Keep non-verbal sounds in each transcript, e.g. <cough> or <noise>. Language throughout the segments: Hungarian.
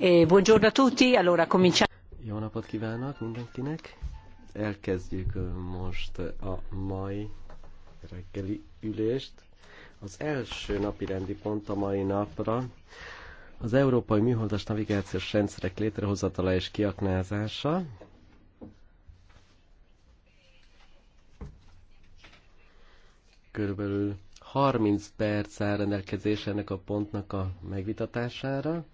Eh, buongiorno a tutti, allora cominciamo. Jó napot kívánok mindenkinek! Elkezdjük eh, most a mai reggeli ülést. Az első napi rendi pont a mai napra az Európai Műholdas Navigációs Rendszerek létrehozatala és kiaknázása. Körülbelül 30 perc áll rendelkezés ennek a pontnak a megvitatására.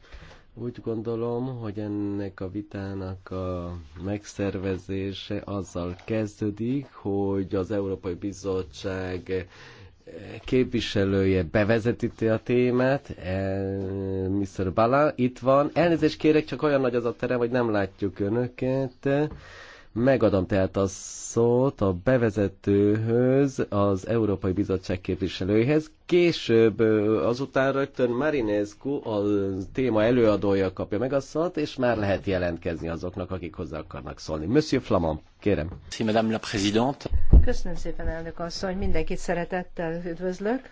Úgy gondolom, hogy ennek a vitának a megszervezése azzal kezdődik, hogy az Európai Bizottság képviselője bevezetíti a témát, e, Mr. Bala itt van. Elnézést kérek, csak olyan nagy az a terem, hogy nem látjuk önöket. Megadom tehát a szót a bevezetőhöz, az Európai Bizottság képviselőjéhez. Később azután rögtön Marinescu a téma előadója kapja meg a szót, és már lehet jelentkezni azoknak, akik hozzá akarnak szólni. Monsieur Flamand, kérem. Madame la Présidente. Köszönöm szépen, elnök asszony. Mindenkit szeretettel üdvözlök,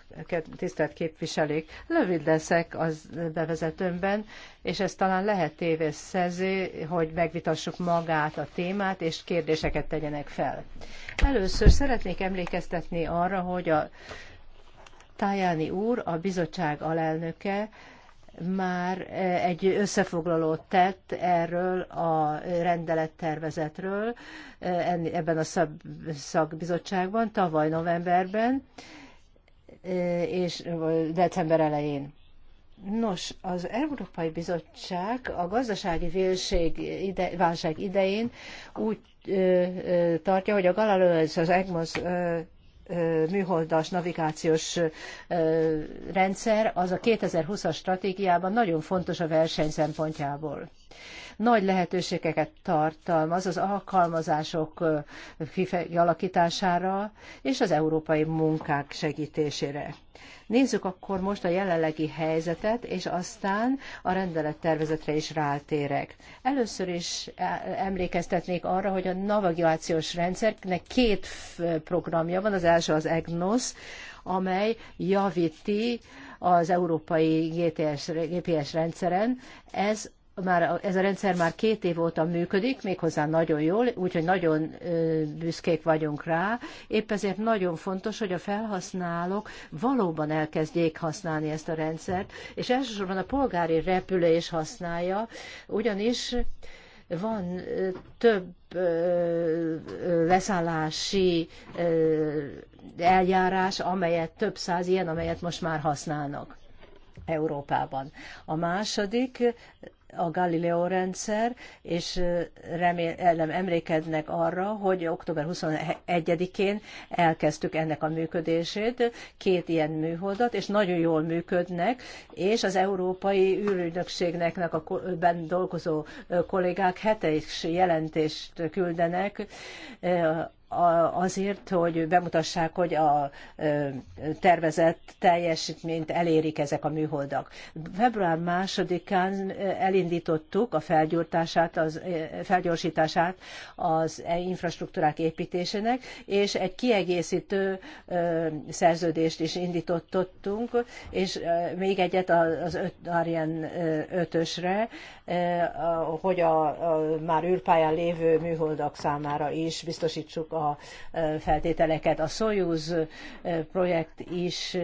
tisztelt képviselők. Lövid leszek az bevezetőmben, és ez talán lehet szezi, hogy megvitassuk magát a témát, és kérdéseket tegyenek fel. Először szeretnék emlékeztetni arra, hogy a Tajani úr, a bizottság alelnöke már e, egy összefoglalót tett erről a rendelettervezetről e, ebben a szakbizottságban tavaly novemberben e, és december elején. Nos, az Európai Bizottság a gazdasági vélség ide, válság idején úgy ö, ö, tartja, hogy a Galileo az EGMOS műholdas navigációs rendszer, az a 2020-as stratégiában nagyon fontos a verseny szempontjából nagy lehetőségeket tartalmaz az alkalmazások kialakítására és az európai munkák segítésére. Nézzük akkor most a jelenlegi helyzetet, és aztán a rendelettervezetre is rátérek. Először is e, emlékeztetnék arra, hogy a navigációs rendszernek két programja van, az első az EGNOS, amely javíti az európai GPS rendszeren. Ez már ez a rendszer már két év óta működik, méghozzá nagyon jól, úgyhogy nagyon büszkék vagyunk rá. Épp ezért nagyon fontos, hogy a felhasználók valóban elkezdjék használni ezt a rendszert, és elsősorban a polgári repülés használja, ugyanis van több leszállási eljárás, amelyet több száz ilyen, amelyet most már használnak. Európában. A második a Galileo rendszer, és remélem emlékednek arra, hogy október 21-én elkezdtük ennek a működését, két ilyen műholdat, és nagyon jól működnek, és az Európai űrügynökségnek a ben dolgozó kollégák hetes jelentést küldenek azért, hogy bemutassák, hogy a tervezett teljesítményt elérik ezek a műholdak. Február másodikán elindítottuk a felgyújtását, az, felgyorsítását az e infrastruktúrák építésének, és egy kiegészítő szerződést is indítottunk, és még egyet az Ariane 5-ösre, hogy a, a már űrpályán lévő műholdak számára is biztosítsuk a a feltételeket. A Soyuz projekt is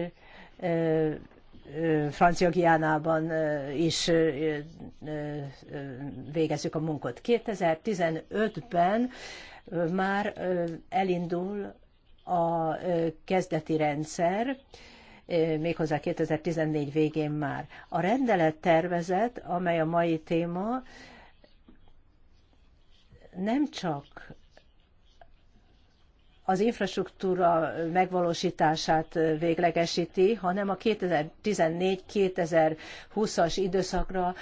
Francia Giánában is végezzük a munkot. 2015-ben már elindul a kezdeti rendszer, méghozzá 2014 végén már. A rendelet tervezet, amely a mai téma, nem csak az infrastruktúra megvalósítását véglegesíti, hanem a 2014-2020-as időszakra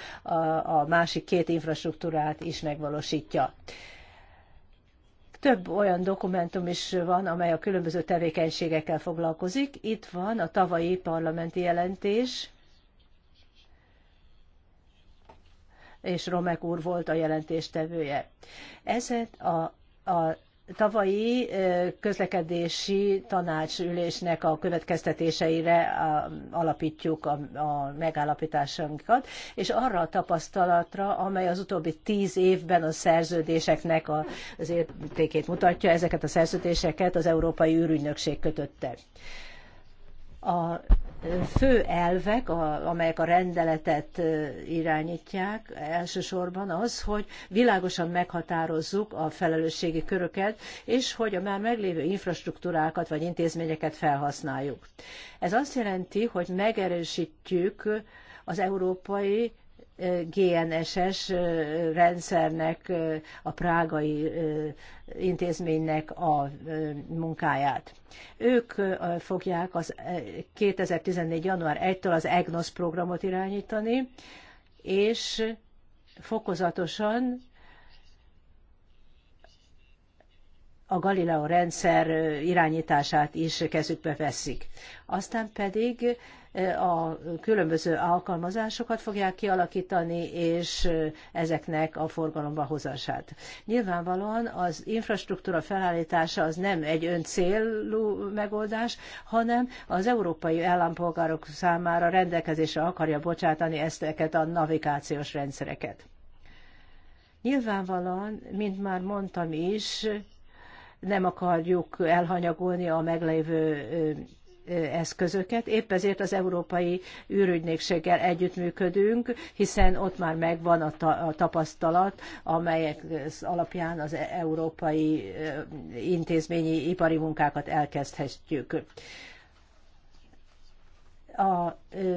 a másik két infrastruktúrát is megvalósítja. Több olyan dokumentum is van, amely a különböző tevékenységekkel foglalkozik. Itt van a tavalyi parlamenti jelentés, és Romek úr volt a jelentéstevője. Ezen a, a tavalyi közlekedési tanácsülésnek a következtetéseire alapítjuk a, megállapításunkat, és arra a tapasztalatra, amely az utóbbi tíz évben a szerződéseknek az értékét mutatja, ezeket a szerződéseket az Európai űrügynökség kötötte. A fő elvek, a, amelyek a rendeletet irányítják, elsősorban az, hogy világosan meghatározzuk a felelősségi köröket, és hogy a már meglévő infrastruktúrákat vagy intézményeket felhasználjuk. Ez azt jelenti, hogy megerősítjük az európai GNSS rendszernek, a prágai intézménynek a munkáját. Ők fogják az 2014. január 1-től az EGNOS programot irányítani, és fokozatosan a Galileo rendszer irányítását is kezükbe veszik. Aztán pedig a különböző alkalmazásokat fogják kialakítani, és ezeknek a forgalomba hozását. Nyilvánvalóan az infrastruktúra felállítása az nem egy öncélú megoldás, hanem az európai állampolgárok számára rendelkezésre akarja bocsátani ezteket a navigációs rendszereket. Nyilvánvalóan, mint már mondtam is, nem akarjuk elhanyagolni a meglévő eszközöket. Épp ezért az Európai űrügynökséggel együttműködünk, hiszen ott már megvan a, ta- a tapasztalat, amelyek alapján az e-, európai intézményi ipari munkákat elkezdhetjük. A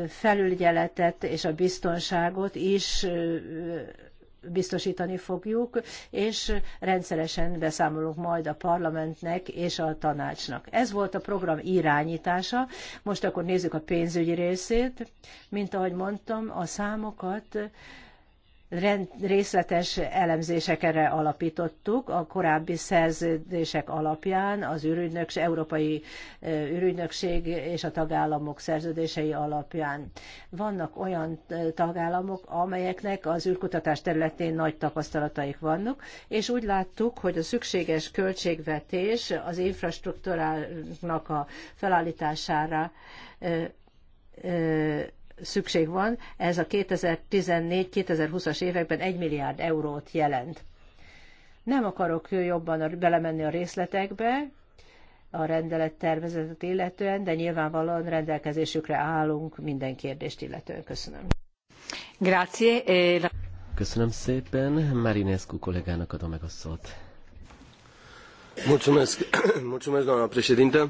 felügyeletet és a biztonságot is biztosítani fogjuk, és rendszeresen beszámolunk majd a parlamentnek és a tanácsnak. Ez volt a program irányítása. Most akkor nézzük a pénzügyi részét. Mint ahogy mondtam, a számokat részletes elemzésekre alapítottuk a korábbi szerződések alapján, az ürügynöks, európai ürügynökség és a tagállamok szerződései alapján. Vannak olyan tagállamok, amelyeknek az űrkutatás területén nagy tapasztalataik vannak, és úgy láttuk, hogy a szükséges költségvetés az infrastruktúrának a felállítására szükség van, ez a 2014-2020-as években 1 milliárd eurót jelent. Nem akarok jobban belemenni a részletekbe a rendelet tervezetet illetően, de nyilvánvalóan rendelkezésükre állunk minden kérdést illetően. Köszönöm. Grazie. Eh, Köszönöm szépen. Marinescu kollégának adom meg a szót. Mulțumesc, <coughs> mulțumesc doamna președintă.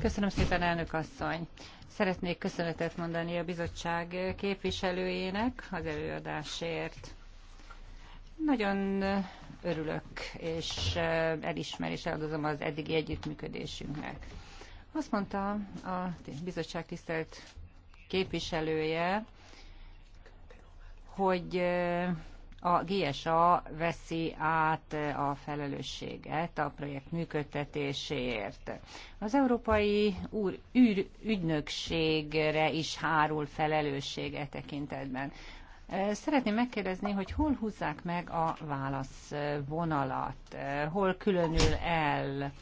Köszönöm szépen, elnök asszony. Szeretnék köszönetet mondani a bizottság képviselőjének az előadásért. Nagyon örülök, és elismerés adozom az eddigi együttműködésünknek. Azt mondta a bizottság tisztelt képviselője, hogy a GSA veszi át eh, a felelősséget a projekt működtetéséért. Az Európai Úr űr ügynökségre is hárul felelőssége tekintetben. Szeretném megkérdezni, hogy hol húzzák meg a válaszvonalat, hol különül el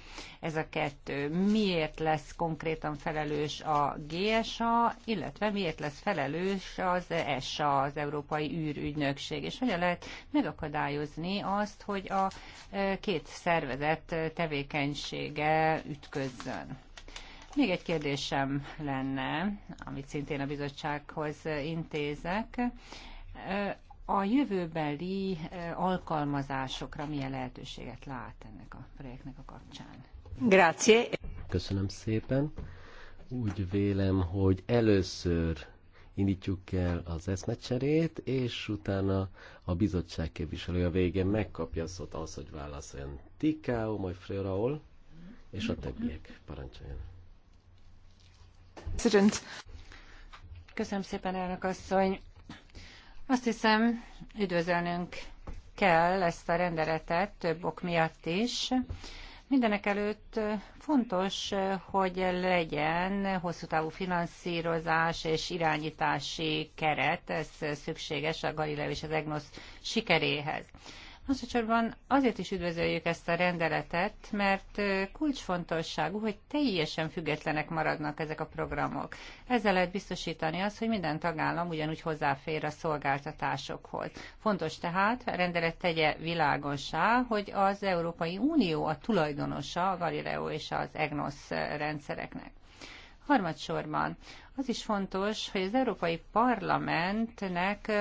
ez a kettő, miért lesz konkrétan felelős a GSA, illetve miért lesz felelős az ESA, az Európai űrügynökség, és hogyan lehet megakadályozni azt, hogy a e, két szervezet tevékenysége ütközzön. Még egy kérdésem lenne, amit szintén a bizottsághoz intézek a jövőbeli alkalmazásokra milyen lehetőséget lát ennek a projektnek a kapcsán? Grazie. Köszönöm szépen. Úgy vélem, hogy először indítjuk el az eszmecserét, és utána a bizottság képviselő a végén megkapja a szót az hogy válaszoljon. Tikao, majd Freoraol, és a többiek. Parancsoljon. Köszönöm szépen, elnök asszony. Azt hiszem, üdvözölnünk kell ezt a rendeletet több ok miatt is. Mindenek előtt fontos, hogy legyen hosszú távú finanszírozás és irányítási keret, ez szükséges a Galileo és az EGNOS sikeréhez. Másodszorban azért is üdvözöljük ezt a rendeletet, mert kulcsfontosságú, hogy teljesen függetlenek maradnak ezek a programok. Ezzel lehet biztosítani azt, hogy minden tagállam ugyanúgy hozzáfér a szolgáltatásokhoz. Fontos tehát, a rendelet tegye világosá, hogy az Európai Unió a tulajdonosa a Galileo és az EGNOS rendszereknek. Harmadsorban az is fontos, hogy az Európai Parlamentnek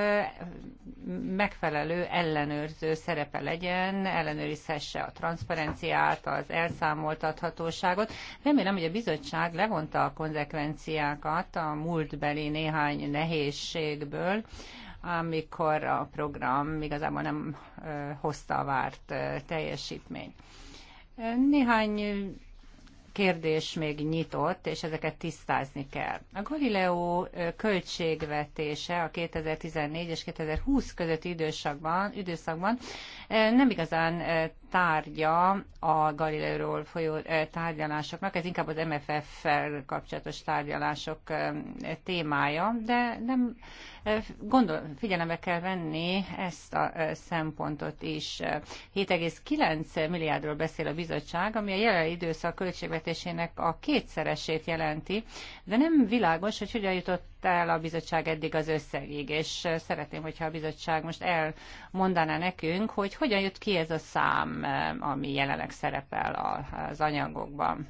megfelelő ellenőrző szerepe legyen, ellenőrizhesse a transzparenciát, az elszámoltathatóságot. Remélem, hogy a bizottság levonta a konzekvenciákat a múltbeli néhány nehézségből, amikor a program igazából nem hozta a várt teljesítményt. Néhány kérdés még nyitott, és ezeket tisztázni kell. A Galileo költségvetése a 2014 és 2020 közötti időszakban, időszakban nem igazán tárgya a Galileóról folyó tárgyalásoknak, ez inkább az MFF-fel kapcsolatos tárgyalások témája, de nem Gondol, figyelembe kell venni ezt a e, szempontot is. 7,9 milliárdról beszél a bizottság, ami a jelen időszak költségvetésének a kétszeresét jelenti, de nem világos, hogy hogyan jutott el a bizottság eddig az összegig, és szeretném, hogyha a bizottság most elmondaná nekünk, hogy hogyan jött ki ez a szám, e, ami jelenleg szerepel az anyagokban.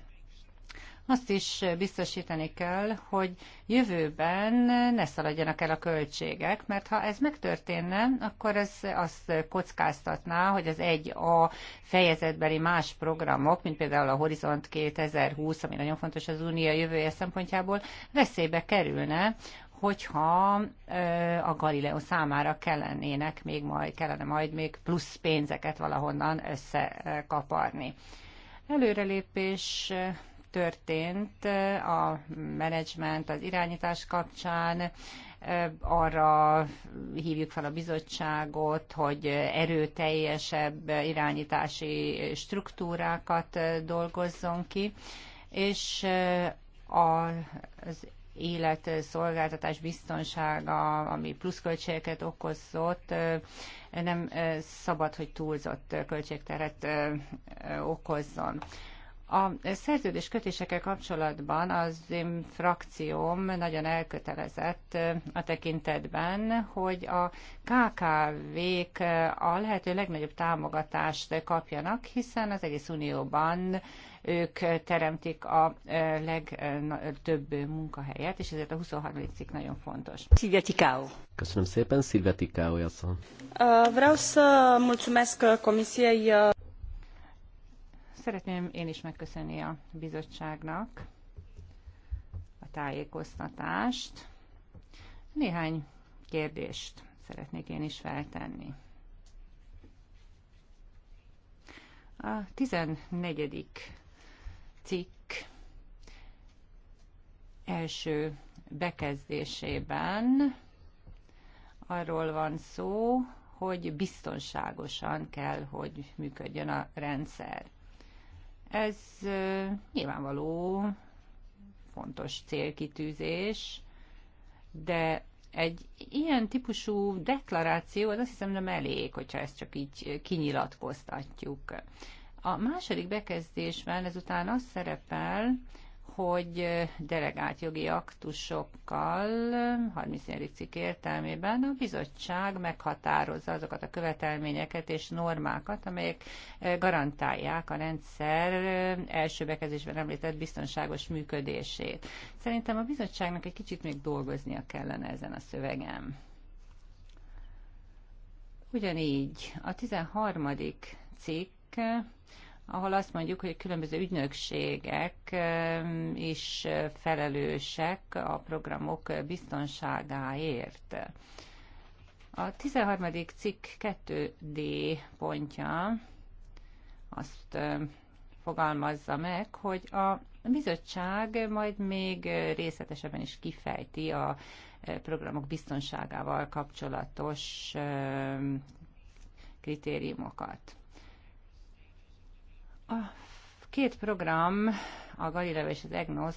Azt is biztosítani kell, hogy jövőben ne szaladjanak el a költségek, mert ha ez megtörténne, akkor ez azt kockáztatná, hogy az egy a fejezetbeli más programok, mint például a Horizont 2020, ami nagyon fontos az Unió jövője szempontjából, veszélybe kerülne, hogyha a Galileo számára kellenének még majd, kellene majd még plusz pénzeket valahonnan összekaparni. Előrelépés történt a menedzsment, az irányítás kapcsán, arra hívjuk fel a bizottságot, hogy erőteljesebb irányítási struktúrákat dolgozzon ki, és az életszolgáltatás biztonsága, ami pluszköltségeket okozott, nem szabad, hogy túlzott költségteret okozzon. A szerződés kötésekkel kapcsolatban az én frakcióm nagyon elkötelezett a tekintetben, hogy a KKV-k a lehető legnagyobb támogatást kapjanak, hiszen az egész Unióban ők teremtik a legtöbb munkahelyet, és ezért a 23. cikk nagyon fontos. Silvia Ticau. Köszönöm szépen, Silvia Ticau, Vreau să mulțumesc Comisiei Szeretném én is megköszönni a bizottságnak a tájékoztatást. Néhány kérdést szeretnék én is feltenni. A 14. cikk első bekezdésében arról van szó, hogy biztonságosan kell, hogy működjön a rendszer. Ez nyilvánvaló fontos célkitűzés, de egy ilyen típusú deklaráció, az azt hiszem nem elég, hogyha ezt csak így kinyilatkoztatjuk. A második bekezdésben ezután az szerepel, hogy delegált jogi aktusokkal, 30 cikk értelmében a bizottság meghatározza azokat a követelményeket és normákat, amelyek garantálják a rendszer első bekezésben említett biztonságos működését. Szerintem a bizottságnak egy kicsit még dolgoznia kellene ezen a szövegem. Ugyanígy a 13. cikk ahol azt mondjuk, hogy különböző ügynökségek is felelősek a programok biztonságáért. A 13. cikk 2D pontja azt fogalmazza meg, hogy a bizottság majd még részletesebben is kifejti a e, programok biztonságával kapcsolatos kritériumokat. A két program, a Galileo és az EGNOS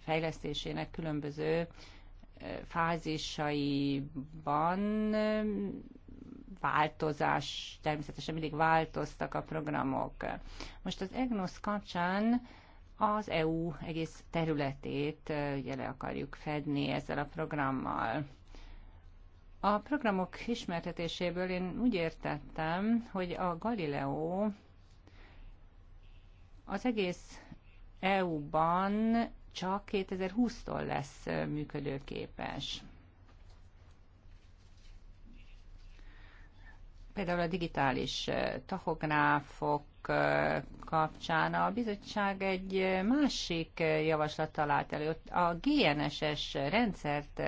fejlesztésének különböző fázisaiban változás, természetesen mindig változtak a programok. Most az EGNOS kapcsán az EU egész területét ugye le akarjuk fedni ezzel a programmal. A programok ismertetéséből én úgy értettem, hogy a Galileo az egész EU-ban csak 2020-tól lesz működőképes. Például a digitális tachográfok kapcsán a bizottság egy másik javaslat talált elő. A GNSS rendszert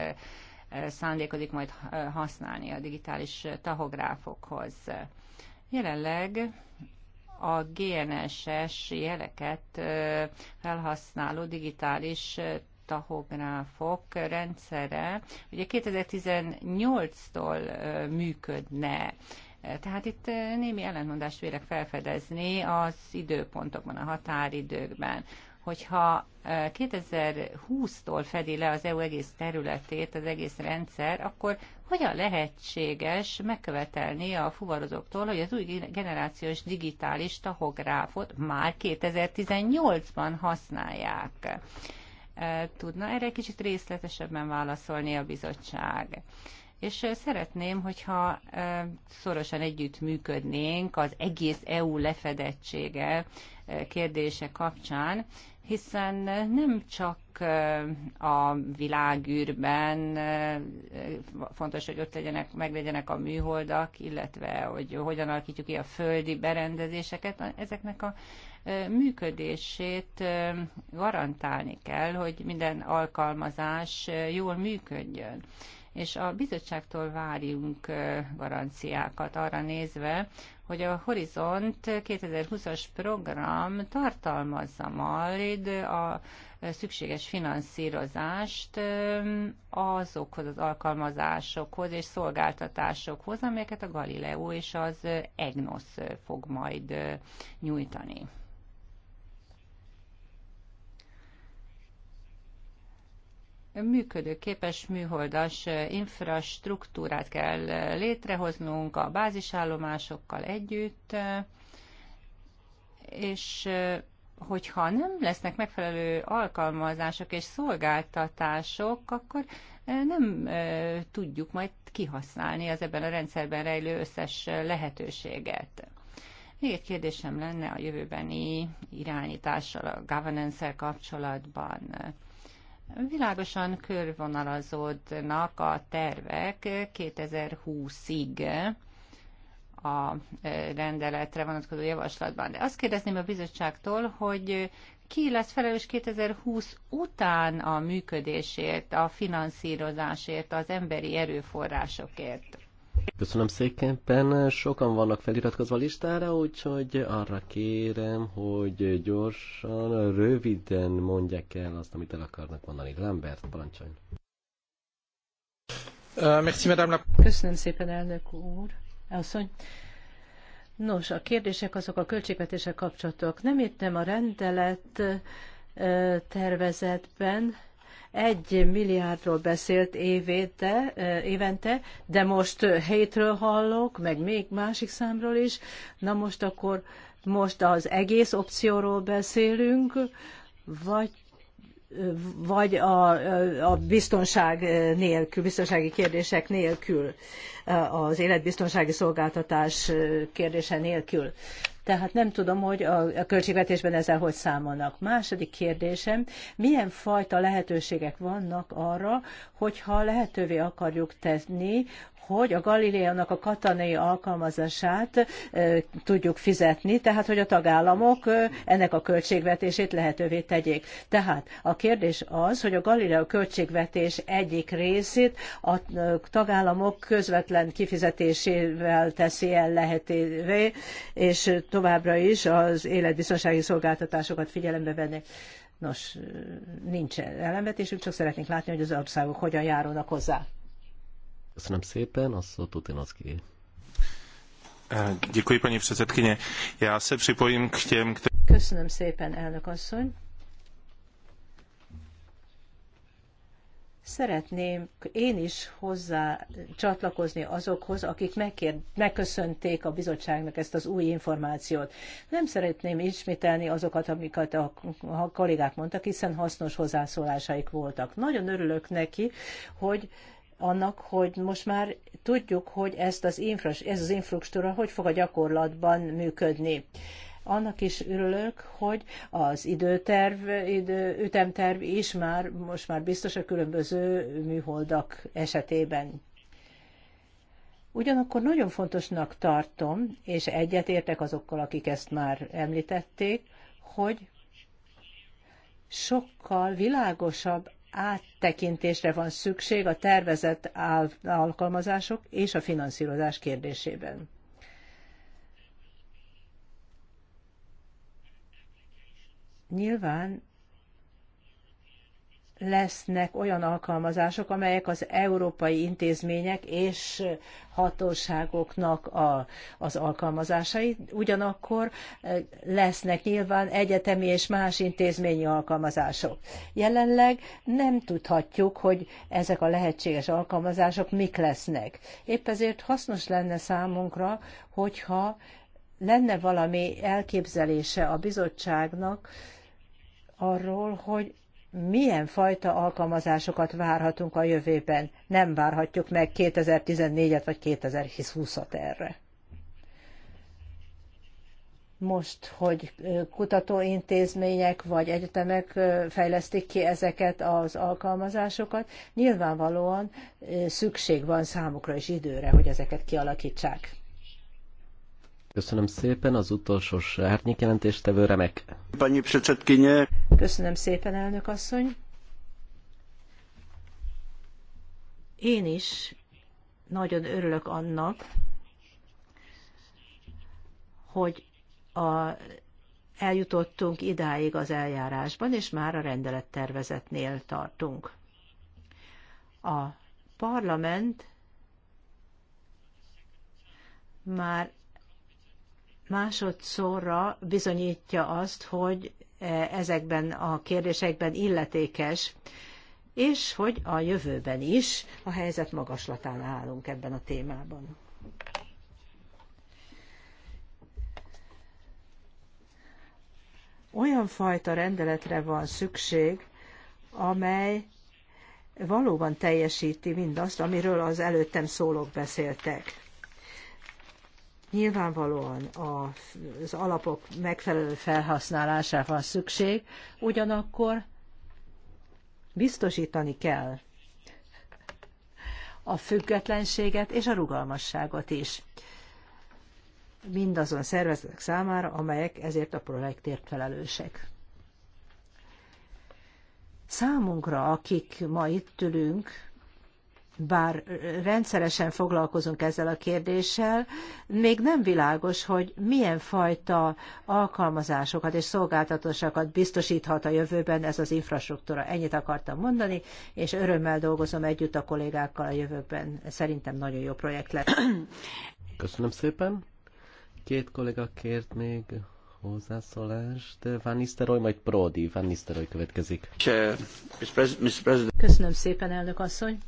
szándékozik majd használni a digitális tahográfokhoz. Jelenleg a GNSS jeleket felhasználó digitális tahográfok rendszere ugye 2018-tól működne. Tehát itt némi ellentmondást vélek felfedezni az időpontokban, a határidőkben hogyha 2020-tól fedi le az EU egész területét, az egész rendszer, akkor hogyan lehetséges megkövetelni a fuvarozóktól, hogy az új generációs digitális tahográfot már 2018-ban használják? Tudna erre kicsit részletesebben válaszolni a bizottság? és szeretném, hogyha szorosan együtt működnénk az egész EU lefedettsége kérdése kapcsán, hiszen nem csak eh, a világűrben eh, fontos, hogy ott legyenek, meglegyenek a műholdak, illetve hogy hogyan alakítjuk ki a földi berendezéseket, ezeknek a eh, működését garantálni kell, hogy minden alkalmazás jól működjön és a bizottságtól várjunk garanciákat arra nézve, hogy a Horizont 2020-as program tartalmazza majd a szükséges finanszírozást azokhoz az alkalmazásokhoz és szolgáltatásokhoz, amelyeket a Galileo és az EGNOS fog majd nyújtani. működőképes műholdas eh, infrastruktúrát kell eh, létrehoznunk a bázisállomásokkal együtt, eh, és hogyha nem lesznek megfelelő alkalmazások és szolgáltatások, akkor nem tudjuk majd kihasználni az ebben a rendszerben rejlő összes lehetőséget. Még egy kérdésem lenne a jövőbeni irányítással, a governance-el kapcsolatban Világosan körvonalazódnak a tervek 2020-ig a e, rendeletre vonatkozó javaslatban. De azt kérdezném a bizottságtól, hogy ki lesz felelős 2020 után a működésért, a finanszírozásért, az emberi erőforrásokért. Köszönöm szépen, sokan vannak feliratkozva listára, úgyhogy arra kérem, hogy gyorsan, röviden mondják el azt, amit el akarnak mondani. Lambert, parancsolj! Uh, Köszönöm szépen, elnök úr. elszony. Nos, a kérdések azok a költségvetések kapcsolatok. Nem értem a rendelet uh, tervezetben, egy milliárdról beszélt évente, évente, de most hétről hallok, meg még másik számról is. Na most akkor most az egész opcióról beszélünk, vagy vagy a, a biztonság nélkül, biztonsági kérdések nélkül, az életbiztonsági szolgáltatás kérdése nélkül. Tehát nem tudom, hogy a költségvetésben ezzel hogy számolnak. Második kérdésem, milyen fajta lehetőségek vannak arra, hogyha lehetővé akarjuk tenni, hogy a Galileának a katonai alkalmazását tudjuk fizetni, tehát hogy a tagállamok ennek a költségvetését lehetővé tegyék. Tehát a kérdés az, hogy a Galileo költségvetés egyik részét a tagállamok közvetlen kifizetésével teszi el lehetővé, és továbbra is az életbiztonsági szolgáltatásokat figyelembe venni. Nos, nincs ellenvetésünk, csak szeretnénk látni, hogy az országok hogyan járulnak hozzá. Köszönöm szépen, a szó Tutinocki. Děkuji, paní předsedkyně. Já se připojím k těm, kteří... Köszönöm szépen, elnök asszony. Szeretném én is hozzá csatlakozni azokhoz, akik megkér, megköszönték a bizottságnak ezt az új információt. Nem szeretném ismételni azokat, amiket a, a kollégák mondtak, hiszen hasznos hozzászólásaik voltak. Nagyon örülök neki, hogy annak, hogy most már tudjuk, hogy ezt az infra, ez az infrastruktúra hogy fog a gyakorlatban működni. Annak is örülök, hogy az időterv, idő, ütemterv is már most már biztos a különböző műholdak esetében. Ugyanakkor nagyon fontosnak tartom, és egyetértek azokkal, akik ezt már említették, hogy sokkal világosabb áttekintésre van szükség a tervezett alkalmazások és a finanszírozás kérdésében. Nyilván lesznek olyan alkalmazások, amelyek az európai intézmények és hatóságoknak a, az alkalmazásai, ugyanakkor eh, lesznek nyilván egyetemi és más intézményi alkalmazások. Jelenleg nem tudhatjuk, hogy ezek a lehetséges alkalmazások mik lesznek. Épp ezért hasznos lenne számunkra, hogyha lenne valami elképzelése a bizottságnak arról, hogy milyen fajta alkalmazásokat várhatunk a jövőben? Nem várhatjuk meg 2014-et vagy 2020-at erre. Most, hogy kutatóintézmények vagy egyetemek fejlesztik ki ezeket az alkalmazásokat, nyilvánvalóan szükség van számukra is időre, hogy ezeket kialakítsák. Köszönöm szépen az utolsó árnyék jelentéstevő remek. Köszönöm szépen, elnök asszony. Én is nagyon örülök annak, hogy a, eljutottunk idáig az eljárásban, és már a rendelettervezetnél tartunk. A parlament már másodszorra bizonyítja azt, hogy e, ezekben a kérdésekben illetékes, és hogy a jövőben is a helyzet magaslatán állunk ebben a témában. Olyan fajta rendeletre van szükség, amely valóban teljesíti mindazt, amiről az előttem szólók beszéltek. Nyilvánvalóan az alapok megfelelő felhasználására van szükség, ugyanakkor biztosítani kell a függetlenséget és a rugalmasságot is mindazon szervezetek számára, amelyek ezért a projektért felelősek. Számunkra, akik ma itt ülünk, bár rendszeresen foglalkozunk ezzel a kérdéssel, még nem világos, hogy milyen fajta alkalmazásokat és szolgáltatásokat biztosíthat a jövőben ez az infrastruktúra. Ennyit akartam mondani, és örömmel dolgozom együtt a kollégákkal a jövőben. Szerintem nagyon jó projekt lett. Köszönöm szépen. Két kolléga kért még hozzászólást. Van Nisteroy, majd Prodi. Van Nisteroy következik. Köszönöm szépen, elnök asszony.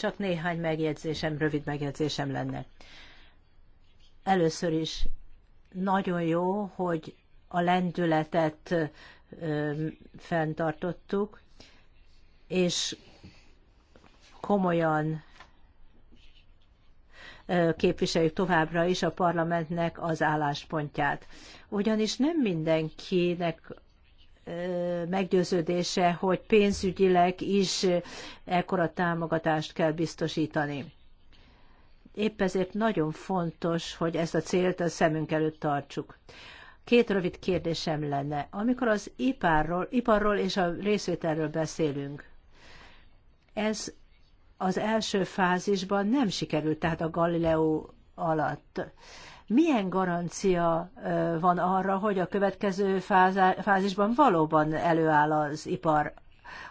Csak néhány megjegyzésem, rövid megjegyzésem lenne. Először is nagyon jó, hogy a lendületet fenntartottuk, és komolyan képviseljük továbbra is a parlamentnek az álláspontját. Ugyanis nem mindenkinek meggyőződése, hogy pénzügyileg is ekkora támogatást kell biztosítani. Épp ezért nagyon fontos, hogy ezt a célt a szemünk előtt tartsuk. Két rövid kérdésem lenne. Amikor az iparról, iparról és a részvételről beszélünk, ez az első fázisban nem sikerült, tehát a Galileo alatt milyen garancia van arra, hogy a következő fázisban valóban előáll az ipar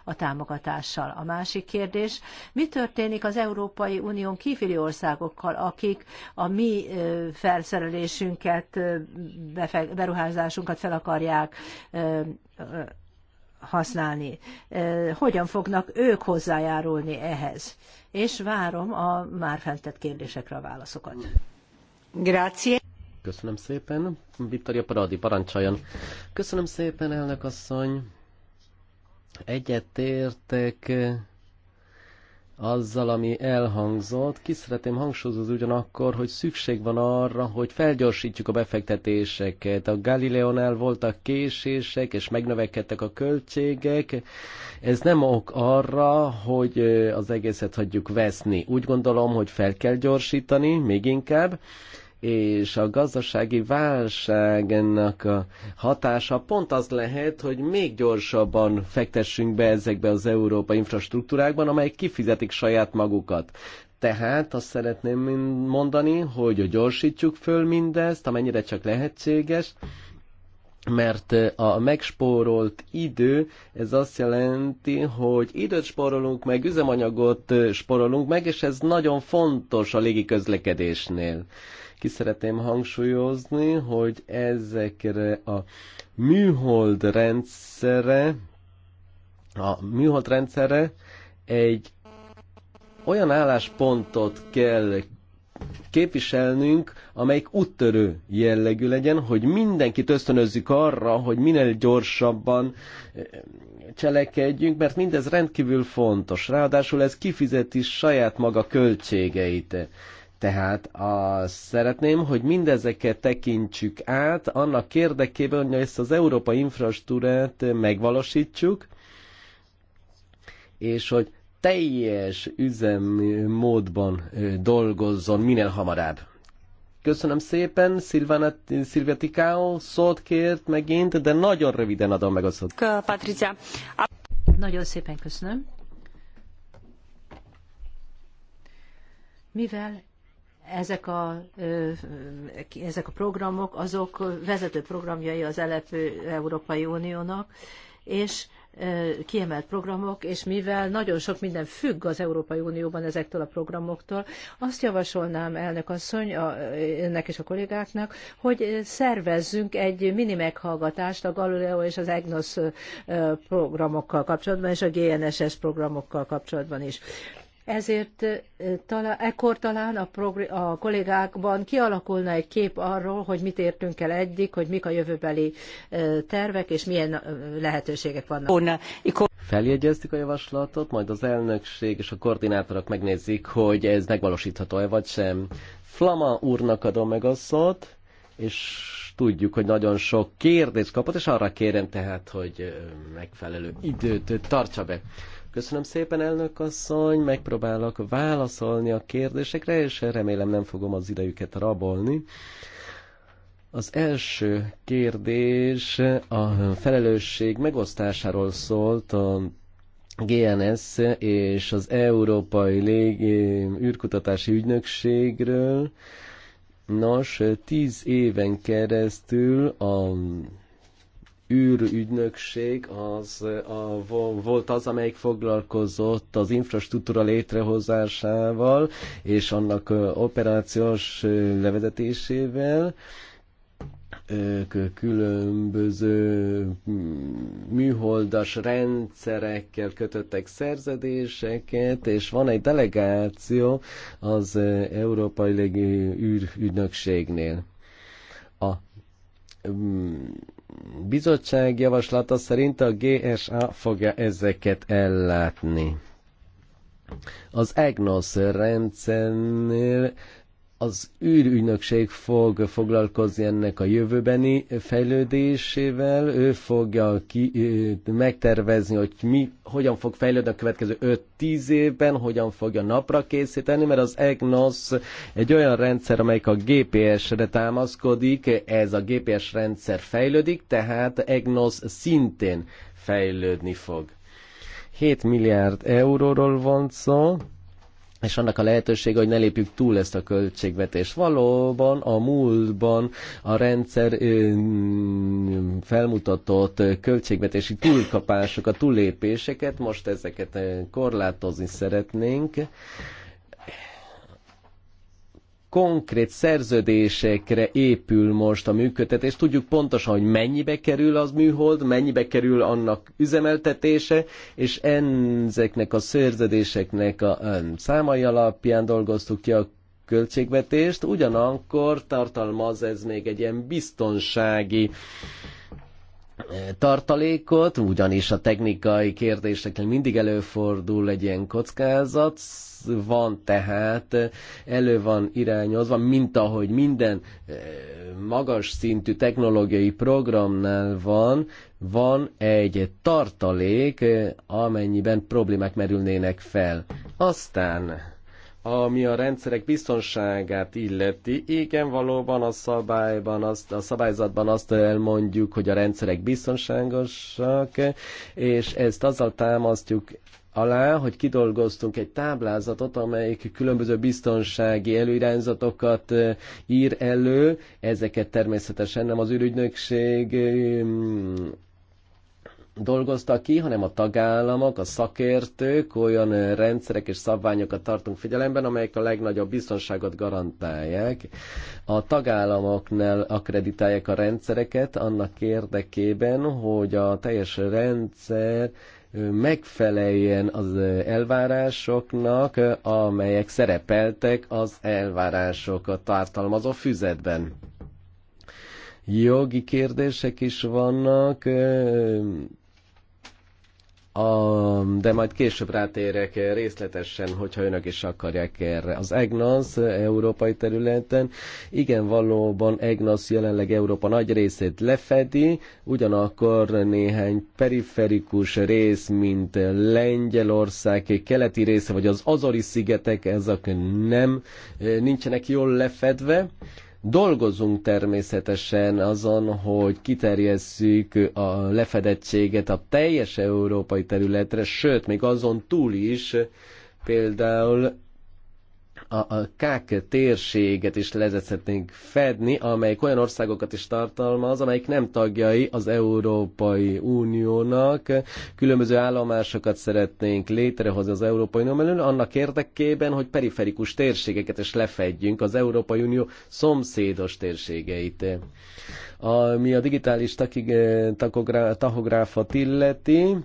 a támogatással. A másik kérdés, mi történik az Európai Unión kívüli országokkal, akik a mi felszerelésünket, beruházásunkat fel akarják használni. Hogyan fognak ők hozzájárulni ehhez? És várom a már feltett kérdésekre a válaszokat. Grazie. Köszönöm szépen. Vittoria Paradi, parancsoljon. Köszönöm szépen, elnök asszony. Egyetértek azzal, ami elhangzott. Ki szeretném hangsúlyozni ugyanakkor, hogy szükség van arra, hogy felgyorsítjuk a befektetéseket. A Galileonál voltak késések, és megnövekedtek a költségek. Ez nem ok arra, hogy az egészet hagyjuk veszni. Úgy gondolom, hogy fel kell gyorsítani, még inkább és a gazdasági válságnak a hatása pont az lehet, hogy még gyorsabban fektessünk be ezekbe az európai infrastruktúrákban, amelyek kifizetik saját magukat. Tehát azt szeretném mondani, hogy gyorsítjuk föl mindezt, amennyire csak lehetséges, mert a megspórolt idő, ez azt jelenti, hogy időt spórolunk meg, üzemanyagot spórolunk meg, és ez nagyon fontos a légiközlekedésnél. közlekedésnél ki szeretném hangsúlyozni, hogy ezekre a műhold rendszere, a műhold rendszere egy olyan álláspontot kell képviselnünk, amelyik úttörő jellegű legyen, hogy mindenkit ösztönözzük arra, hogy minél gyorsabban eh, cselekedjünk, mert mindez rendkívül fontos. Ráadásul ez kifizeti saját maga költségeit. Tehát azt szeretném, hogy mindezeket tekintsük át annak érdekében, hogy ezt az európai infrastruktúrát megvalósítsuk, és hogy teljes üzemmódban dolgozzon minél hamarabb. Köszönöm szépen, Szilvia Tikao szót kért megint, de nagyon röviden adom meg a szót. Patricia. Nagyon szépen köszönöm. Mivel ezek a, ezek a programok, azok vezető programjai az elepő Európai Uniónak, és kiemelt programok, és mivel nagyon sok minden függ az Európai Unióban ezektől a programoktól, azt javasolnám elnök asszony, a, önnek és a kollégáknak, hogy szervezzünk egy mini meghallgatást a Galileo és az EGNOS programokkal kapcsolatban, és a GNSS programokkal kapcsolatban is. Ezért talán, ekkor talán a, a kollégákban kialakulna egy kép arról, hogy mit értünk el eddig, hogy mik a jövőbeli tervek, és milyen lehetőségek vannak. Feljegyeztük a javaslatot, majd az elnökség és a koordinátorok megnézik, hogy ez megvalósítható-e vagy sem. Flama úrnak adom meg a szót, és tudjuk, hogy nagyon sok kérdést kapott, és arra kérem tehát, hogy megfelelő időt tartsa be. Köszönöm szépen, elnök asszony, megpróbálok válaszolni a kérdésekre, és remélem nem fogom az idejüket rabolni. Az első kérdés a felelősség megosztásáról szólt a GNS és az Európai Légi űrkutatási ügynökségről. Nos, tíz éven keresztül a űrügynökség az a, volt az, amelyik foglalkozott az infrastruktúra létrehozásával és annak operációs levezetésével különböző műholdas rendszerekkel kötöttek szerződéseket, és van egy delegáció az Európai Légű űrügynökségnél. A bizottság javaslata szerint a GSA fogja ezeket ellátni. Az EGNOS rendszernél az űrügynökség fog foglalkozni ennek a jövőbeni fejlődésével, ő fogja ki, megtervezni, hogy mi, hogyan fog fejlődni a következő 5-10 évben, hogyan fogja napra készíteni, mert az EGNOS egy olyan rendszer, amelyik a GPS-re támaszkodik, ez a GPS rendszer fejlődik, tehát EGNOS szintén fejlődni fog. 7 milliárd euróról van szó, és annak a lehetősége, hogy ne lépjük túl ezt a költségvetést. Valóban a múltban a rendszer felmutatott költségvetési túlkapásokat, túllépéseket, most ezeket korlátozni szeretnénk konkrét szerződésekre épül most a működtetés. Tudjuk pontosan, hogy mennyibe kerül az műhold, mennyibe kerül annak üzemeltetése, és ezeknek a szerződéseknek a számai alapján dolgoztuk ki a költségvetést, ugyanakkor tartalmaz ez még egy ilyen biztonsági tartalékot, ugyanis a technikai kérdéseknél mindig előfordul egy ilyen kockázat, van tehát, elő van irányozva, mint ahogy minden eh, magas szintű technológiai programnál van, van egy tartalék, eh, amennyiben problémák merülnének fel. Aztán ami a rendszerek biztonságát illeti, igen, valóban a szabályban, azt, a szabályzatban azt elmondjuk, hogy a rendszerek biztonságosak, és ezt azzal támasztjuk alá, hogy kidolgoztunk egy táblázatot, amelyik különböző biztonsági előirányzatokat ír elő. Ezeket természetesen nem az ürügynökség dolgozta ki, hanem a tagállamok, a szakértők olyan rendszerek és szabványokat tartunk figyelemben, amelyek a legnagyobb biztonságot garantálják. A tagállamoknál akreditálják a rendszereket annak érdekében, hogy a teljes rendszer megfeleljen az elvárásoknak, amelyek szerepeltek az elvárásokat tartalmazó füzetben. Jogi kérdések is vannak, a, de majd később rátérek részletesen, hogyha önök is akarják erre. Az EGNAS európai területen, igen, valóban EGNAS jelenleg Európa nagy részét lefedi, ugyanakkor néhány periferikus rész, mint Lengyelország keleti része, vagy az Azori szigetek, ezek nem, nincsenek jól lefedve. Dolgozunk természetesen azon, hogy kiterjesszük a lefedettséget a teljes európai területre, sőt, még azon túl is, például a KÁK térséget is lezethetnénk fedni, amelyik olyan országokat is tartalmaz, amelyik nem tagjai az Európai Uniónak. Különböző állomásokat szeretnénk létrehozni az Európai Unió belül, annak érdekében, hogy periferikus térségeket is lefedjünk az Európai Unió szomszédos térségeit. Ami a digitális tahográfot illeti,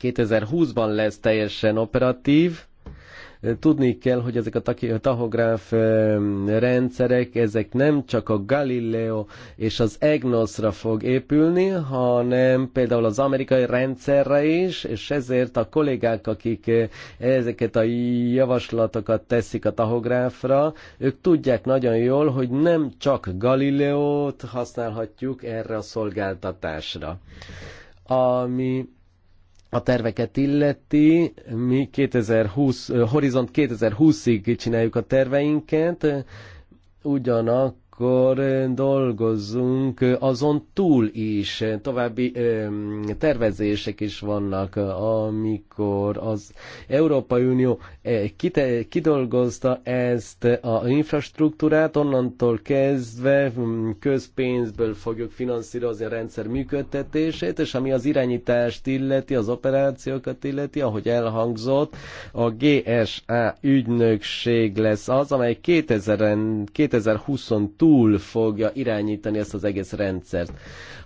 2020-ban lesz teljesen operatív, Tudni kell, hogy ezek a tahográf rendszerek, ezek nem csak a Galileo és az Egnosra fog épülni, hanem például az amerikai rendszerre is, és ezért a kollégák, akik ezeket a javaslatokat teszik a tahográfra, ők tudják nagyon jól, hogy nem csak Galileót használhatjuk erre a szolgáltatásra. Ami a terveket illeti, mi 2020, Horizont 2020-ig csináljuk a terveinket, ugyanak akkor dolgozzunk azon túl is. További tervezések is vannak, amikor az Európai Unió kidolgozta ezt a infrastruktúrát, onnantól kezdve közpénzből fogjuk finanszírozni a rendszer működtetését, és ami az irányítást illeti, az operációkat illeti, ahogy elhangzott, a GSA ügynökség lesz az, amely 2020 túl fogja irányítani ezt az egész rendszert.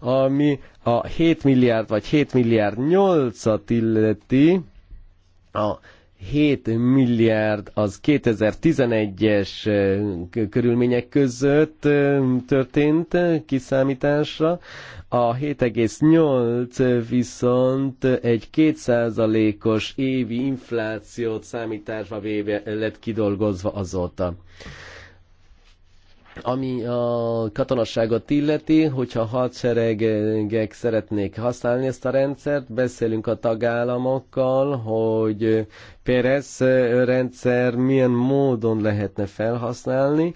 Ami a 7 milliárd vagy 7 milliárd 8-at illeti, a 7 milliárd az 2011-es eh, körülmények között eh, történt kiszámításra, a 7,8 viszont egy 2%-os évi inflációt számításba véve lett kidolgozva azóta. Ami a katonasságot illeti, hogyha hadseregek szeretnék használni ezt a rendszert, beszélünk a tagállamokkal, hogy Pérez rendszer milyen módon lehetne felhasználni,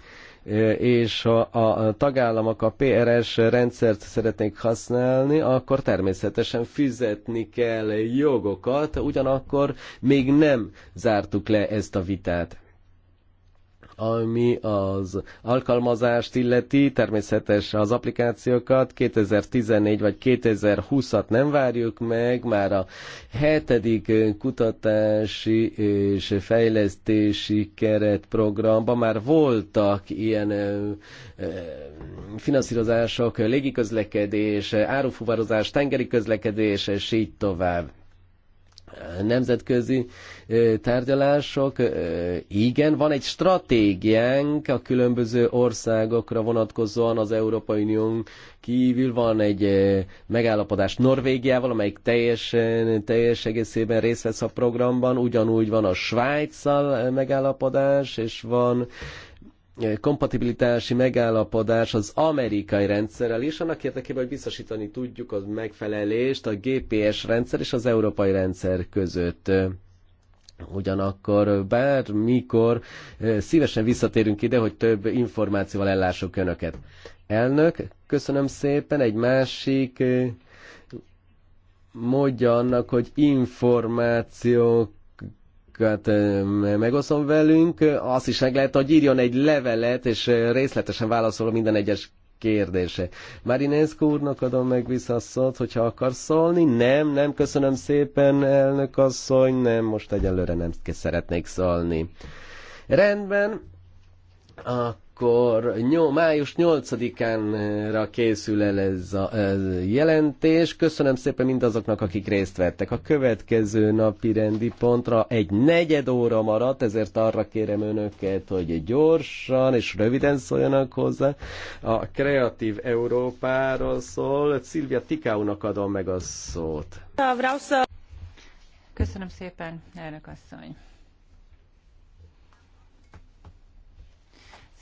és ha a tagállamok a PRS rendszert szeretnék használni, akkor természetesen fizetni kell jogokat, ugyanakkor még nem zártuk le ezt a vitát ami az alkalmazást illeti, természetes az applikációkat, 2014 vagy 2020-at nem várjuk meg, már a hetedik kutatási és fejlesztési keretprogramban már voltak ilyen finanszírozások, légiközlekedés, árufuvározás, tengeri közlekedés, és így tovább nemzetközi tárgyalások. Igen, van egy stratégiánk a különböző országokra vonatkozóan az Európai Unión kívül van egy megállapodás Norvégiával, amelyik teljesen, teljes egészében részt vesz a programban, ugyanúgy van a Svájccal megállapodás, és van kompatibilitási megállapodás az amerikai rendszerrel is, annak érdekében, hogy biztosítani tudjuk az megfelelést a GPS rendszer és az európai rendszer között. Ugyanakkor bármikor szívesen visszatérünk ide, hogy több információval ellássuk Önöket. Elnök, köszönöm szépen, egy másik módja annak, hogy információk gondolatokat eh, megoszom velünk, azt is meg lehet, hogy írjon egy levelet, és eh, részletesen válaszol minden egyes kérdése. Marinescu úrnak adom meg vissza a szót, hogyha akar szólni. Nem, nem, köszönöm szépen, elnök asszony, nem, most egyelőre nem szeretnék szólni. Rendben, a akkor nyom, május 8-ánra készül el ez a ez jelentés. Köszönöm szépen mindazoknak, akik részt vettek. A következő napi rendi pontra egy negyed óra maradt, ezért arra kérem önöket, hogy gyorsan és röviden szóljanak hozzá. A Kreatív Európáról szól. Szilvia Tikáunak adom meg a szót. Köszönöm szépen, elnök asszony.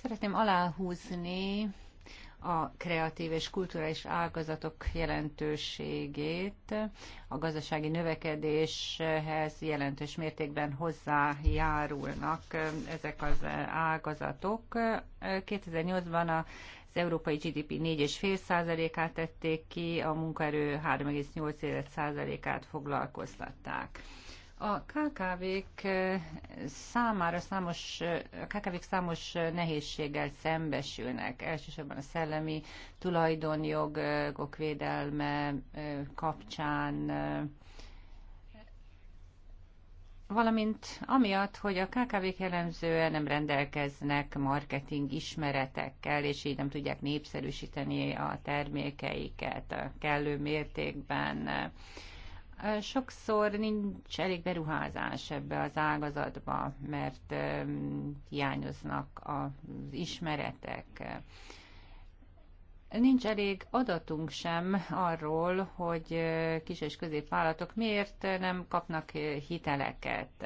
Szeretném aláhúzni a kreatív és kulturális ágazatok jelentőségét a gazdasági növekedéshez jelentős mértékben hozzájárulnak ezek az ágazatok. 2008-ban a az európai GDP 4,5%-át tették ki, a munkaerő 3,8%-át foglalkoztatták. A KKV-k eh, számára számos, eh, a KKV-k számos eh, nehézséggel szembesülnek, elsősorban a szellemi tulajdonjogok védelme kapcsán, valamint amiatt, hogy a KKV-k jellemzően nem rendelkeznek marketing ismeretekkel, és így nem tudják népszerűsíteni a termékeiket kellő mértékben Sokszor nincs elég beruházás ebbe az ágazatba, mert hiányoznak az ismeretek. Nincs elég adatunk sem arról, hogy eh, kis és középvállalatok miért nem kapnak eh, hiteleket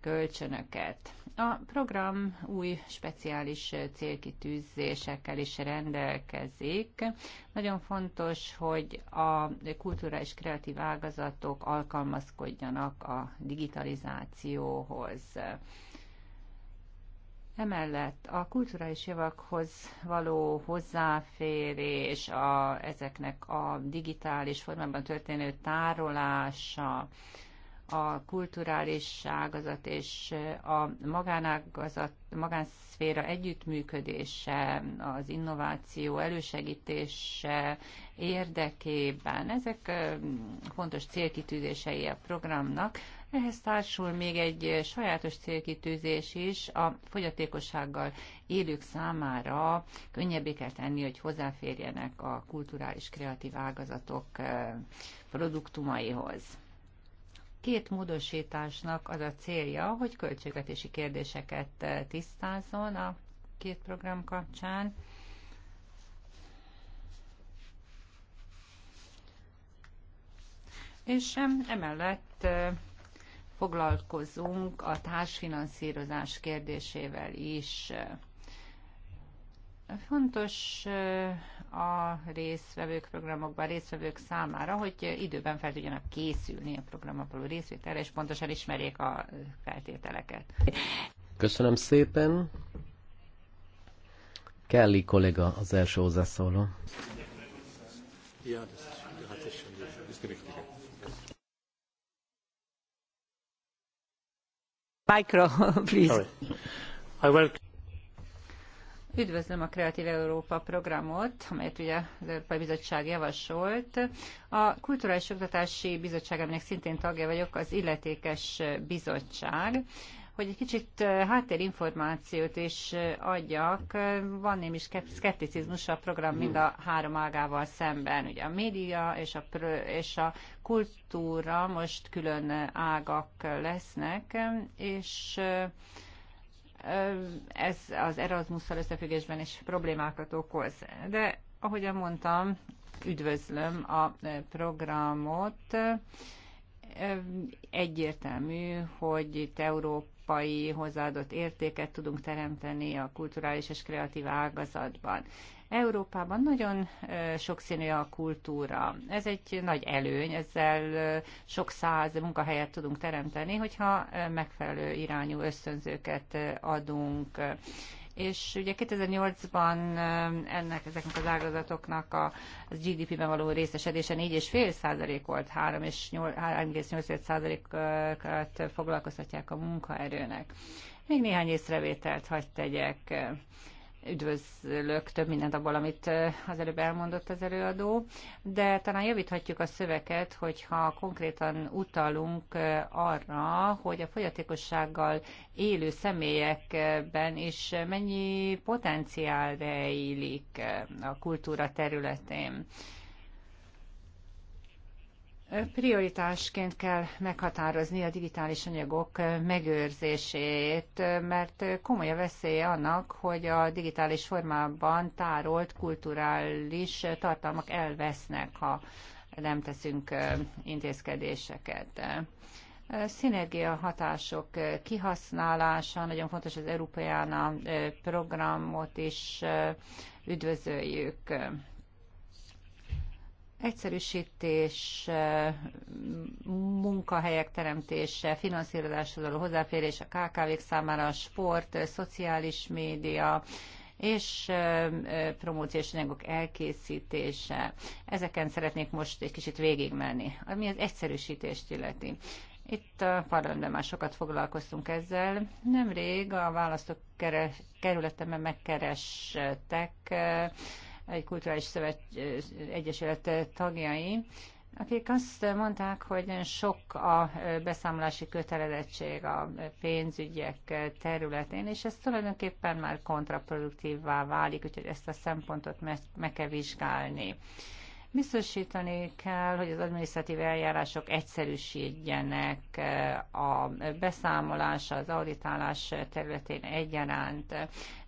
kölcsönöket. A program új speciális célkitűzésekkel is rendelkezik. Nagyon fontos, hogy a kulturális kreatív ágazatok alkalmazkodjanak a digitalizációhoz. Emellett a kulturális javakhoz való hozzáférés, a, ezeknek a digitális formában történő tárolása, a kulturális ágazat és a magánágazat, magánszféra együttműködése, az innováció elősegítése érdekében. Ezek fontos célkitűzései a programnak. Ehhez társul még egy sajátos célkitűzés is, a fogyatékossággal élők számára könnyebbé kell tenni, hogy hozzáférjenek a kulturális kreatív ágazatok produktumaihoz két módosításnak az a célja, hogy költségvetési kérdéseket eh, tisztázzon a két program kapcsán. És emellett eh, foglalkozunk a társfinanszírozás kérdésével is. Eh, fontos a részvevők programokban, részvevők számára, hogy időben fel tudjanak készülni a programok való részvételre, és pontosan ismerjék a feltételeket. Köszönöm szépen. Kelly kollega az első hozzászóló. Micro, <laughs> please. Sorry. I welcome. Üdvözlöm a Kreatív Európa programot, amelyet ugye az Európai Bizottság javasolt. A Kulturális Oktatási Bizottság, aminek szintén tagja vagyok, az illetékes bizottság hogy egy kicsit háttérinformációt is adjak. Van némi szkepticizmus a program mind a három ágával szemben. Ugye a média és a, és a kultúra most külön ágak lesznek, és ez az Erasmus-szal összefüggésben is problémákat okoz. De ahogyan mondtam, üdvözlöm a programot. Egyértelmű, hogy itt európai hozzáadott értéket tudunk teremteni a kulturális és kreatív ágazatban. Európában nagyon sokszínű a kultúra. Ez egy nagy előny, ezzel sok száz munkahelyet tudunk teremteni, hogyha megfelelő irányú ösztönzőket adunk és ugye 2008-ban ennek, ezeknek az ágazatoknak a GDP-ben való részesedése 4,5 százalék volt, 3,8 százalékat foglalkoztatják a munkaerőnek. Még néhány észrevételt hagyd tegyek üdvözlök több mindent abból, amit az előbb elmondott az előadó, de talán javíthatjuk a szöveket, hogyha konkrétan utalunk arra, hogy a fogyatékossággal élő személyekben is mennyi potenciál rejlik a kultúra területén. Prioritásként kell meghatározni a digitális anyagok megőrzését, mert komoly a veszélye annak, hogy a digitális formában tárolt kulturális tartalmak elvesznek, ha nem teszünk intézkedéseket. Szinergia hatások kihasználása, nagyon fontos az Európai a programot is üdvözöljük egyszerűsítés, munkahelyek teremtése, finanszírozáshoz való hozzáférés a KKV-k számára, a sport, a szociális média, és promóciós anyagok elkészítése. Ezeken szeretnék most egy kicsit végigmenni, ami az egyszerűsítést illeti. Itt a parlamentben már sokat foglalkoztunk ezzel. Nemrég a választókerületemben megkerestek egy kulturális szövet, egyesület tagjai, akik azt mondták, hogy nagyon sok a beszámolási kötelezettség a pénzügyek területén, és ez tulajdonképpen már kontraproduktívvá válik, úgyhogy ezt a szempontot meg, meg kell vizsgálni. Biztosítani kell, hogy az adminisztratív eljárások egyszerűsítjenek eh, a beszámolás, az auditálás területén egyaránt.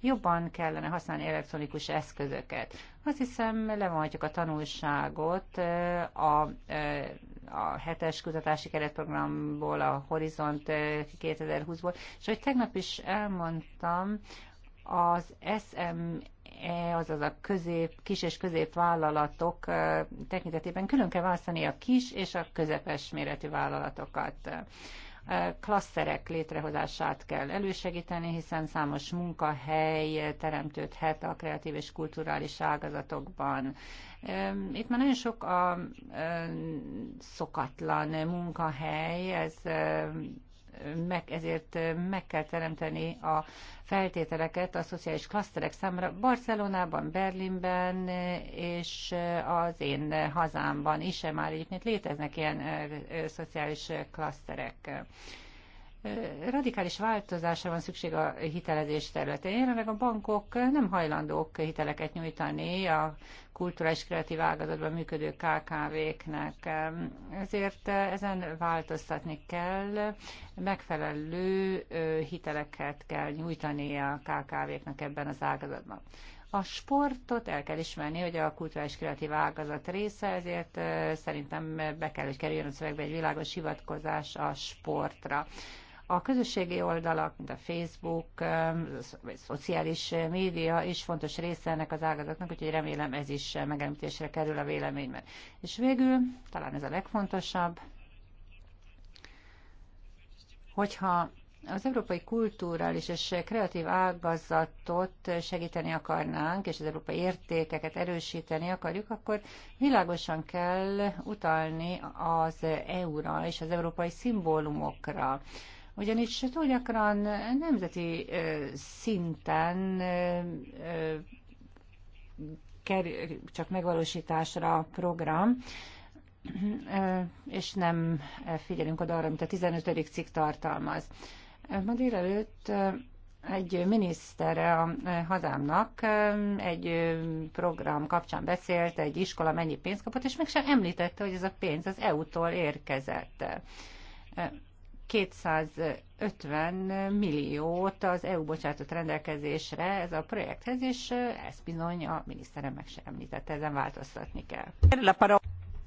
Jobban kellene használni elektronikus eszközöket. Azt hiszem, levonhatjuk a tanulságot eh, a, eh, a hetes kutatási keretprogramból, a Horizont 2020-ból, és hogy tegnap is elmondtam, az SM azaz a közép, kis és középvállalatok tekintetében külön kell választani a kis és a közepes méretű vállalatokat klasszerek létrehozását kell elősegíteni, hiszen számos munkahely teremtődhet a kreatív és kulturális ágazatokban. Itt már nagyon sok a szokatlan munkahely, ez meg, ezért meg kell teremteni a feltételeket a szociális klaszterek számára Barcelonában, Berlinben és az én hazámban is már egyébként léteznek ilyen szociális klaszterek radikális változásra van szükség a hitelezés területén. Jelenleg a bankok nem hajlandók hiteleket nyújtani a kulturális kreatív ágazatban működő KKV-knek. Ezért eh, ezen változtatni kell, megfelelő eh, hiteleket kell nyújtani a kkv knek ebben az ágazatban. A sportot el kell ismerni, hogy a kulturális kreatív ágazat része, ezért eh, szerintem be kell, hogy kerüljön a szövegbe egy világos hivatkozás a sportra. A közösségi oldalak, mint a Facebook, vagy szociális média is fontos része ennek az ágazatnak, úgyhogy remélem ez is megemlítésre kerül a véleményben. És végül, talán ez a legfontosabb, hogyha az európai kulturális és kreatív ágazatot segíteni akarnánk, és az európai értékeket erősíteni akarjuk, akkor világosan kell utalni az EU-ra és az európai szimbólumokra ugyanis túl gyakran nemzeti szinten kerül csak megvalósításra a program, és nem figyelünk oda arra, amit a 15. cikk tartalmaz. Ma délelőtt egy minisztere a hazámnak egy program kapcsán beszélt, egy iskola mennyi pénzt kapott, és meg sem említette, hogy ez a pénz az EU-tól érkezett. 250 milliót az EU bocsátott rendelkezésre ez a projekthez, és Ez bizony a miniszterem meg sem említette, ezen változtatni kell.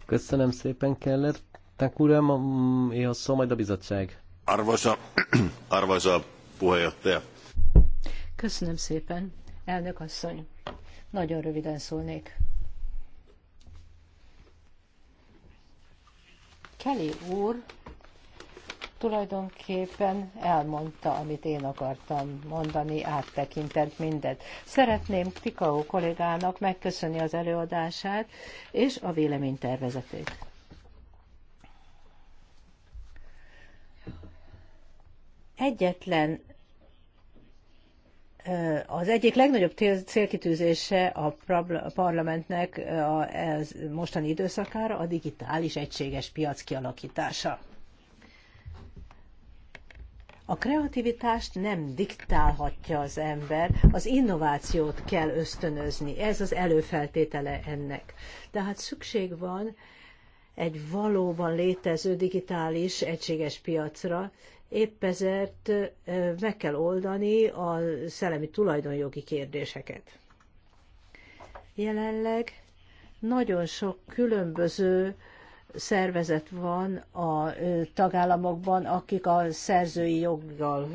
Köszönöm szépen, Keller. Tehát uram, a szó majd a bizottság. Arvoisa, <clears throat> arvoisa puheenjohtaja. Köszönöm szépen, elnök asszony. Nagyon röviden szólnék. Kelly úr tulajdonképpen elmondta, amit én akartam mondani, áttekintett mindet. Szeretném Tikaó kollégának megköszönni az előadását és a véleménytervezetét. Egyetlen az egyik legnagyobb célkitűzése a parlamentnek a mostani időszakára a digitális egységes piac kialakítása. A kreativitást nem diktálhatja az ember, az innovációt kell ösztönözni. Ez az előfeltétele ennek. Tehát szükség van egy valóban létező digitális egységes piacra, épp ezért meg kell oldani a szellemi tulajdonjogi kérdéseket. Jelenleg nagyon sok különböző szervezet van a tagállamokban, akik a szerzői joggal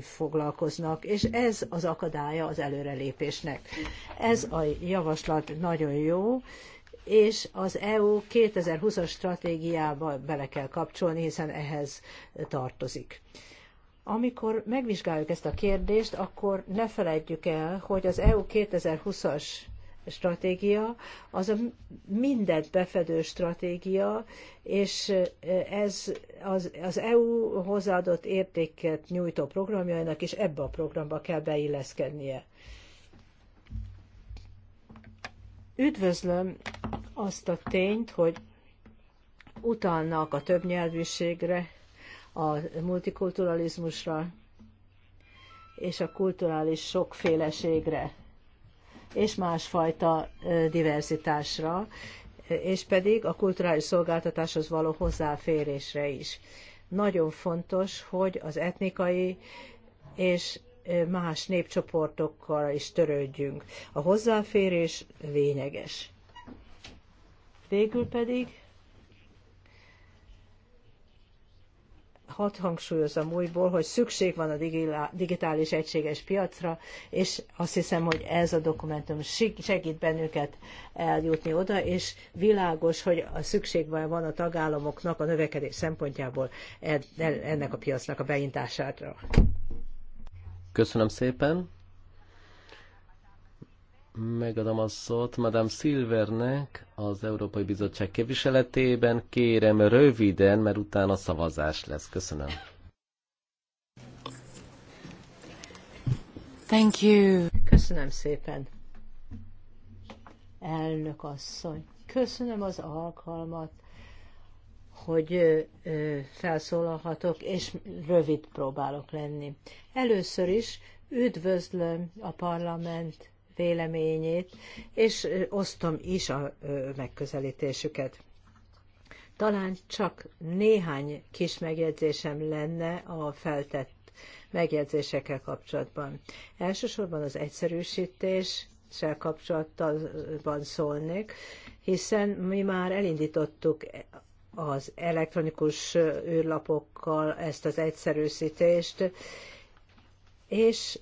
foglalkoznak, és ez az akadálya az előrelépésnek. Ez a javaslat nagyon jó, és az EU 2020-as stratégiába bele kell kapcsolni, hiszen ehhez tartozik. Amikor megvizsgáljuk ezt a kérdést, akkor ne feledjük el, hogy az EU 2020-as stratégia, az a mindent befedő stratégia, és ez az, az EU hozzáadott értéket nyújtó programjainak is ebbe a programba kell beilleszkednie. Üdvözlöm azt a tényt, hogy utalnak a többnyelvűségre, a multikulturalizmusra és a kulturális sokféleségre és másfajta diverzitásra, és pedig a kulturális szolgáltatáshoz való hozzáférésre is. Nagyon fontos, hogy az etnikai és más népcsoportokkal is törődjünk. A hozzáférés lényeges. Végül pedig hat hangsúlyozom újból, hogy szükség van a digitális egységes piacra, és azt hiszem, hogy ez a dokumentum segít bennünket eljutni oda, és világos, hogy a szükség van a tagállamoknak a növekedés szempontjából ennek a piacnak a beintására. Köszönöm szépen! megadom a szót Madame Silvernek az Európai Bizottság képviseletében. Kérem röviden, mert utána szavazás lesz. Köszönöm. Thank you. Köszönöm szépen. Elnök asszony, köszönöm az alkalmat, hogy felszólalhatok, és rövid próbálok lenni. Először is üdvözlöm a parlament véleményét, és osztom is a megközelítésüket. Talán csak néhány kis megjegyzésem lenne a feltett megjegyzésekkel kapcsolatban. Elsősorban az egyszerűsítés kapcsolatban szólnék, hiszen mi már elindítottuk az elektronikus űrlapokkal ezt az egyszerűsítést, és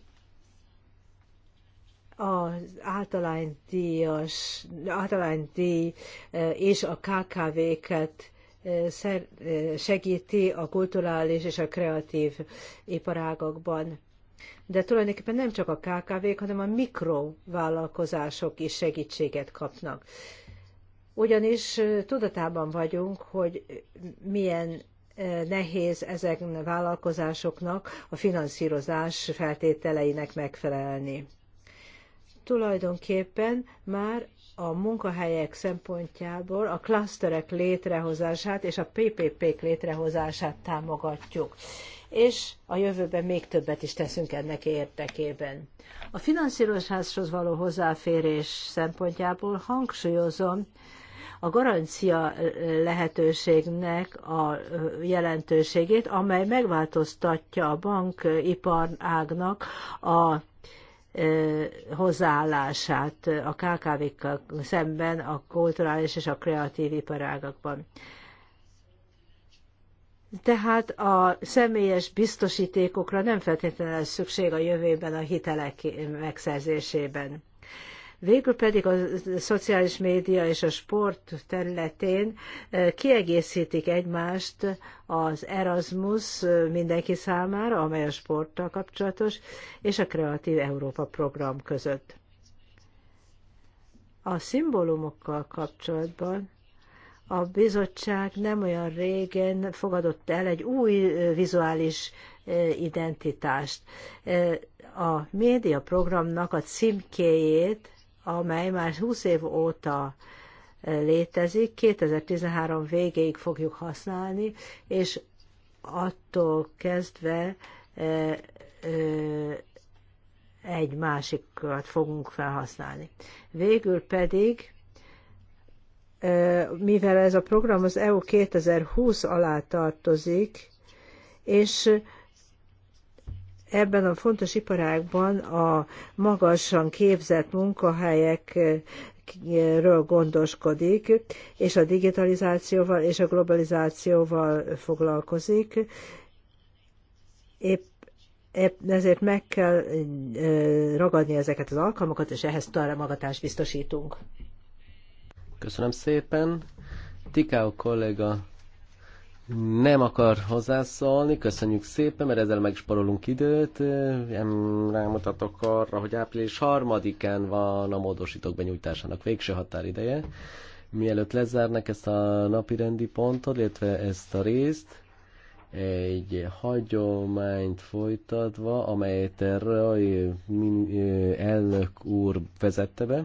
az általánydíjas, általánydíj eh, és a KKV-ket eh, eh, segíti a kulturális és a kreatív iparágokban, De tulajdonképpen nem csak a KKV-k, hanem a mikrovállalkozások is segítséget kapnak. Ugyanis tudatában vagyunk, hogy milyen nehéz ezen a vállalkozásoknak a finanszírozás feltételeinek megfelelni tulajdonképpen már a munkahelyek szempontjából a klaszterek létrehozását és a PPP-k létrehozását támogatjuk. És a jövőben még többet is teszünk ennek érdekében. A finanszírozáshoz való hozzáférés szempontjából hangsúlyozom, a garancia lehetőségnek a jelentőségét, amely megváltoztatja a bankiparágnak a hozzáállását a KKV-kkal szemben a kulturális és a kreatív iparágakban. Tehát a személyes biztosítékokra nem feltétlenül szükség a jövőben a hitelek megszerzésében. Végül pedig a szociális média és a sport területén eh, kiegészítik egymást az Erasmus eh, mindenki számára, amely a sporttal kapcsolatos, és a Kreatív Európa program között. A szimbólumokkal kapcsolatban a bizottság nem olyan régen fogadott el egy új eh, vizuális identitást. A médiaprogramnak a címkéjét amely már 20 év óta eh, létezik, 2013 végéig fogjuk használni, és attól kezdve eh, eh, egy másikat fogunk felhasználni. Végül pedig, mivel ez a program az EU 2020 alá tartozik, és ebben a fontos iparágban a magasan képzett munkahelyek ről gondoskodik, és a digitalizációval és a globalizációval foglalkozik. Épp, épp ezért meg kell ragadni ezeket az alkalmakat, és ehhez támogatást biztosítunk. Köszönöm szépen. Tikáó kollega nem akar hozzászólni, köszönjük szépen, mert ezzel megsporolunk időt. Én rámutatok arra, hogy április harmadikán van a módosítók benyújtásának végső határideje. Mielőtt lezárnak ezt a napi rendi pontot, illetve ezt a részt, egy hagyományt folytatva, amelyet Roy eh, elnök úr vezette be,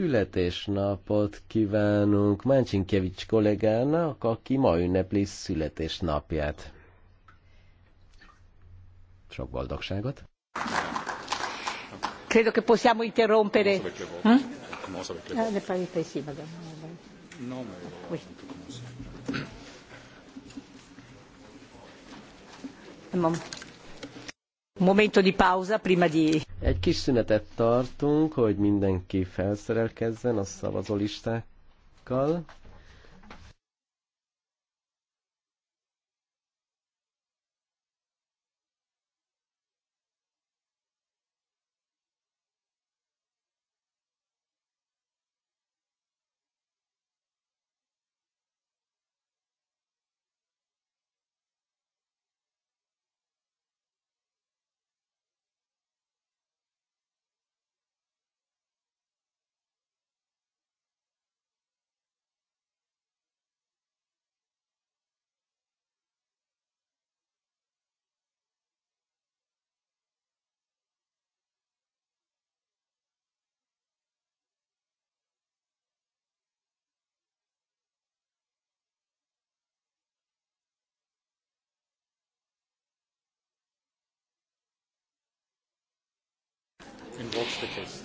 születésnapot kívánunk Máncsinkjevics kollégának, aki ma ünnepli születésnapját. Sok boldogságot! Credo che possiamo interrompere. Hm? Ne Momento di pausa prima di... Egy kis szünetet tartunk, hogy mindenki felszerelkezzen a szavazólistákkal.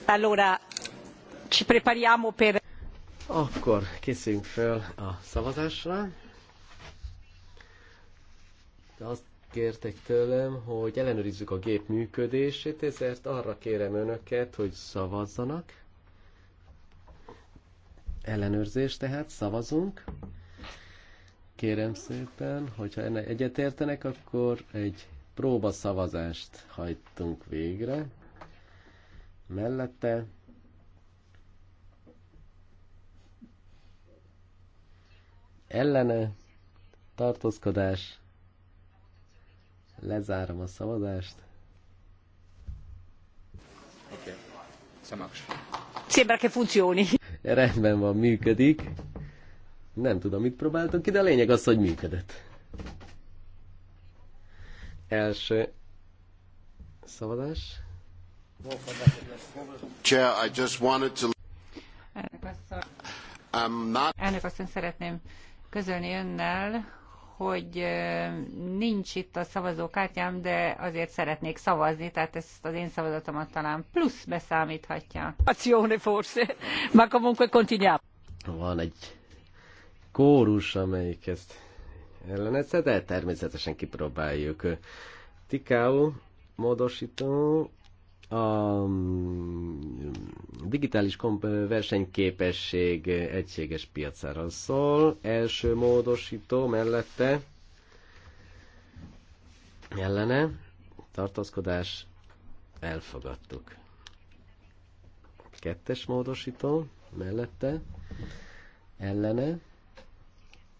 Allora, ci prepariamo per... Akkor készüljünk fel a szavazásra. Azt kértek tőlem, hogy ellenőrizzük a gép működését, ezért arra kérem önöket, hogy szavazzanak. Ellenőrzés tehát, szavazunk. Kérem szépen, hogyha egyetértenek, akkor egy próba szavazást hajtunk végre mellette. Ellene tartózkodás. Lezárom a szavazást. Oké. Okay. Szemaks. Sembra che funzioni. Rendben van, működik. Nem tudom, mit próbáltam ki, de a lényeg az, hogy működött. Első szavazás. Chair, I just wanted to... Elnök asszony, szeretném közölni önnel, hogy nincs itt a szavazókártyám, de azért szeretnék szavazni, tehát ezt az én szavazatomat talán plusz beszámíthatja. Azione forse, ma comunque continuiamo. Van egy kórus, amelyik ezt ellenezze, de természetesen kipróbáljuk. Tikau, módosító, a mm, digitális versenyképesség egységes piacára szól. Első módosító mellette ellene tartózkodás elfogadtuk. Kettes módosító mellette ellene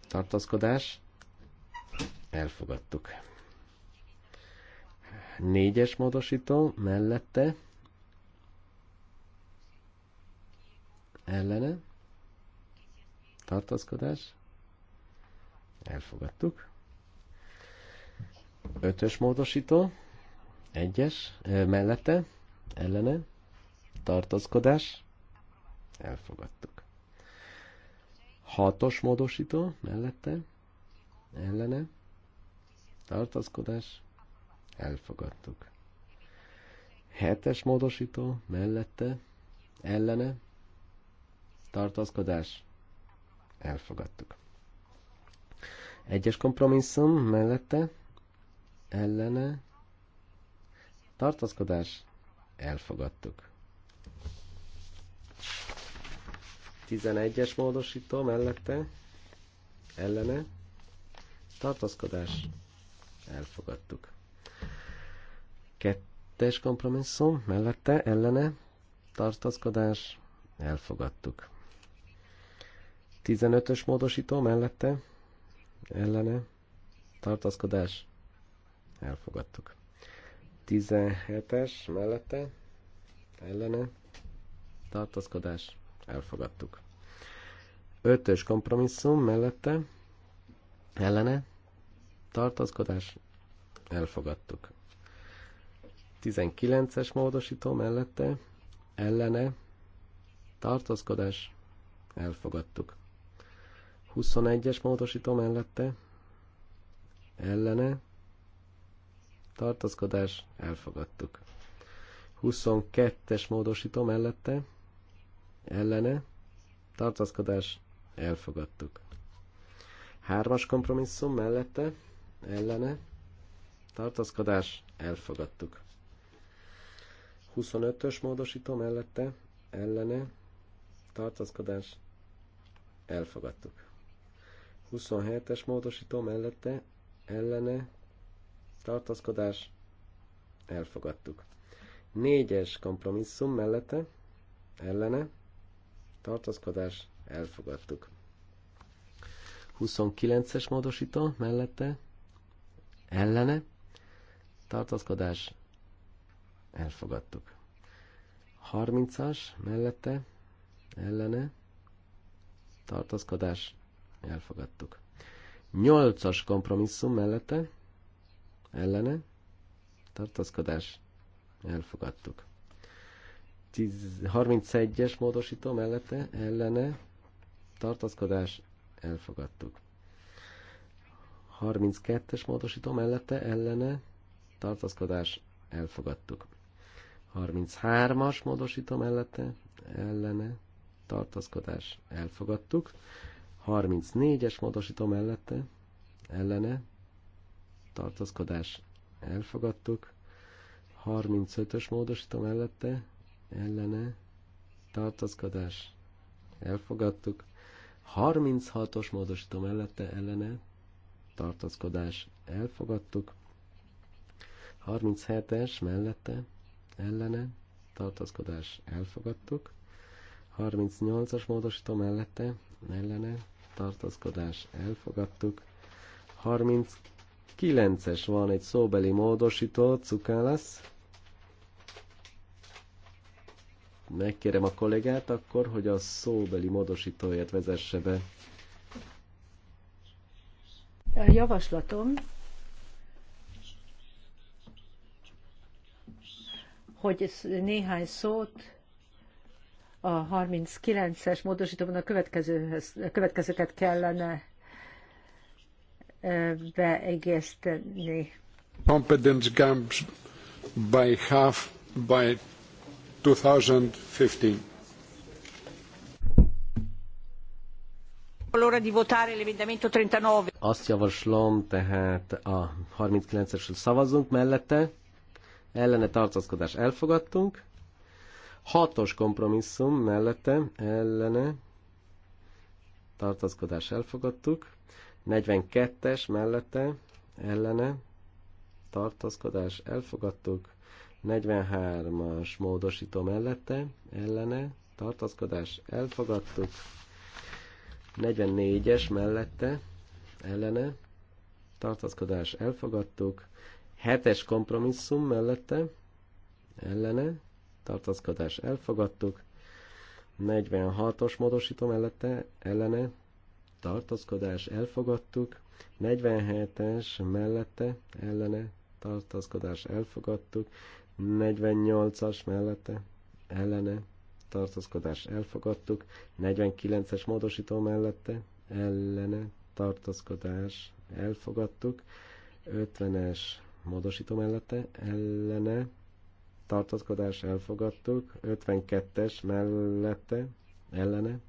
tartózkodás elfogadtuk. Négyes módosító mellette ellene tartózkodás elfogadtuk. Ötös módosító egyes mellette ellene tartózkodás elfogadtuk. Hatos módosító mellette ellene tartózkodás elfogadtuk. Hetes módosító mellette, ellene, tartózkodás, elfogadtuk. Egyes kompromisszum mellette, ellene, tartózkodás, elfogadtuk. 11-es módosító mellette, ellene, tartózkodás, elfogadtuk. Kettes kompromisszum, mellette, ellene, tartózkodás, elfogadtuk. 15-ös módosító mellette, ellene, tartózkodás, elfogadtuk. 17-es mellette, ellene, tartózkodás, elfogadtuk. 5-ös kompromisszum mellette, ellene, tartózkodás, elfogadtuk. 19-es módosító mellette, ellene, tartózkodás, elfogadtuk. 21-es módosító mellette, ellene, tartózkodás, elfogadtuk. 22-es módosító mellette, ellene, tartózkodás, elfogadtuk. 3-as kompromisszum mellette, ellene, tartózkodás, elfogadtuk. 25-ös módosító mellette ellene tartózkodás elfogadtuk. 27-es módosító mellette ellene tartózkodás elfogadtuk. 4-es kompromisszum mellette ellene tartózkodás elfogadtuk. 29-es módosító mellette ellene tartózkodás elfogadtuk. 30-as mellette, ellene, tartózkodás, elfogadtuk. 8-as kompromisszum mellette, ellene, tartózkodás, elfogadtuk. 31-es módosító mellette, ellene, tartózkodás, elfogadtuk. 32-es módosító mellette, ellene, tartózkodás, elfogadtuk. 33-as módosító mellette ellene tartózkodás elfogadtuk. 34-es módosító mellette ellene tartózkodás elfogadtuk. 35-ös módosító mellette ellene tartózkodás elfogadtuk. 36-os módosító mellette ellene tartózkodás elfogadtuk. 37-es mellette ellene, tartózkodás elfogadtuk. 38-as módosító mellette, ellene, tartózkodás elfogadtuk. 39-es van egy szóbeli módosító, cukálasz. Megkérem a kollégát akkor, hogy a szóbeli módosítóját vezesse be. A javaslatom hogy néhány szót a 39-es módosítóban a, a következőket kellene e, beegészteni. Competence gaps by half by 2015. Azt javaslom, tehát a 39-esről szavazunk mellette, ellene tartózkodás elfogadtunk. Hatos kompromisszum mellette ellene tartózkodás elfogadtuk. 42-es mellette ellene tartózkodás elfogadtuk. 43-as módosító mellette ellene tartózkodás elfogadtuk. 44-es mellette ellene tartózkodás elfogadtuk. Hetes kompromisszum mellette, ellene, tartózkodás elfogadtuk. 46-os módosító mellette, ellene, tartózkodás elfogadtuk. 47-es mellette, ellene, tartózkodás elfogadtuk. 48-as mellette, ellene, tartózkodás elfogadtuk. 49-es módosító mellette, ellene, tartózkodás elfogadtuk. 50-es módosító mellette ellene tartózkodás elfogadtuk, 52-es mellette ellene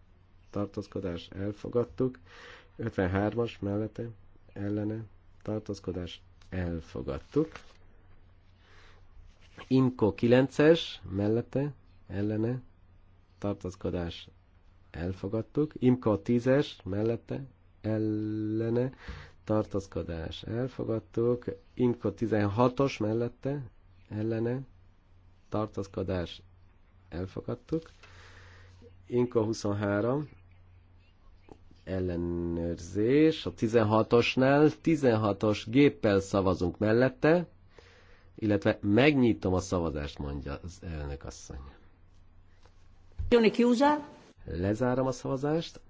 tartózkodás elfogadtuk, 53-as mellette ellene tartózkodás elfogadtuk. Imko 9-es mellette ellene tartózkodás elfogadtuk. Imko 10-es mellette ellene tartózkodás elfogadtuk, Inko 16-os mellette, ellene, tartózkodás elfogadtuk, Inko 23, ellenőrzés, a 16-osnál 16-os géppel szavazunk mellette, illetve megnyitom a szavazást, mondja az elnök asszony. Lezárom a szavazást,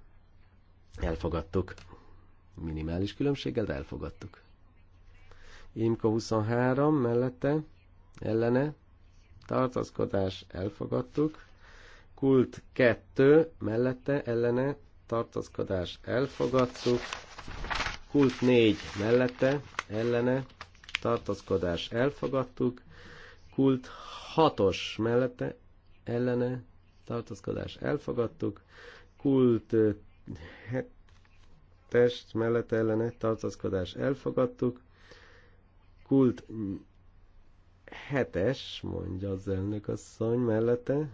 elfogadtuk minimális különbséggel elfogadtuk. Imka 23 mellette, ellene, tartaszkodás elfogadtuk. Kult 2 mellette, ellene, tartaszkodás elfogadtuk. Kult 4 mellette, ellene, tartaszkodás elfogadtuk. Kult 6-os mellette, ellene, tartaszkodás elfogadtuk. Kult eh, test mellette ellene tartozkodás elfogadtuk. Kult hetes, mondja az elnök asszony mellette.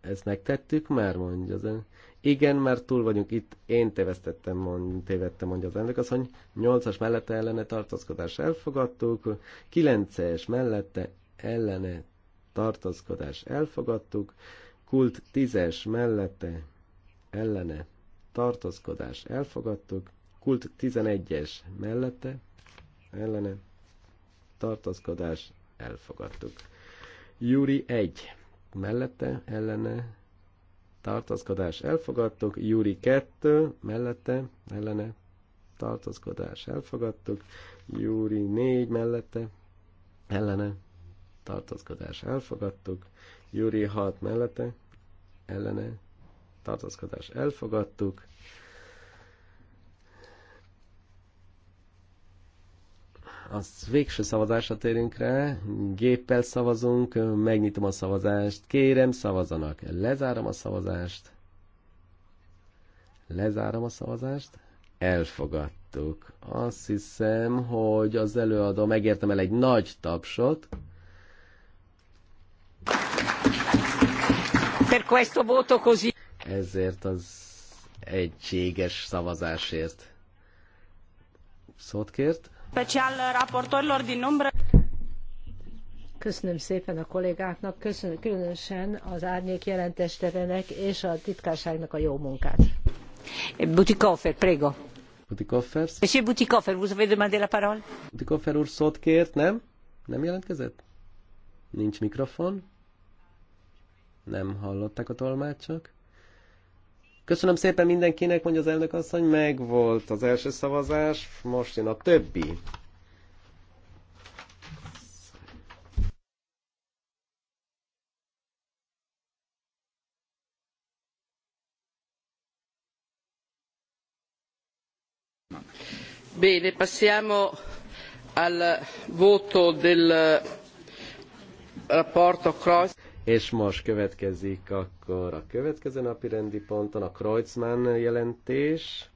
Ezt megtettük már, mondja az elnök. Igen, már túl vagyunk itt, én tévesztettem, mond, tévedtem, mondja az elnök asszony. Nyolcas mellette ellene tartozkodás elfogadtuk. Kilences mellette ellene tartozkodás elfogadtuk. Kult tízes mellette ellene tartózkodás elfogadtuk, kult 11-es mellette, ellene, tartózkodás elfogadtuk. Júri 1 mellette, ellene, tartózkodás elfogadtuk, Júri 2 mellette, ellene, tartózkodás elfogadtuk, Júri 4 mellette, ellene, tartózkodás elfogadtuk, Júri 6 mellette, ellene, tartózkodás elfogadtuk. Az végső szavazásra térünk rá, géppel szavazunk, megnyitom a szavazást, kérem szavazanak, lezárom a szavazást, lezárom a szavazást, elfogadtuk. Azt hiszem, hogy az előadó megértem el egy nagy tapsot. Per questo voto così ezért az egységes szavazásért. Szót kért? Special din umbră. Köszönöm szépen a kollégáknak, köszönöm, különösen az árnyék jelentestevenek és a titkárságnak a jó munkát. Butikoffer, prego. Butikoffer? Monsieur Butikoffer, vous avez demandé la parole? Butikoffer úr szót kért, nem? Nem jelentkezett? Nincs mikrofon? Nem hallották a tolmácsok? Köszönöm szépen mindenkinek, mondja az elnök asszony, meg volt az első szavazás, most jön a többi. Bene, passiamo al voto del rapporto Cross. És most következik akkor a következő napi rendi ponton a Kreuzmann jelentés.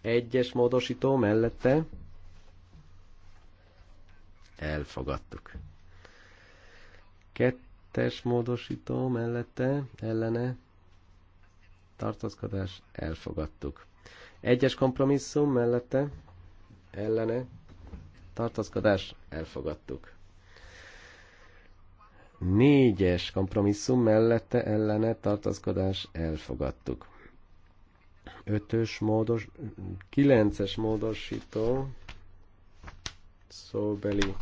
Egyes módosító mellette. Elfogadtuk. Kettes módosító mellette, ellene. Tartózkodás, elfogadtuk. Egyes kompromisszum mellette, ellene. Tartózkodás, elfogadtuk Négyes kompromisszum mellette ellene tartaszkodás elfogadtuk. Ötös módos, kilences módosító szóbeli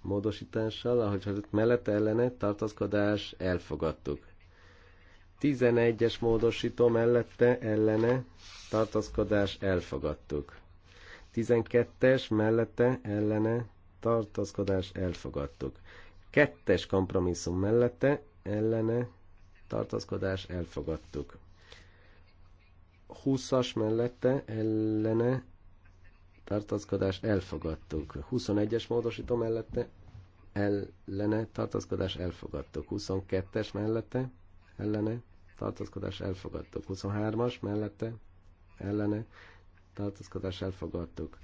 módosítással, ahogy mellette ellene tartaszkodás elfogadtuk. 11-es módosító mellette ellene tartaszkodás elfogadtuk. 12-es mellette ellene tartaszkodás elfogadtuk. Kettes kompromisszum mellette ellene tartózkodás elfogadtuk. 20-as mellette ellene tartózkodás elfogadtuk. 21-es módosító mellette ellene tartózkodás elfogadtuk. 22-es mellette ellene tartózkodás elfogadtuk. 23-as mellette ellene tartózkodás elfogadtuk.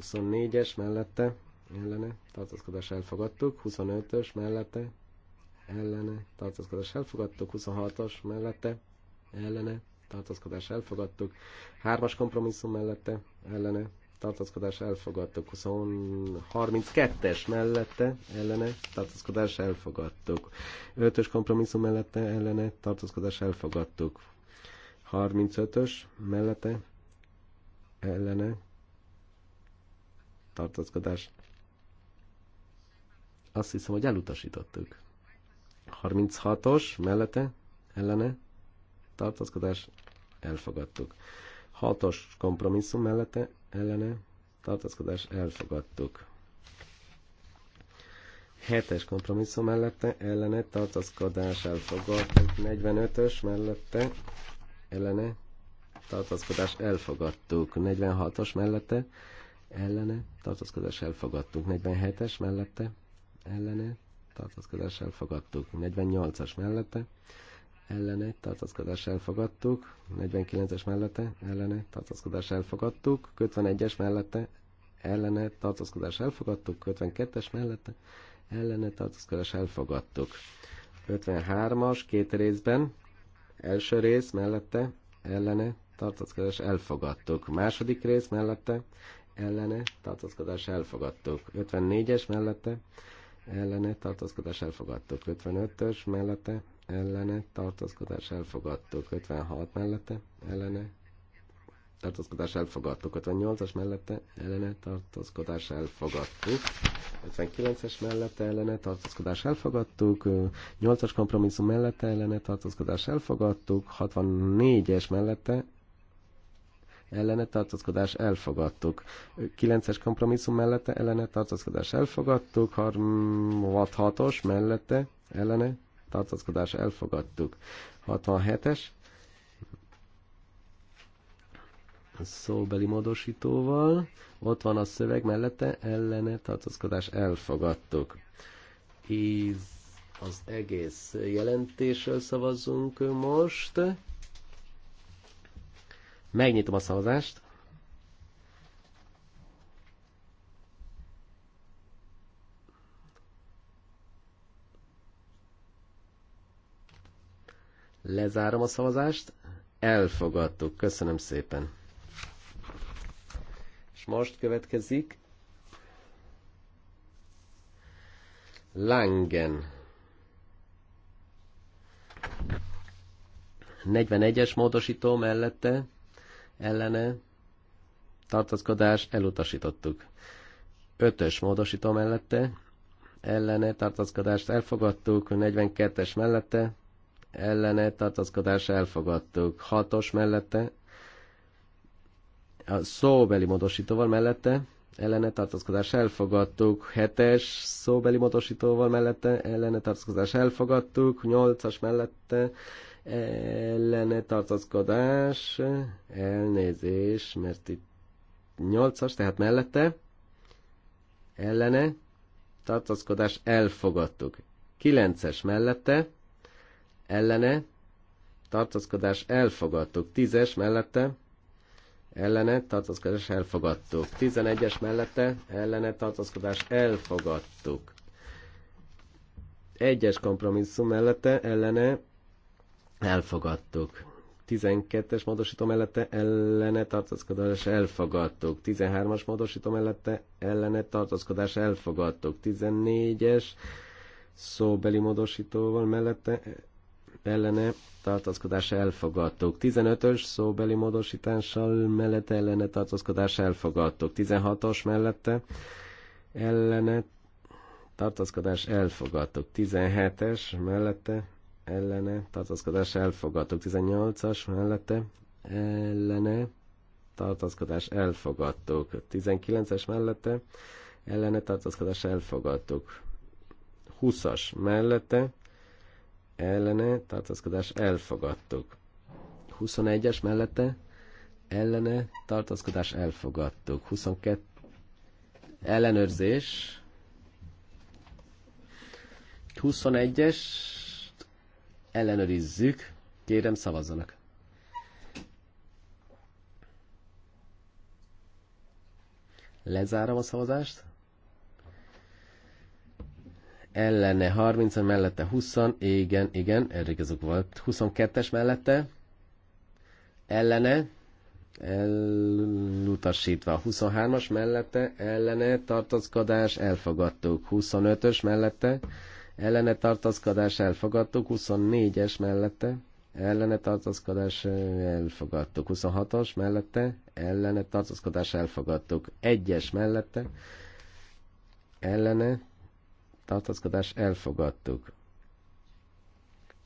24-es mellette ellene tartózkodás elfogadtuk, 25-ös mellette ellene tartózkodás elfogadtuk, 26-os mellette ellene tartózkodás elfogadtuk, 3-as kompromisszum mellette ellene tartózkodás elfogadtuk, 32-es mellette ellene tartózkodás elfogadtuk, 5-ös kompromisszum mellette ellene tartózkodás elfogadtuk, 35-ös mellette ellene tartózkodás azt hiszem, hogy elutasítottuk. 36-os mellette, ellene, tartózkodás, elfogadtuk. 6-os kompromisszum mellette, ellene, tartózkodás, elfogadtuk. 7-es kompromisszum mellette, ellene, tartózkodás, elfogadtuk. 45-ös mellette, ellene, tartózkodás, elfogadtuk. 46-os mellette, ellene, tartózkodás elfogadtuk. 47-es mellette, ellene tartózkodás elfogadtuk. 48-as mellette ellene tartózkodás elfogadtuk. 49-es mellette ellene tartózkodás elfogadtuk. 51-es mellette ellene tartózkodás elfogadtuk. 52-es mellette ellene tartózkodás elfogadtuk. 53-as két részben első rész mellette ellene tartózkodás elfogadtuk. Második rész mellette ellene tartózkodás elfogadtuk. 54-es mellette ellene tartózkodás elfogadtuk. 55-ös mellette ellene tartózkodás elfogadtuk. 56 mellette ellene tartózkodás elfogadtuk. 58-as mellette ellene tartózkodás elfogadtuk. 59-es mellette ellene tartózkodás elfogadtuk, 8-as kompromisszum mellette ellene tartózkodás elfogadtuk, 64-es mellette ellene tartózkodás elfogadtuk. 9-es kompromisszum mellette ellene tartózkodás elfogadtuk, 66-os mellette ellene tartózkodás elfogadtuk. 67-es szóbeli módosítóval, ott van a szöveg mellette, ellene tartózkodás elfogadtuk. Íz az egész jelentésről szavazzunk most. Megnyitom a szavazást. Lezárom a szavazást. Elfogadtuk. Köszönöm szépen. És most következik Langen. 41-es módosító mellette ellene tartózkodás elutasítottuk. Ötös módosító mellette ellene tartózkodást elfogadtuk, 42-es mellette ellene tartózkodás elfogadtuk, hatos mellette a szóbeli módosítóval mellette ellene tartózkodás elfogadtuk, hetes szóbeli módosítóval mellette ellene tartózkodás elfogadtuk, nyolcas mellette ellene tartozkodás, elnézés, mert itt 8-as, tehát mellette, ellene, tartozkodás, elfogadtuk. 9-es mellette, ellene, tartozkodás, elfogadtuk. 10-es mellette, ellene, tartozkodás, elfogadtuk. 11-es mellette, ellene, tartozkodás, elfogadtuk. egyes kompromisszum mellette, ellene, elfogadtuk. 12-es módosító mellette ellene tartózkodás elfogadtuk. 13-as módosító mellette ellene tartózkodás elfogadtuk. 14-es szóbeli módosítóval mellette ellene tartózkodás elfogadtuk. 15-ös szóbeli módosítással mellette ellene tartózkodás elfogadtuk. 16-os mellette ellene tartózkodás elfogadtuk. 17-es mellette ellene tartózkodás elfogadtuk. 18-as mellette ellene tartózkodás elfogadtuk. 19-es mellette ellene tartózkodás elfogadtuk. 20-as mellette ellene tartózkodás elfogadtuk. 21-es mellette ellene tartózkodás elfogadtuk. 22 ellenőrzés 21-es ellenőrizzük, kérem szavazzanak. Lezárom a szavazást. Ellene 30 mellette 20 igen, igen, eddig azok volt. 22-es mellette, ellene, elutasítva. 23-as mellette, ellene, tartozkodás, elfogadtuk. 25-ös mellette, ellene tartózkodás elfogadtuk, 24-es mellette, ellene tartózkodás elfogadtuk, 26-os mellette, ellene tartózkodás elfogadtuk, 1-es mellette, ellene tartózkodás elfogadtuk.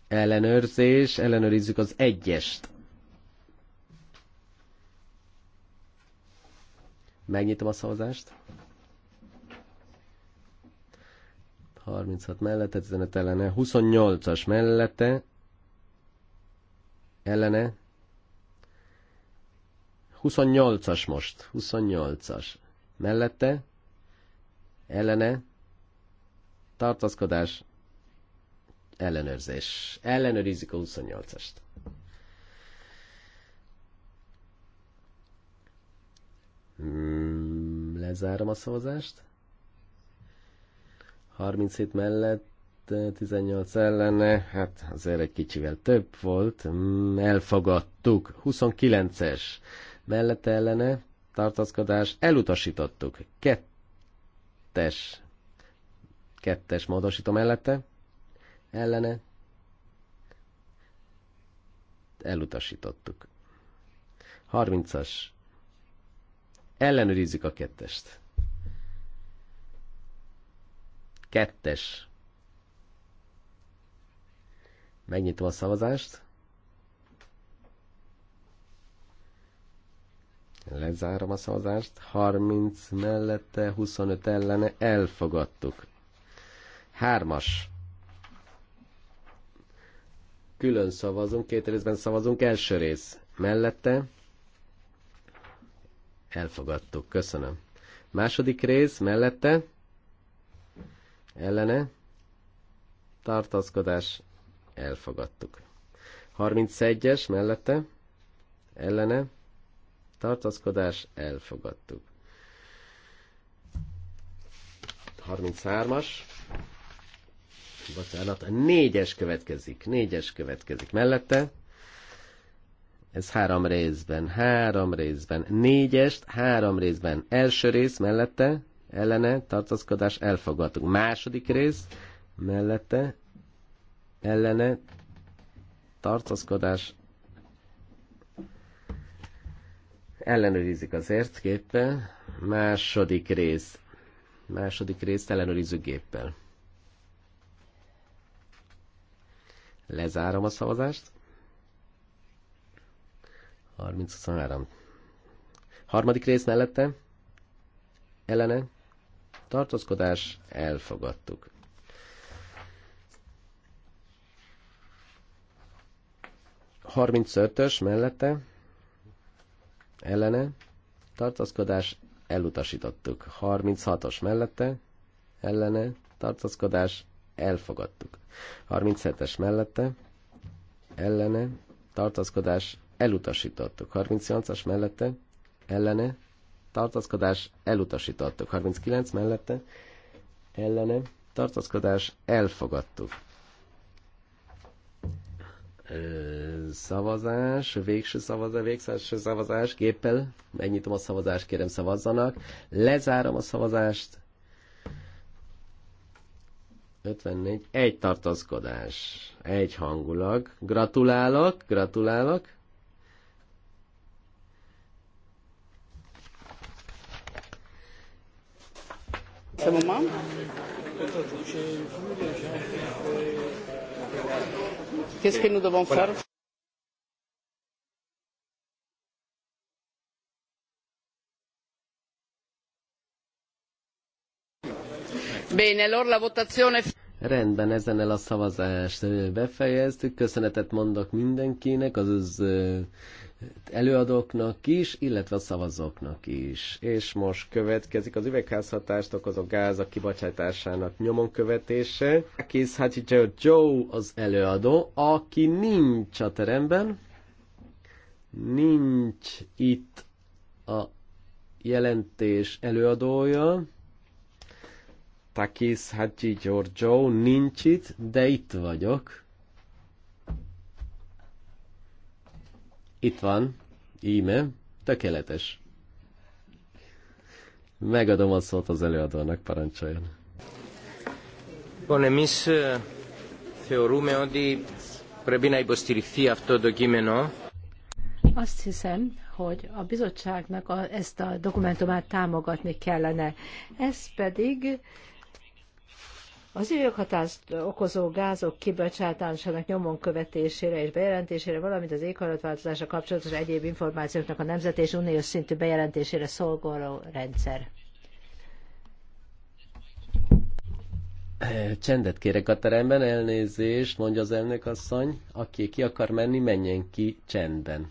Ellenőrzés, ellenőrizzük az egyest. Megnyitom a szavazást. 36 mellette, 15 ellene, 28-as mellette, ellene, 28-as most, 28-as mellette, ellene, tartaszkodás, ellenőrzés. Ellenőrizik a 28-ast. Mm, lezárom a szavazást. 37 mellett 18 eh, ellene, hát azért egy kicsivel több volt, mm, elfogadtuk. 29-es mellett ellene, tartaszkodás, elutasítottuk. Kettes, kettes módosító mellette, ellene, elutasítottuk. 30-as, ellenőrizzük a kettest. Kettes. Megnyitom a szavazást. Lezárom a szavazást. 30 mellette, 25 ellene. Elfogadtuk. Hármas. Külön szavazunk, két részben szavazunk. Első rész mellette. Elfogadtuk, köszönöm. Második rész mellette ellene, tartózkodás, elfogadtuk. 31-es mellette, ellene, tartózkodás, elfogadtuk. 33-as, bocsánat, a 4-es következik, 4-es következik mellette, ez három részben, három részben, négyest, három részben, első rész mellette, ellene tartózkodás elfogadtuk. Második rész mellette ellene tartózkodás ellenőrizik azért géppel. Második rész. Második részt ellenőrizzük géppel. Lezárom a szavazást. 30-23. Harmadik rész mellette. Ellene tartózkodás, elfogadtuk. Harmincötös mellette, ellene, tartózkodás, elutasítottuk. 36-os mellette, ellene, tartózkodás, elfogadtuk. 37-es mellette, ellene, tartózkodás, elutasítottuk. 38-as mellette, ellene, tartózkodás elutasítottuk. 39 mellette ellene tartózkodás elfogadtuk. Szavazás, végső szavazás, végső szavazás, géppel megnyitom a szavazást, kérem szavazzanak, lezárom a szavazást, 54, egy tartozkodás, egy hangulag. Gratulálok, gratulálok. C'est bon, moi Qu'est-ce que nous devons voilà. faire Bene, allora la votazione... Rendben, ezen el a szavazást befejeztük. Köszönetet mondok mindenkinek, az azaz előadóknak is, illetve a szavazóknak is. És most következik az üvegházhatást okozó gázak kibocsátásának nyomon követése. Akis Hachijo Joe az előadó, aki nincs a teremben, nincs itt a jelentés előadója. Takis Hadzsi Joe nincs itt, de itt vagyok. Itt van, íme, tökéletes. Megadom a szót az előadónak, parancsoljon. Λοιπόν, εμείς eh, θεωρούμε ότι πρέπει να υποστηριχθεί αυτό το Azt hiszem, hogy a bizottságnak a, ezt a dokumentumát támogatni kellene. Ez pedig az üveghatást okozó gázok kibocsátásának nyomon követésére és bejelentésére, valamint az éghajlatváltozásra kapcsolatos egyéb információknak a nemzeti és uniós szintű bejelentésére szolgáló rendszer. Eh, csendet kérek a teremben, elnézést, mondja az elnök asszony, aki ki akar menni, menjen ki csendben.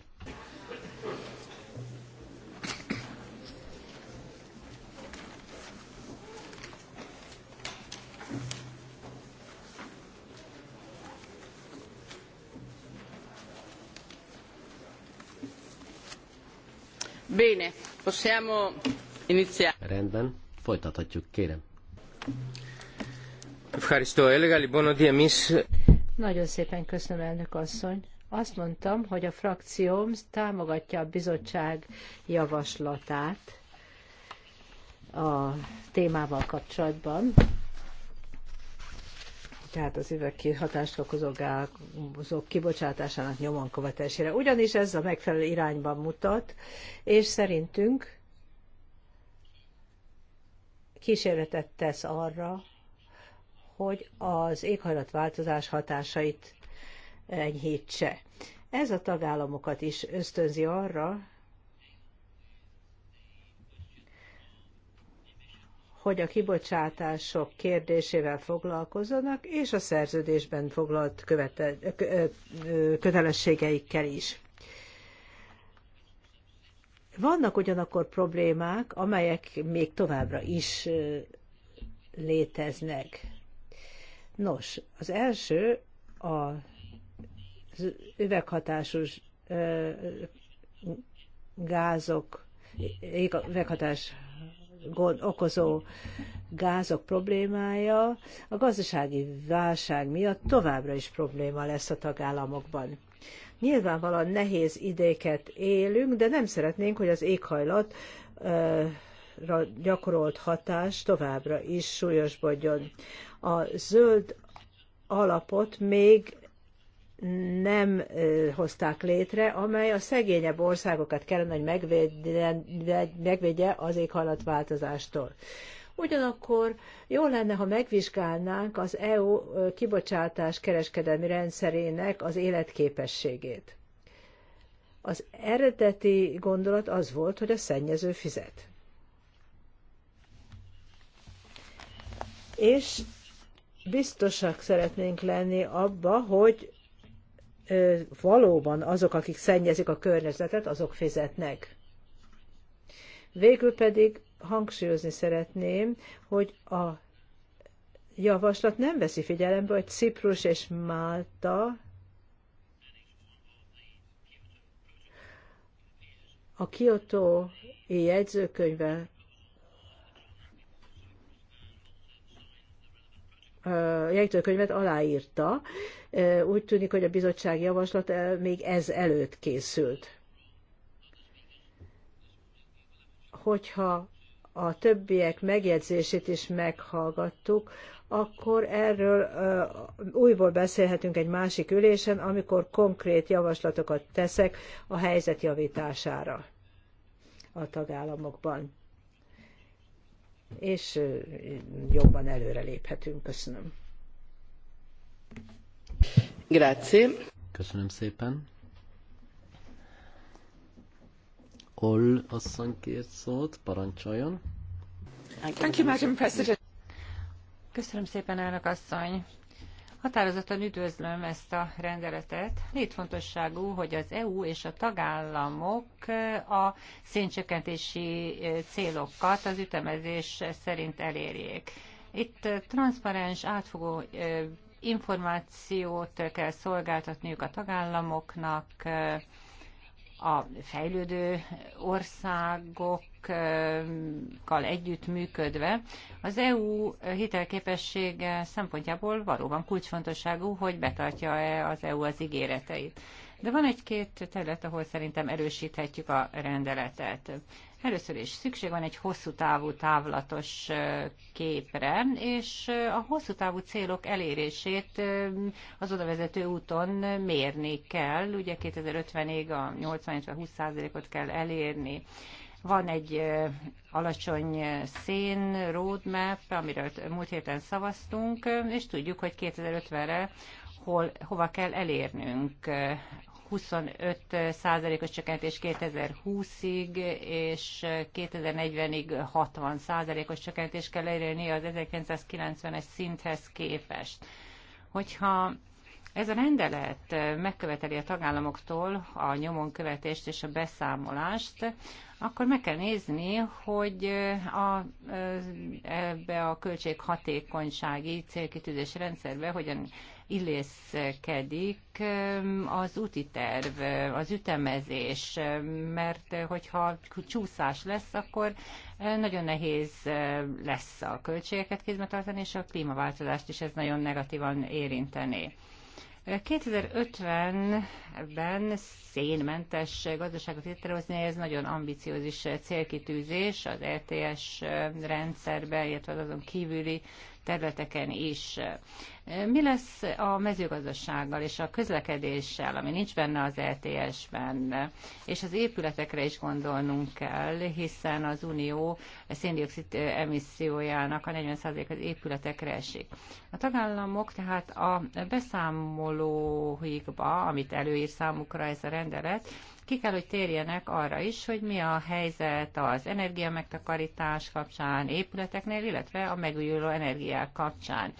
Bene, possiamo iniziare. Rendben, folytathatjuk, kérem. Nagyon szépen köszönöm, elnök asszony. Azt mondtam, hogy a frakcióm támogatja a bizottság javaslatát a témával kapcsolatban, tehát az üvegkihatást okozó gázok kibocsátásának nyomon követésére. Ugyanis ez a megfelelő irányban mutat, és szerintünk kísérletet tesz arra, hogy az éghajlatváltozás hatásait enyhítse. Ez a tagállamokat is ösztönzi arra, hogy a kibocsátások kérdésével foglalkozzanak, és a szerződésben foglalt követe, kö, kötelességeikkel is. Vannak ugyanakkor problémák, amelyek még továbbra is léteznek. Nos, az első a üveghatású gázok, üveghatás Gond, okozó gázok problémája a gazdasági válság miatt továbbra is probléma lesz a tagállamokban. Nyilvánvalóan nehéz idéket élünk, de nem szeretnénk, hogy az éghajlat gyakorolt hatás továbbra is súlyosbodjon. A zöld alapot még nem hozták létre, amely a szegényebb országokat kellene, hogy megvédje, megvédje az éghajlatváltozástól. Ugyanakkor jó lenne, ha megvizsgálnánk az EU kibocsátás kereskedelmi rendszerének az életképességét. Az eredeti gondolat az volt, hogy a szennyező fizet. És biztosak szeretnénk lenni abba, hogy valóban azok, akik szennyezik a környezetet, azok fizetnek. Végül pedig hangsúlyozni szeretném, hogy a javaslat nem veszi figyelembe, hogy Ciprus és Málta a Kyoto jegyzőkönyvvel jegyzőkönyvet aláírta. Úgy tűnik, hogy a bizottság javaslat még ez előtt készült. Hogyha a többiek megjegyzését is meghallgattuk, akkor erről újból beszélhetünk egy másik ülésen, amikor konkrét javaslatokat teszek a helyzet javítására a tagállamokban és jobban előreléphetünk. Köszönöm. Grazie. Köszönöm szépen. Ol asszony kért szót, parancsoljon. Thank you, Madam President. Köszönöm szépen, elnök asszony. Határozottan üdvözlöm ezt a rendeletet. Létfontosságú, hogy az EU és a tagállamok a széncsökkentési célokat az ütemezés szerint elérjék. Itt transzparens, átfogó információt kell szolgáltatniuk a tagállamoknak, a fejlődő országok együtt együttműködve az EU hitelképessége szempontjából valóban kulcsfontosságú, hogy betartja-e az EU az ígéreteit. De van egy-két terület, ahol szerintem erősíthetjük a rendeletet. Először is szükség van egy hosszú távú távlatos képre, és a hosszú távú célok elérését az odavezető úton mérni kell. Ugye 2050-ig a 80-20%-ot kell elérni. Van egy alacsony szén roadmap, amiről múlt héten szavaztunk, és tudjuk, hogy 2050-re hol, hova kell elérnünk. 25%-os csökkentés 2020-ig, és 2040-ig 60%-os csökkentés kell elérni az 1990-es szinthez képest. Hogyha ez a rendelet megköveteli a tagállamoktól a nyomonkövetést és a beszámolást, akkor meg kell nézni, hogy a, ebbe a költséghatékonysági célkitűzés rendszerbe hogyan illészkedik az úti terv, az ütemezés, mert hogyha csúszás lesz, akkor nagyon nehéz lesz a költségeket kézbe tartani, és a klímaváltozást is ez nagyon negatívan érinteni. 2050-ben szénmentes gazdaságot létrehozni, ez nagyon ambiciózis célkitűzés az ETS rendszerben, illetve azon kívüli területeken is. Mi lesz a mezőgazdasággal és a közlekedéssel, ami nincs benne az LTS-ben, e és az épületekre is gondolnunk kell, hiszen az Unió széndiokszid emissziójának a 40% az épületekre esik. A tagállamok tehát a beszámolóikba, amit előír számukra ez a rendelet, ki kell, hogy térjenek arra is, hogy mi a helyzet az energiamegtakarítás kapcsán, épületeknél, illetve a megújuló energiák kapcsán.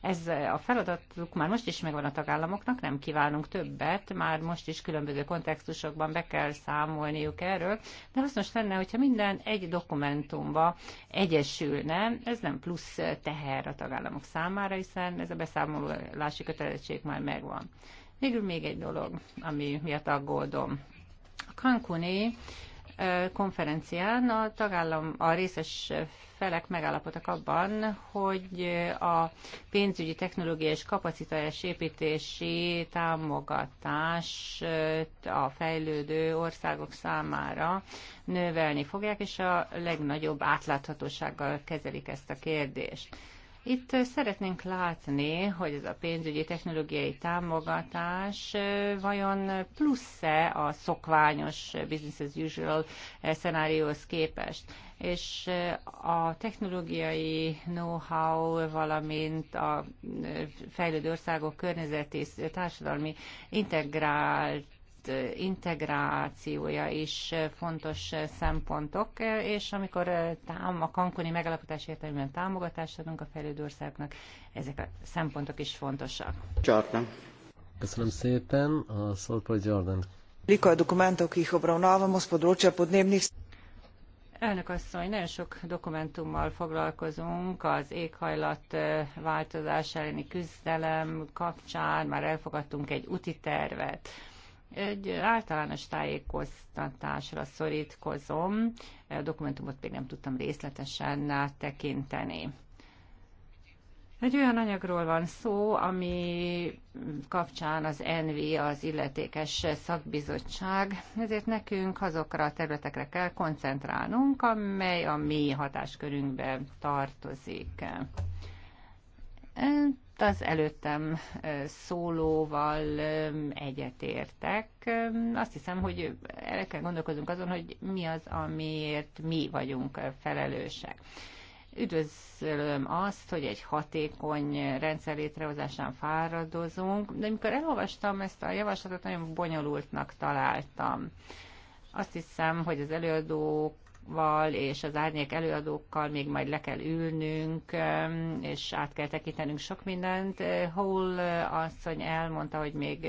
Ez a feladatuk már most is megvan a tagállamoknak, nem kívánunk többet, már most is különböző kontextusokban be kell számolniuk erről, de hasznos lenne, hogyha minden egy dokumentumba egyesülne, ez nem plusz teher a tagállamok számára, hiszen ez a beszámolási kötelezettség már megvan. Végül még egy dolog, ami miatt aggódom. A Cancuni konferencián a tagállam, a részes felek megállapodtak abban, hogy a pénzügyi technológia és kapacitás építési támogatást a fejlődő országok számára növelni fogják, és a legnagyobb átláthatósággal kezelik ezt a kérdést. Itt szeretnénk látni, hogy ez a pénzügyi technológiai támogatás vajon plusz-e a szokványos business as usual szenárióhoz képest és a technológiai know-how, valamint a fejlődő országok környezeti társadalmi integrált integrációja is fontos szempontok, és amikor tám, a kankoni megalapotás értelemben támogatást adunk a fejlődő országoknak, ezek a szempontok is fontosak. Jordan. Köszönöm szépen, a szót Jordan. Lika a dokumentok, ki obravnávamos področja podnebnih Elnök asszony, nagyon sok dokumentummal foglalkozunk az éghajlat eh, változás elleni küzdelem kapcsán, már elfogadtunk egy úti tervet egy általános tájékoztatásra szorítkozom, a dokumentumot még nem tudtam részletesen tekinteni. Egy olyan anyagról van szó, ami kapcsán az ENVI, az illetékes szakbizottság, ezért nekünk azokra a területekre kell koncentrálnunk, amely a mi hatáskörünkbe tartozik az előttem szólóval egyetértek. Azt hiszem, hogy el kell gondolkozunk azon, hogy mi az, amiért mi vagyunk felelősek. Üdvözlöm azt, hogy egy hatékony rendszer létrehozásán fáradozunk, de amikor elolvastam ezt a javaslatot, nagyon bonyolultnak találtam. Azt hiszem, hogy az előadók kollégákkal és az árnyék előadókkal még majd le kell ülnünk, és át kell tekintenünk sok mindent. Hol asszony elmondta, hogy még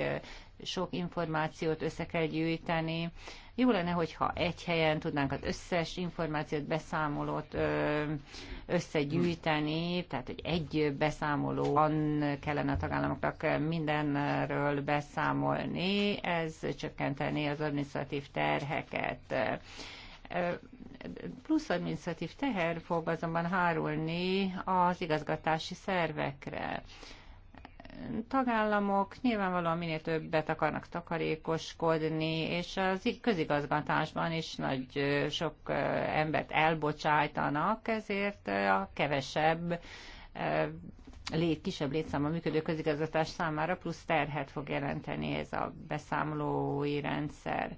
sok információt össze kell gyűjteni. Jó lenne, hogyha egy helyen tudnánk az összes információt, beszámolót összegyűjteni, tehát hogy egy beszámolóan kellene a tagállamoknak mindenről beszámolni, ez csökkenteni az administratív terheket Plusz administratív teher fog azonban hárulni az igazgatási szervekre tagállamok nyilvánvalóan minél többet akarnak takarékoskodni, és az közigazgatásban is nagy sok embert elbocsájtanak, ezért a kevesebb lét, kisebb a működő közigazgatás számára plusz terhet fog jelenteni ez a beszámolói rendszer.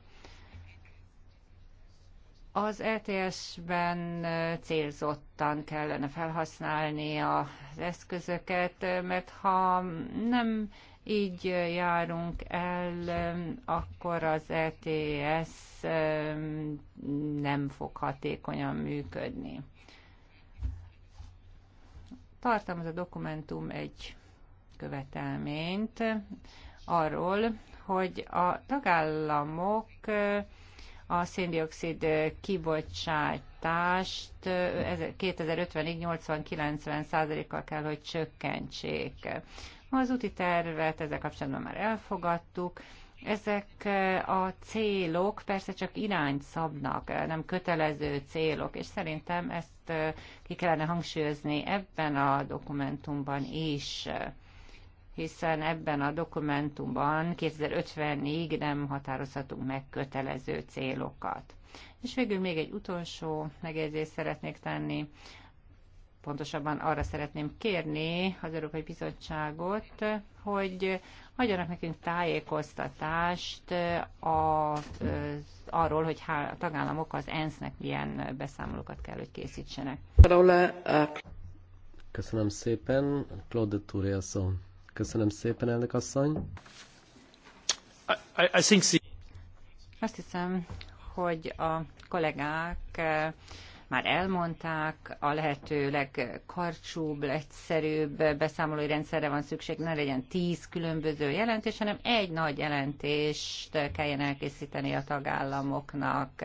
Az ETS-ben célzottan kellene felhasználni az eszközöket, mert ha nem így járunk el, akkor az ETS nem fog hatékonyan működni. az a dokumentum egy követelményt arról, hogy a tagállamok a széndiokszid kibocsátást 2050-ig 80-90 kal kell, hogy csökkentsék. Az úti tervet ezzel kapcsolatban már elfogadtuk. Ezek a célok persze csak irányt szabnak, nem kötelező célok, és szerintem ezt ki kellene hangsúlyozni ebben a dokumentumban is hiszen ebben a dokumentumban 2050-ig nem határozhatunk meg kötelező célokat. És végül még egy utolsó megjegyzést szeretnék tenni. Pontosabban arra szeretném kérni az Európai Bizottságot, hogy adjanak nekünk tájékoztatást a, arról, hogy a tagállamok az ENSZ-nek milyen beszámolókat kell, hogy készítsenek. Eh, Köszönöm szépen, Claude Touré a szó. Köszönöm szépen, elnök asszony. I, I think the... Azt hiszem, hogy a kollégák eh, már elmondták, a lehető legkarcsúbb, egyszerűbb beszámolói rendszerre van szükség, ne legyen tíz különböző jelentés, hanem egy nagy jelentést kelljen elkészíteni a tagállamoknak.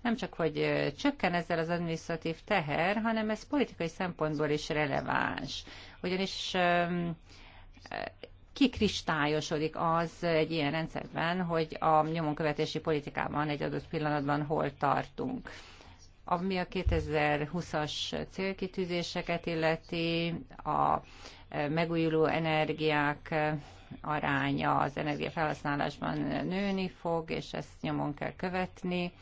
Nem csak, hogy eh, csökken ezzel az administratív teher, hanem ez politikai szempontból is releváns. Ugyanis kikristályosodik az egy ilyen rendszerben, hogy a nyomonkövetési politikában egy adott pillanatban hol tartunk. Ami a 2020-as célkitűzéseket illeti, a megújuló energiák aránya az energiafelhasználásban nőni fog, és ezt nyomon kell követni.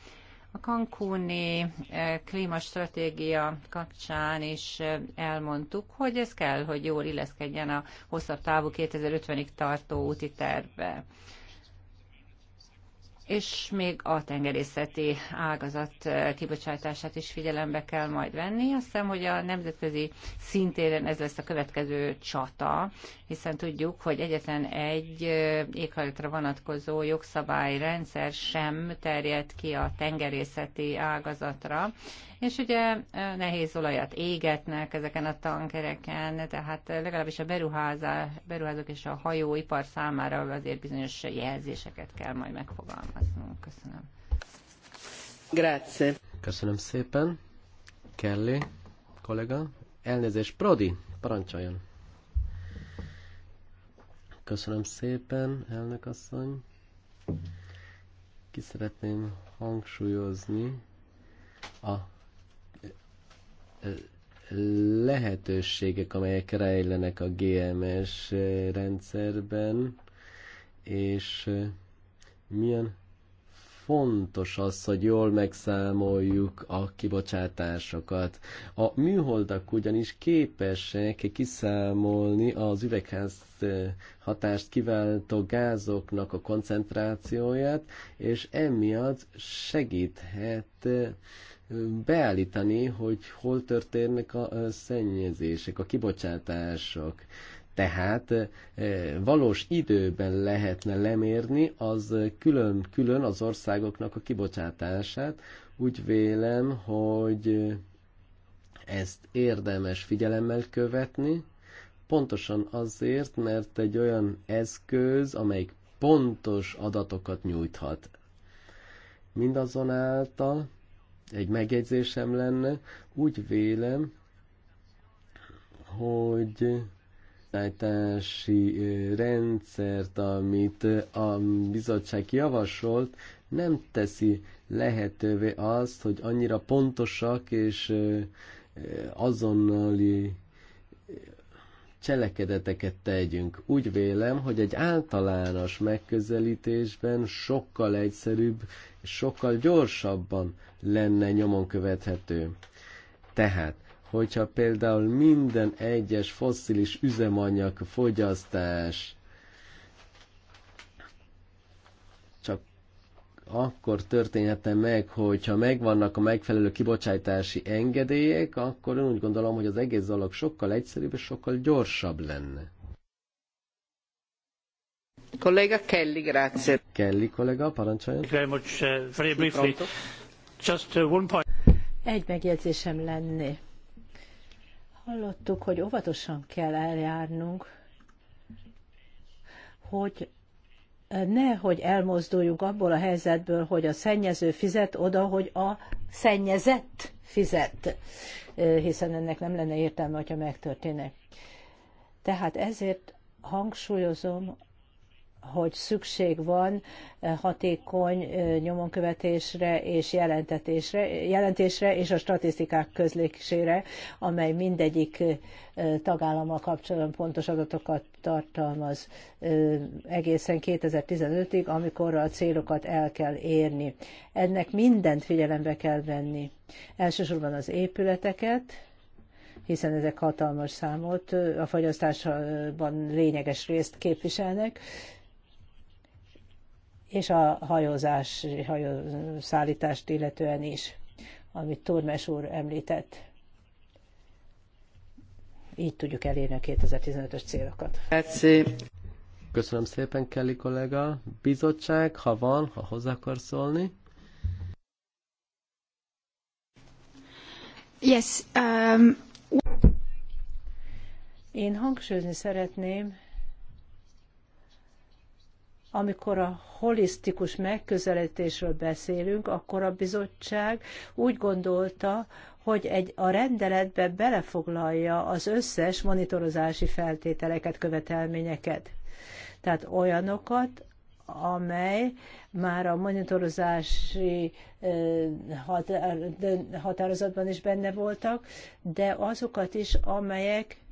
A Cancúni eh, klímastratégia kapcsán is eh, elmondtuk, hogy ez kell, hogy jól illeszkedjen a hosszabb távú 2050-ig tartó úti tervbe és még a tengerészeti ágazat eh, kibocsátását is figyelembe kell majd venni. Azt hiszem, hogy a nemzetközi szintéren ez lesz a következő csata, hiszen tudjuk, hogy egyetlen egy eh, éghajlatra vonatkozó jogszabályrendszer sem terjed ki a tengerészeti ágazatra, és ugye nehéz olajat égetnek ezeken a tankereken, tehát legalábbis a beruházá, beruházók és a hajóipar számára azért bizonyos jelzéseket kell majd megfogalmaznunk. Köszönöm. Grazie. Köszönöm szépen. Kelly, kollega. Elnézést, Prodi, parancsoljon. Köszönöm szépen, elnök asszony. Ki szeretném hangsúlyozni a lehetőségek, amelyek rejlenek a GMS rendszerben, és milyen fontos az, hogy jól megszámoljuk a kibocsátásokat. A műholdak ugyanis képesek kiszámolni az üvegház hatást kiváltó gázoknak a koncentrációját, és emiatt segíthet beállítani, hogy hol történnek a szennyezések, a kibocsátások. Tehát valós időben lehetne lemérni az külön-külön az országoknak a kibocsátását. Úgy vélem, hogy ezt érdemes figyelemmel követni, pontosan azért, mert egy olyan eszköz, amelyik pontos adatokat nyújthat. Mindazonáltal egy megjegyzésem lenne. Úgy vélem, hogy tájtási rendszert, amit a bizottság javasolt, nem teszi lehetővé azt, hogy annyira pontosak és azonnali cselekedeteket tegyünk. Úgy vélem, hogy egy általános megközelítésben sokkal egyszerűbb és sokkal gyorsabban lenne nyomon követhető. Tehát, hogyha például minden egyes fosszilis üzemanyag fogyasztás akkor történhetne meg, hogyha megvannak a megfelelő kibocsátási engedélyek, akkor én úgy gondolom, hogy az egész dolog sokkal egyszerűbb és sokkal gyorsabb lenne. Kollega Kelly, grazie. Kelly kollega, parancsoljon. Very much, uh, very briefly. Just uh, one point. Egy megjegyzésem lenni. Hallottuk, hogy óvatosan kell eljárnunk, hogy nehogy elmozduljunk abból a helyzetből, hogy a szennyező fizet oda, hogy a szennyezett fizet, hiszen ennek nem lenne értelme, hogyha megtörténne. Tehát ezért hangsúlyozom hogy szükség van eh, hatékony eh, nyomonkövetésre és jelentetésre, jelentésre és a statisztikák közlésére, amely mindegyik eh, tagállammal kapcsolatban pontos adatokat tartalmaz egészen 2015-ig, amikor a célokat el kell érni. Ennek mindent figyelembe kell venni. Elsősorban az épületeket, hiszen ezek hatalmas számot, a fogyasztásban lényeges részt képviselnek, és a hajózás, hajószállítást illetően is, amit Tormes úr említett. Így tudjuk elérni a 2015-ös célokat. Köszönöm szépen, Kelly kollega. Bizottság, ha van, ha hozzá akar szólni. Yes, um... Én hangsúlyozni szeretném, amikor a holisztikus megközelítésről beszélünk, akkor a bizottság úgy gondolta, hogy egy, a rendeletbe belefoglalja az összes monitorozási feltételeket, követelményeket. Tehát olyanokat, amely már a monitorozási határozatban is benne voltak, de azokat is, amelyek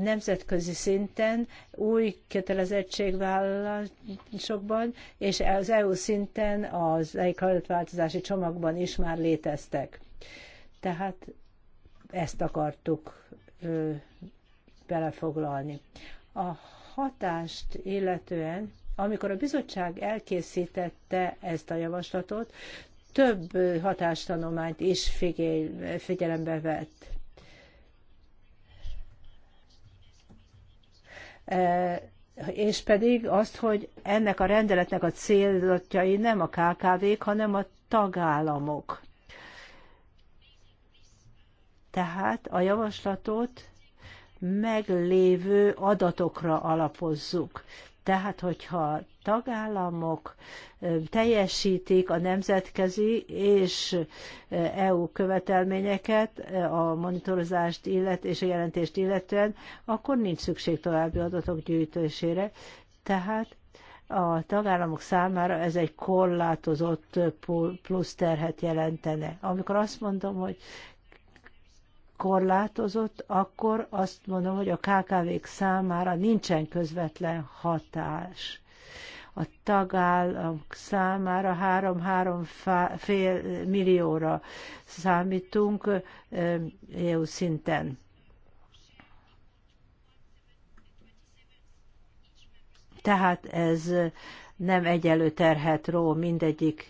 nemzetközi szinten, új kötelezettségvállalásokban, és az EU szinten az éghajlatváltozási csomagban is már léteztek. Tehát ezt akartuk ö, belefoglalni. A hatást illetően, amikor a bizottság elkészítette ezt a javaslatot, több hatástanományt is figyel, figyelembe vett E, és pedig azt, hogy ennek a rendeletnek a célzatjai nem a KKV-k, hanem a tagállamok. Tehát a javaslatot meglévő adatokra alapozzuk. Tehát, hogyha tagállamok teljesítik a nemzetközi és EU követelményeket a monitorozást illet és a jelentést illetően, akkor nincs szükség további adatok gyűjtésére. Tehát a tagállamok számára ez egy korlátozott plusz terhet jelentene. Amikor azt mondom, hogy korlátozott, akkor azt mondom, hogy a KKV-k számára nincsen közvetlen hatás a tagállamok számára 3-3 fél millióra számítunk EU szinten. Tehát ez nem egyelő terhet ró mindegyik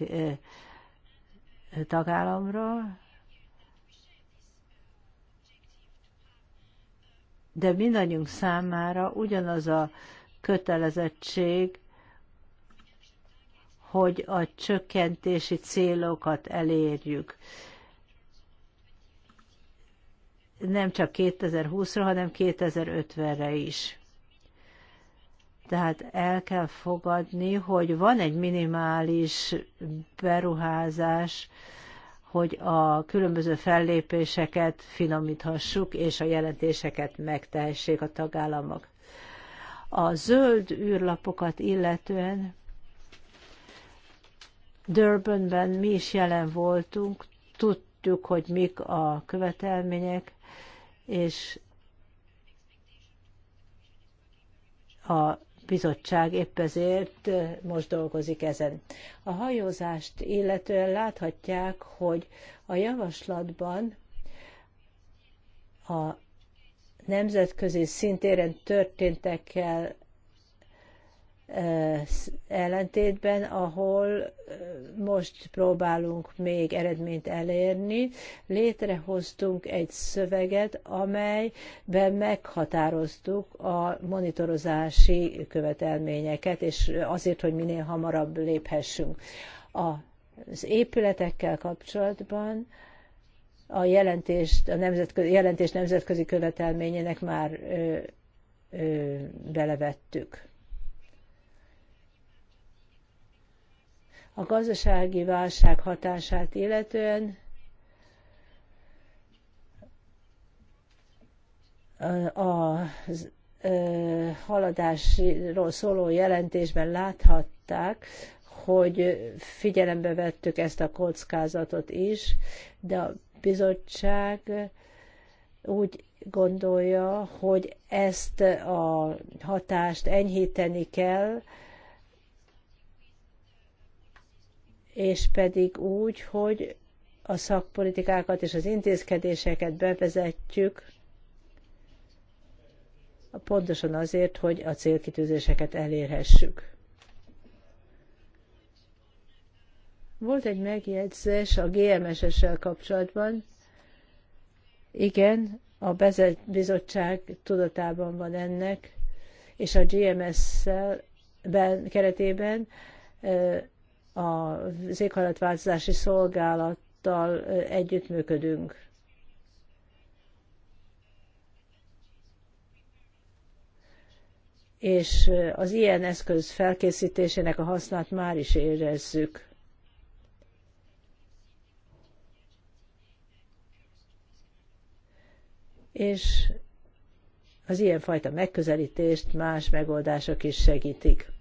tagállamra, de mindannyiunk számára ugyanaz a kötelezettség, hogy a csökkentési célokat elérjük. Nem csak 2020-ra, hanem 2050-re is. Tehát el kell fogadni, hogy van egy minimális beruházás, hogy a különböző fellépéseket finomíthassuk, és a jelentéseket megtehessék a tagállamok. A zöld űrlapokat illetően Durbanben mi is jelen voltunk, tudtuk, hogy mik a követelmények, és a bizottság épp ezért most dolgozik ezen. A hajózást illetően láthatják, hogy a javaslatban a nemzetközi szintéren történtekkel Eh, ellentétben, ahol eh, most próbálunk még eredményt elérni, létrehoztunk egy szöveget, amelyben meghatároztuk a monitorozási követelményeket, és azért, hogy minél hamarabb léphessünk. Az épületekkel kapcsolatban a jelentést, a nemzetközi, jelentés nemzetközi követelményének már ö, ö, belevettük. a gazdasági válság hatását illetően a haladásról szóló jelentésben láthatták, hogy figyelembe vettük ezt a kockázatot is, de a bizottság úgy gondolja, hogy ezt a hatást enyhíteni kell, és pedig úgy, hogy a szakpolitikákat és az intézkedéseket bevezetjük pontosan azért, hogy a célkitűzéseket elérhessük. Volt egy megjegyzés a GMSS-sel kapcsolatban. Igen, a bizottság tudatában van ennek, és a GMS-szel keretében az éghajlatváltozási szolgálattal együttműködünk. És az ilyen eszköz felkészítésének a hasznát már is érezzük. És az ilyenfajta megközelítést más megoldások is segítik.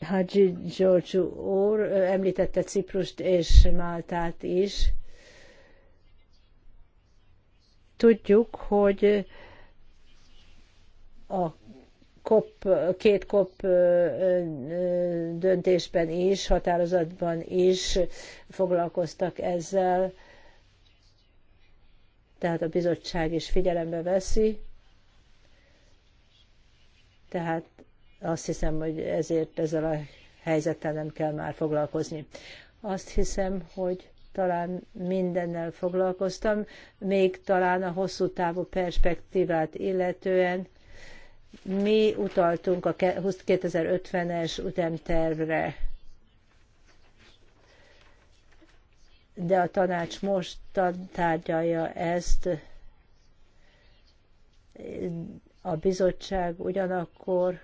Hadzsi Giorgio úr említette Ciprust és Máltát is. Tudjuk, hogy a COP, két COP döntésben is, határozatban is foglalkoztak ezzel, tehát a bizottság is figyelembe veszi. Tehát azt hiszem, hogy ezért ezzel a helyzettel nem kell már foglalkozni. Azt hiszem, hogy talán mindennel foglalkoztam, még talán a hosszú távú perspektívát illetően mi utaltunk a 2050-es ütemtervre. De a tanács most tárgyalja ezt, a bizottság ugyanakkor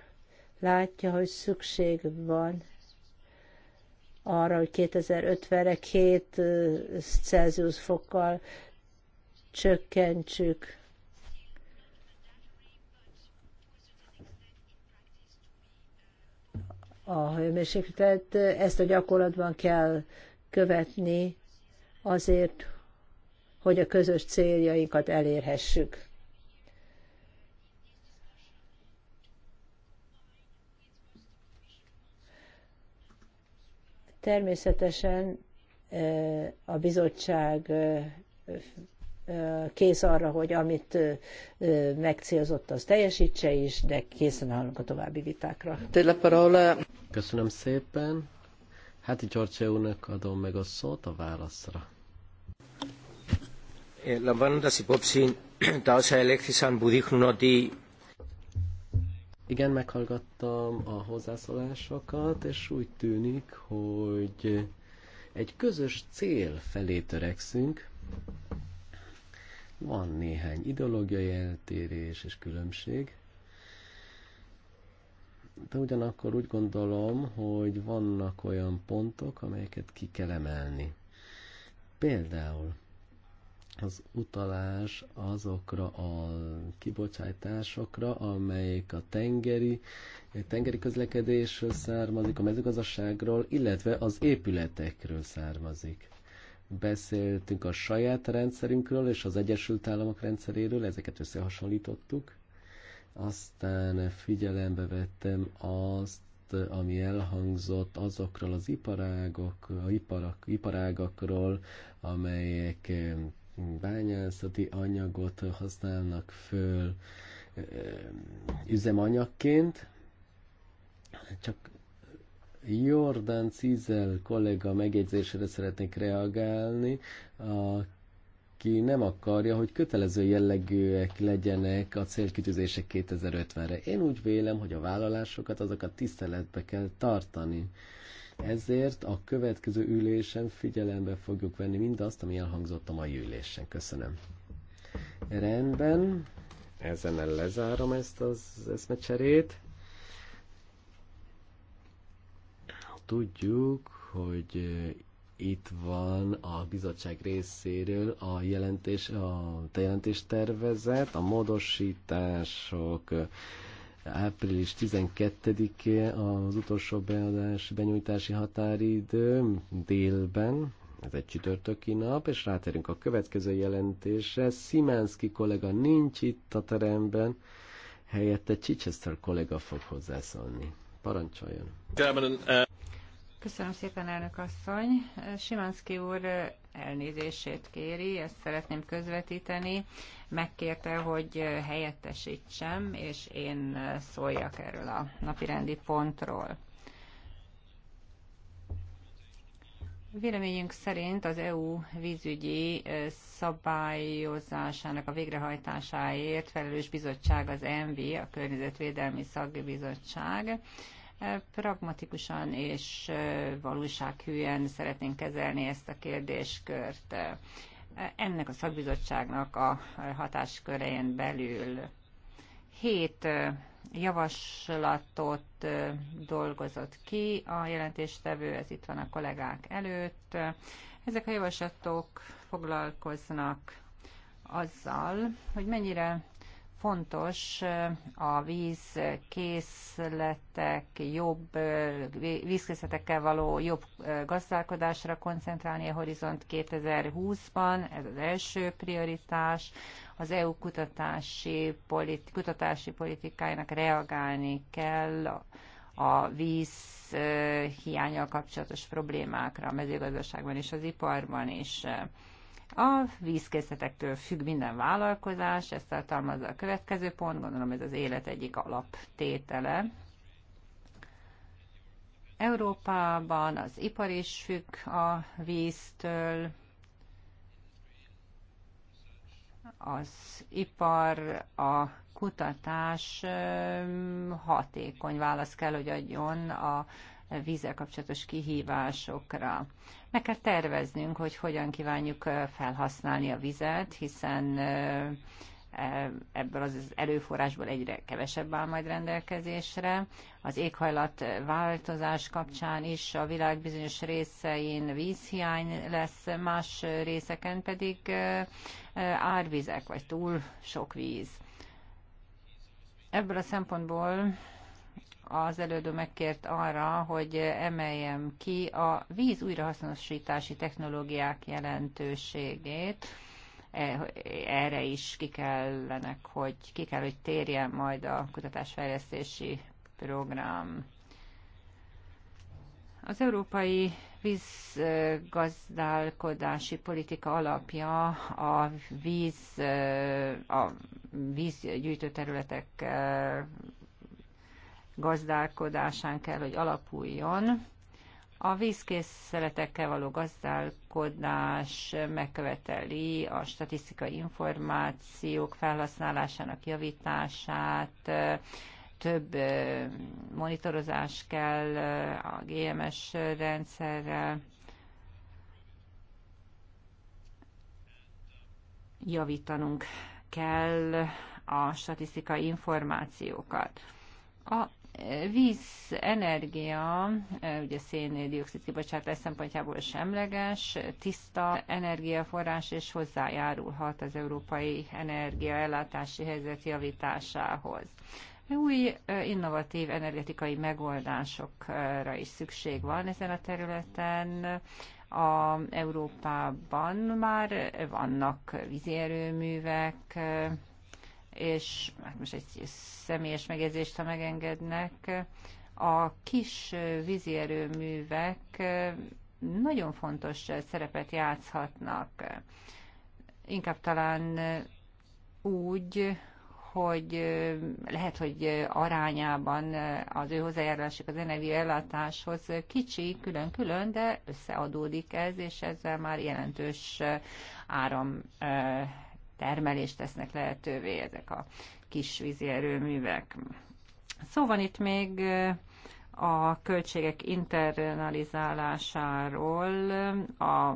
látja, hogy szükség van arra, hogy 2050-re két Celsius fokkal csökkentsük a hőmérsékletet. Ezt a gyakorlatban kell követni azért, hogy a közös céljainkat elérhessük. Természetesen a bizottság kész arra, hogy amit megcélzott, az teljesítse is, de készen állunk a további vitákra. Köszönöm szépen. Hát Gyorgya úrnak adom meg a szót a válaszra. Λαμβάνοντας a τα όσα a που δείχνουν ότι igen, meghallgattam a hozzászólásokat, és úgy tűnik, hogy egy közös cél felé törekszünk. Van néhány ideológiai eltérés és különbség, de ugyanakkor úgy gondolom, hogy vannak olyan pontok, amelyeket ki kell emelni. Például az utalás azokra a kibocsátásokra, amelyek a tengeri, tengeri közlekedésről származik, a mezőgazdaságról, illetve az épületekről származik. Beszéltünk a saját rendszerünkről és az Egyesült Államok rendszeréről, ezeket összehasonlítottuk. Aztán figyelembe vettem azt, ami elhangzott azokról az iparágok, iparak, iparágakról, amelyek bányászati anyagot használnak föl eh, üzemanyagként, csak Jordan Cizel kollega megjegyzésére szeretnék reagálni, aki nem akarja, hogy kötelező jellegűek legyenek a célkitűzések 2050-re. Én úgy vélem, hogy a vállalásokat, azokat tiszteletbe kell tartani. Ezért a következő ülésen figyelembe fogjuk venni mindazt, ami elhangzott a mai ülésen. Köszönöm. Rendben, ezen el lezárom ezt az eszmecserét. Tudjuk, hogy itt van a bizottság részéről a jelentés, a jelentéstervezet, a módosítások április 12-e az utolsó beadás benyújtási határidő délben, ez egy csütörtöki nap, és ráterünk a következő jelentésre. Szimánszki kollega nincs itt a teremben, helyette Chichester kollega fog hozzászólni. Parancsoljon! Köszönöm szépen, elnök asszony. Simánszki úr elnézését kéri, ezt szeretném közvetíteni megkérte, hogy helyettesítsem, és én szóljak erről a napirendi pontról. Véleményünk szerint az EU vízügyi szabályozásának a végrehajtásáért felelős bizottság az ENVI, a Környezetvédelmi Szakbizottság. Pragmatikusan és valósághűen szeretnénk kezelni ezt a kérdéskört ennek a szakbizottságnak a hatáskörén belül hét javaslatot dolgozott ki a jelentéstevő, ez itt van a kollégák előtt. Ezek a javaslatok foglalkoznak azzal, hogy mennyire fontos a vízkészletek jobb, vízkészletekkel való jobb gazdálkodásra koncentrálni a Horizont 2020-ban, ez az első prioritás, az EU kutatási, politi- kutatási politikájának reagálni kell a víz hiányal kapcsolatos problémákra a mezőgazdaságban és az iparban is. A vízkészletektől függ minden vállalkozás, ezt tartalmazza a következő pont, gondolom ez az élet egyik alaptétele. Európában az ipar is függ a víztől, az ipar, a kutatás hatékony válasz kell, hogy adjon a vízzel kapcsolatos kihívásokra. Meg kell terveznünk, hogy hogyan kívánjuk felhasználni a vizet, hiszen e, ebből az előforrásból egyre kevesebb áll majd rendelkezésre. Az éghajlat változás kapcsán is a világ bizonyos részein vízhiány lesz, más részeken pedig árvizek, vagy túl sok víz. Ebből a szempontból az elődő megkért arra, hogy emeljem ki a víz újrahasznosítási technológiák jelentőségét. E, erre is ki kellenek, hogy ki kell, hogy térjen majd a kutatásfejlesztési program. Az európai vízgazdálkodási politika alapja a víz, a vízgyűjtő területek gazdálkodásán kell, hogy alapuljon. A vízkészletekkel való gazdálkodás megköveteli a statisztikai információk felhasználásának javítását, több monitorozás kell a GMS rendszerrel, javítanunk kell a statisztikai információkat. A víz, energia, ugye széndiokszid kibocsátás szempontjából semleges, tiszta energiaforrás, és hozzájárulhat az európai energiaellátási helyzet javításához. Új innovatív energetikai megoldásokra is szükség van ezen a területen. A Európában már vannak vízierőművek, és hát most egy személyes megjegyzést, ha megengednek, a kis vízi erőművek nagyon fontos szerepet játszhatnak. Inkább talán úgy, hogy lehet, hogy arányában az ő hozzájárulásuk az energiaellátáshoz kicsi, külön-külön, de összeadódik ez, és ezzel már jelentős áram eh, termelést tesznek lehetővé ezek a kis vízi erőművek. szóval itt még a költségek internalizálásáról, a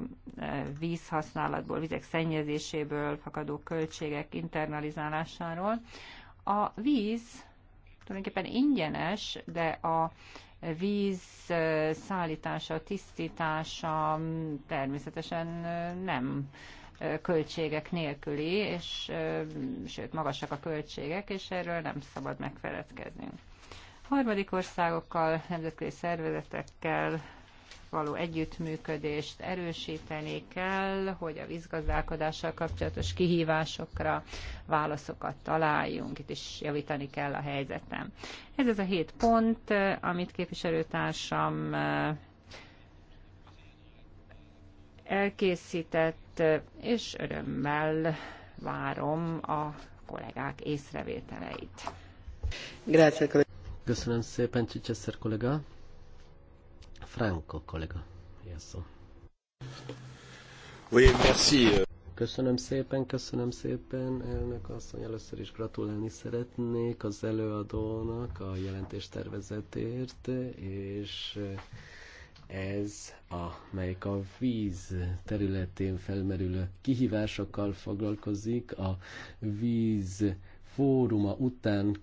vízhasználatból, vizek szennyezéséből fakadó költségek internalizálásáról. A víz tulajdonképpen ingyenes, de a víz szállítása, tisztítása természetesen nem költségek nélküli, és sőt, magasak a költségek, és erről nem szabad megfeledkeznünk. Harmadik országokkal, nemzetközi szervezetekkel való együttműködést erősíteni kell, hogy a vízgazdálkodással kapcsolatos kihívásokra válaszokat találjunk. Itt is javítani kell a helyzetem. Ez az a hét pont, amit képviselőtársam elkészített, és örömmel várom a kollégák észrevételeit. Köszönöm szépen, Csicseszer kollega. Franco kollega. Köszönöm szépen, köszönöm szépen, elnök asszony. Először is gratulálni szeretnék az előadónak a jelentéstervezetért, és ez, amelyik a víz területén felmerülő kihívásokkal foglalkozik, a víz fóruma után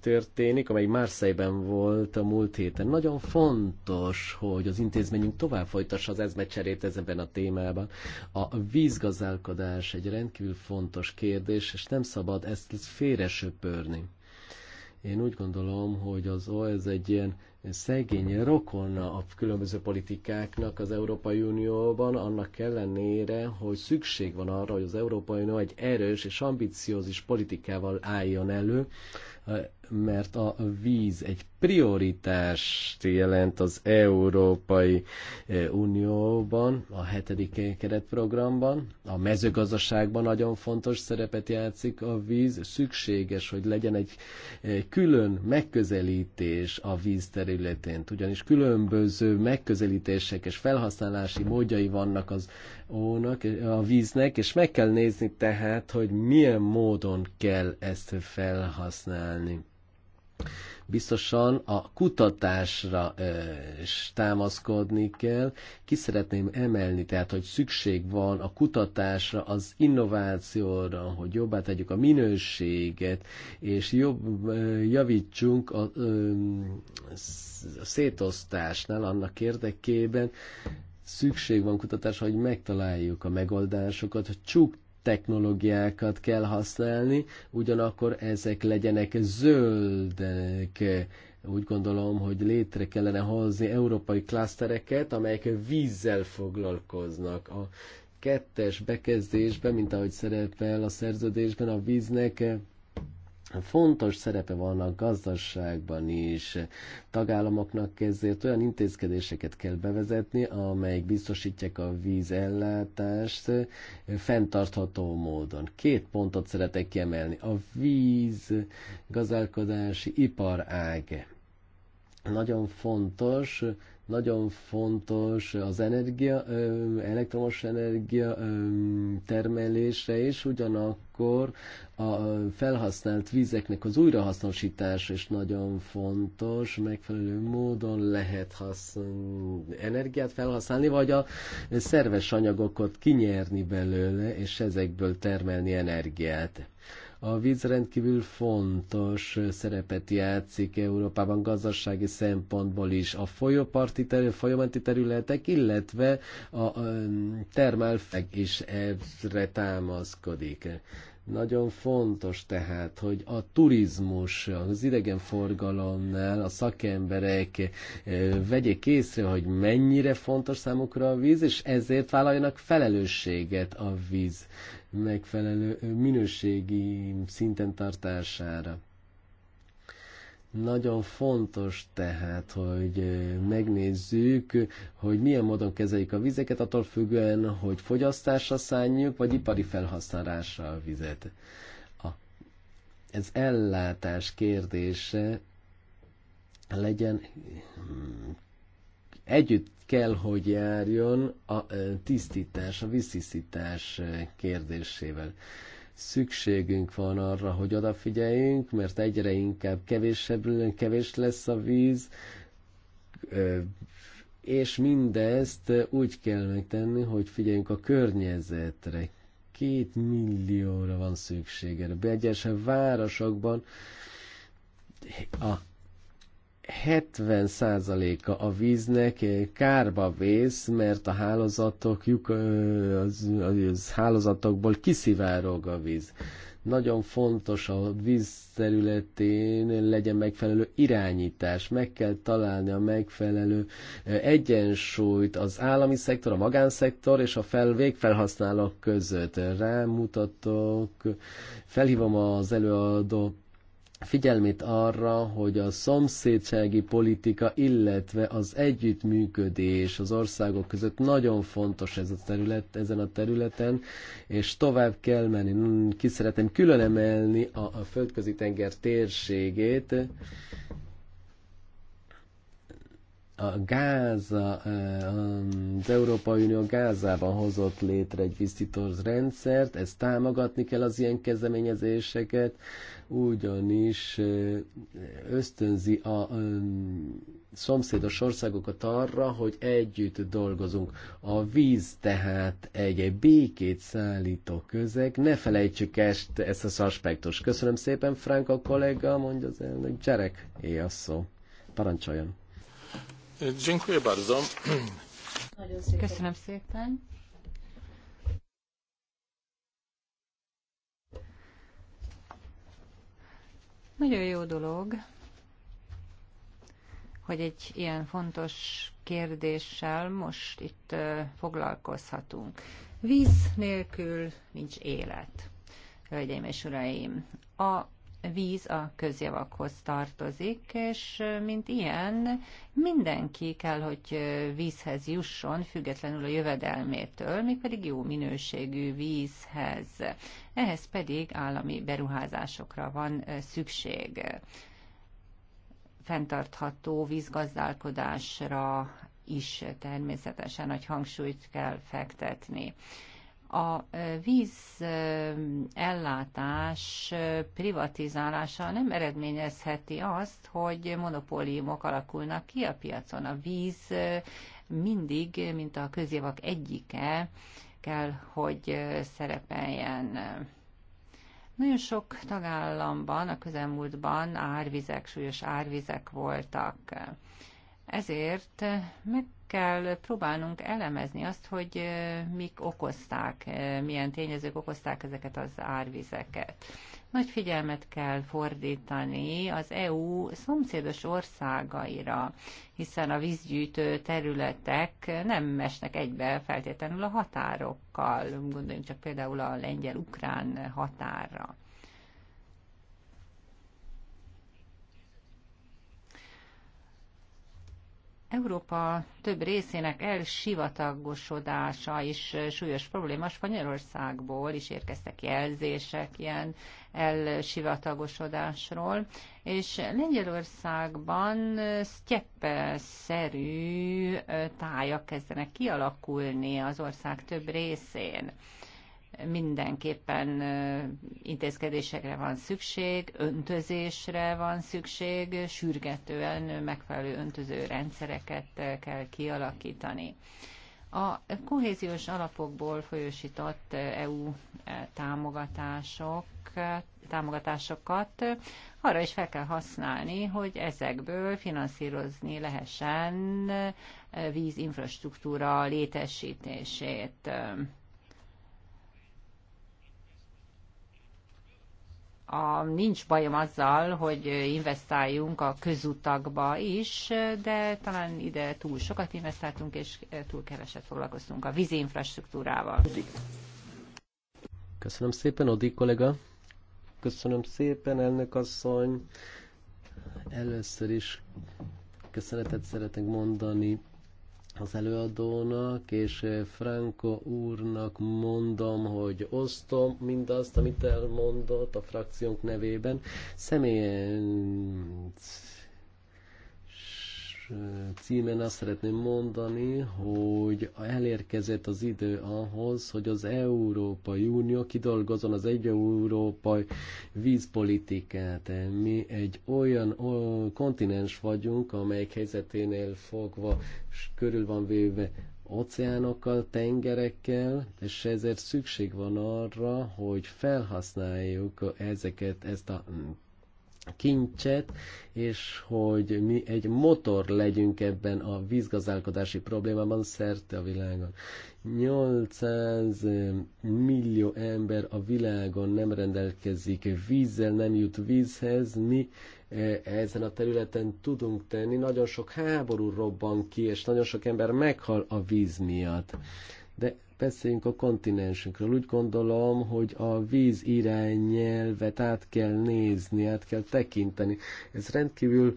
történik, amely Marseille-ben volt a múlt héten. Nagyon fontos, hogy az intézményünk tovább folytassa az ezmecserét ezenben a témában. A vízgazálkodás egy rendkívül fontos kérdés, és nem szabad ezt félresöpörni. Én úgy gondolom, hogy az ez egy ilyen szegény rokonna a különböző politikáknak az Európai Unióban, annak ellenére, hogy szükség van arra, hogy az Európai Unió egy erős és ambiciózis politikával álljon elő, mert a víz egy prioritást jelent az Európai eh, Unióban, a hetedik keretprogramban. A mezőgazdaságban nagyon fontos szerepet játszik a víz. Szükséges, hogy legyen egy eh, külön megközelítés a víz területén, ugyanis különböző megközelítések és felhasználási módjai vannak az ónak, a víznek, és meg kell nézni tehát, hogy milyen módon kell ezt felhasználni Biztosan a kutatásra is támaszkodni kell. Ki szeretném emelni, tehát, hogy szükség van a kutatásra, az innovációra, hogy jobbá tegyük a minőséget, és jobb, javítsunk a, a szétosztásnál annak érdekében, szükség van kutatásra, hogy megtaláljuk a megoldásokat. hogy Csuk technológiákat kell használni, ugyanakkor ezek legyenek zöldek. Úgy gondolom, hogy létre kellene hozni európai klasztereket, amelyek vízzel foglalkoznak. A kettes bekezdésben, mint ahogy szerepel a szerződésben, a víznek fontos szerepe van a gazdaságban is. Tagállamoknak ezért olyan intézkedéseket kell bevezetni, amelyek biztosítják a vízellátást fenntartható módon. Két pontot szeretek kiemelni. A víz gazdálkodási iparág. Nagyon fontos, nagyon fontos az energia, elektromos energia termelése, és ugyanakkor a felhasznált vízeknek az újrahasznosítása is nagyon fontos, megfelelő módon lehet használni, energiát felhasználni, vagy a szerves anyagokat kinyerni belőle, és ezekből termelni energiát. A víz rendkívül fontos szerepet játszik Európában gazdasági szempontból is. A folyóparti terület, folyamenti területek, illetve a termálfeg is erre támaszkodik. Nagyon fontos tehát, hogy a turizmus, az idegenforgalomnál a szakemberek eh, vegyék észre, hogy mennyire fontos számukra a víz, és ezért vállaljanak felelősséget a víz megfelelő minőségi szinten tartására. Nagyon fontos tehát, hogy megnézzük, hogy milyen módon kezeljük a vizeket, attól függően, hogy fogyasztásra szánjuk, vagy ipari felhasználásra a vizet. A, ez ellátás kérdése legyen mm, együtt kell, hogy járjon a tisztítás, a visszisztítás kérdésével. Szükségünk van arra, hogy odafigyeljünk, mert egyre inkább kevésebb, kevés lesz a víz, és mindezt úgy kell megtenni, hogy figyeljünk a környezetre. Két millióra van szükség erre. Egyes városokban a 70%-a a víznek kárba vész, mert a hálózatok, az, az hálózatokból kiszivárog a víz. Nagyon fontos a víz területén legyen megfelelő irányítás, meg kell találni a megfelelő egyensúlyt az állami szektor, a magánszektor és a fel, végfelhasználók között. Rámutatok, felhívom az előadó figyelmét arra, hogy a szomszédsági politika, illetve az együttműködés az országok között nagyon fontos ez a terület, ezen a területen, és tovább kell menni. Ki szeretném külön emelni a, a földközi tenger térségét, a Gáza, az Európai Unió Gázában hozott létre egy visszitorz rendszert, ezt támogatni kell az ilyen kezdeményezéseket, ugyanis ösztönzi a szomszédos országokat arra, hogy együtt dolgozunk. A víz tehát egy, egy békét szállító közeg. Ne felejtsük ezt, ezt az aspektus. Köszönöm szépen, Frank a kollega, mondja az elnök. Gyerek, éj a szó. Parancsoljon. Dziękuję bardzo. Köszönöm szépen. Nagyon jó dolog, hogy egy ilyen fontos kérdéssel most itt foglalkozhatunk. Víz nélkül nincs élet, hölgyeim és uraim. A víz a közjavakhoz tartozik, és mint ilyen mindenki kell, hogy vízhez jusson, függetlenül a jövedelmétől, mégpedig jó minőségű vízhez. Ehhez pedig állami beruházásokra van szükség. Fentartható vízgazdálkodásra is természetesen nagy hangsúlyt kell fektetni a víz ellátás privatizálása nem eredményezheti azt, hogy monopóliumok alakulnak ki a piacon. A víz mindig, mint a közjavak egyike, kell, hogy szerepeljen. Nagyon sok tagállamban a közelmúltban árvizek, súlyos árvizek voltak. Ezért meg kell próbálnunk elemezni azt, hogy mik okozták, milyen tényezők okozták ezeket az árvizeket. Nagy figyelmet kell fordítani az EU szomszédos országaira, hiszen a vízgyűjtő területek nem esnek egybe feltétlenül a határokkal, gondoljunk csak például a lengyel-ukrán határra. Európa több részének elsivatagosodása is eh, súlyos probléma. Spanyolországból is érkeztek jelzések ilyen elsivatagosodásról, és Lengyelországban eh, sztyeppe-szerű eh, tájak kezdenek kialakulni az ország több részén mindenképpen intézkedésekre van szükség, öntözésre van szükség, sürgetően megfelelő öntöző rendszereket kell kialakítani. A kohéziós alapokból folyósított EU támogatások, támogatásokat arra is fel kell használni, hogy ezekből finanszírozni lehessen vízinfrastruktúra létesítését a, nincs bajom azzal, hogy investáljunk a közutakba is, de talán ide túl sokat investáltunk, és túl keveset foglalkoztunk a vízi infrastruktúrával. Köszönöm szépen, Odi kollega. Köszönöm szépen, elnök asszony. Először is köszönetet szeretnék mondani az előadónak, és eh, Franco úrnak mondom, hogy osztom mindazt, amit elmondott a frakciónk nevében. Személyen címen azt szeretném mondani, hogy elérkezett az idő ahhoz, hogy az Európai Unió kidolgozon az egy európai vízpolitikát. Mi egy olyan kontinens vagyunk, amelyik helyzeténél fogva körül van véve óceánokkal, tengerekkel, és ezért szükség van arra, hogy felhasználjuk ezeket, ezt a kincset, és hogy mi egy motor legyünk ebben a vízgazdálkodási problémában szerte a világon. 800 millió ember a világon nem rendelkezik vízzel, nem jut vízhez, mi ezen a területen tudunk tenni. Nagyon sok háború robban ki, és nagyon sok ember meghal a víz miatt. De Beszéljünk a kontinensünkről. Úgy gondolom, hogy a víz irányelvet át kell nézni, át kell tekinteni. Ez rendkívül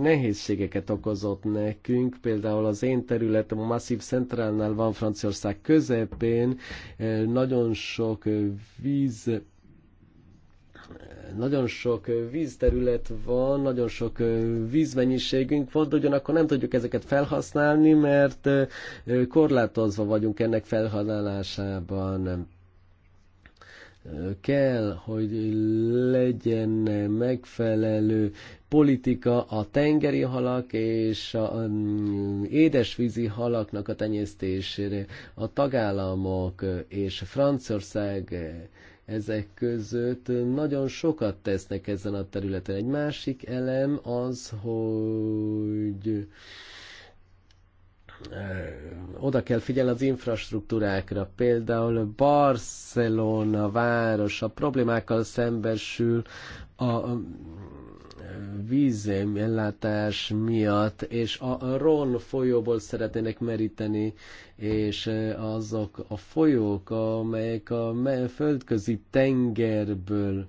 nehézségeket okozott nekünk. Például az én területem a Massif Centrálnál van Franciaország közepén. Nagyon sok víz nagyon sok vízterület van, nagyon sok vízmennyiségünk van, de ugyanakkor nem tudjuk ezeket felhasználni, mert korlátozva vagyunk ennek felhasználásában kell, hogy legyen megfelelő politika a tengeri halak és a mm, édesvízi halaknak a tenyésztésére. A tagállamok és Franciaország ezek között nagyon sokat tesznek ezen a területen. Egy másik elem az, hogy eh, oda kell figyelni az infrastruktúrákra. Például Barcelona város a problémákkal szembesül a vízellátás miatt, és a Ron folyóból szeretnének meríteni, és e, azok a folyók, amelyek a földközi tengerből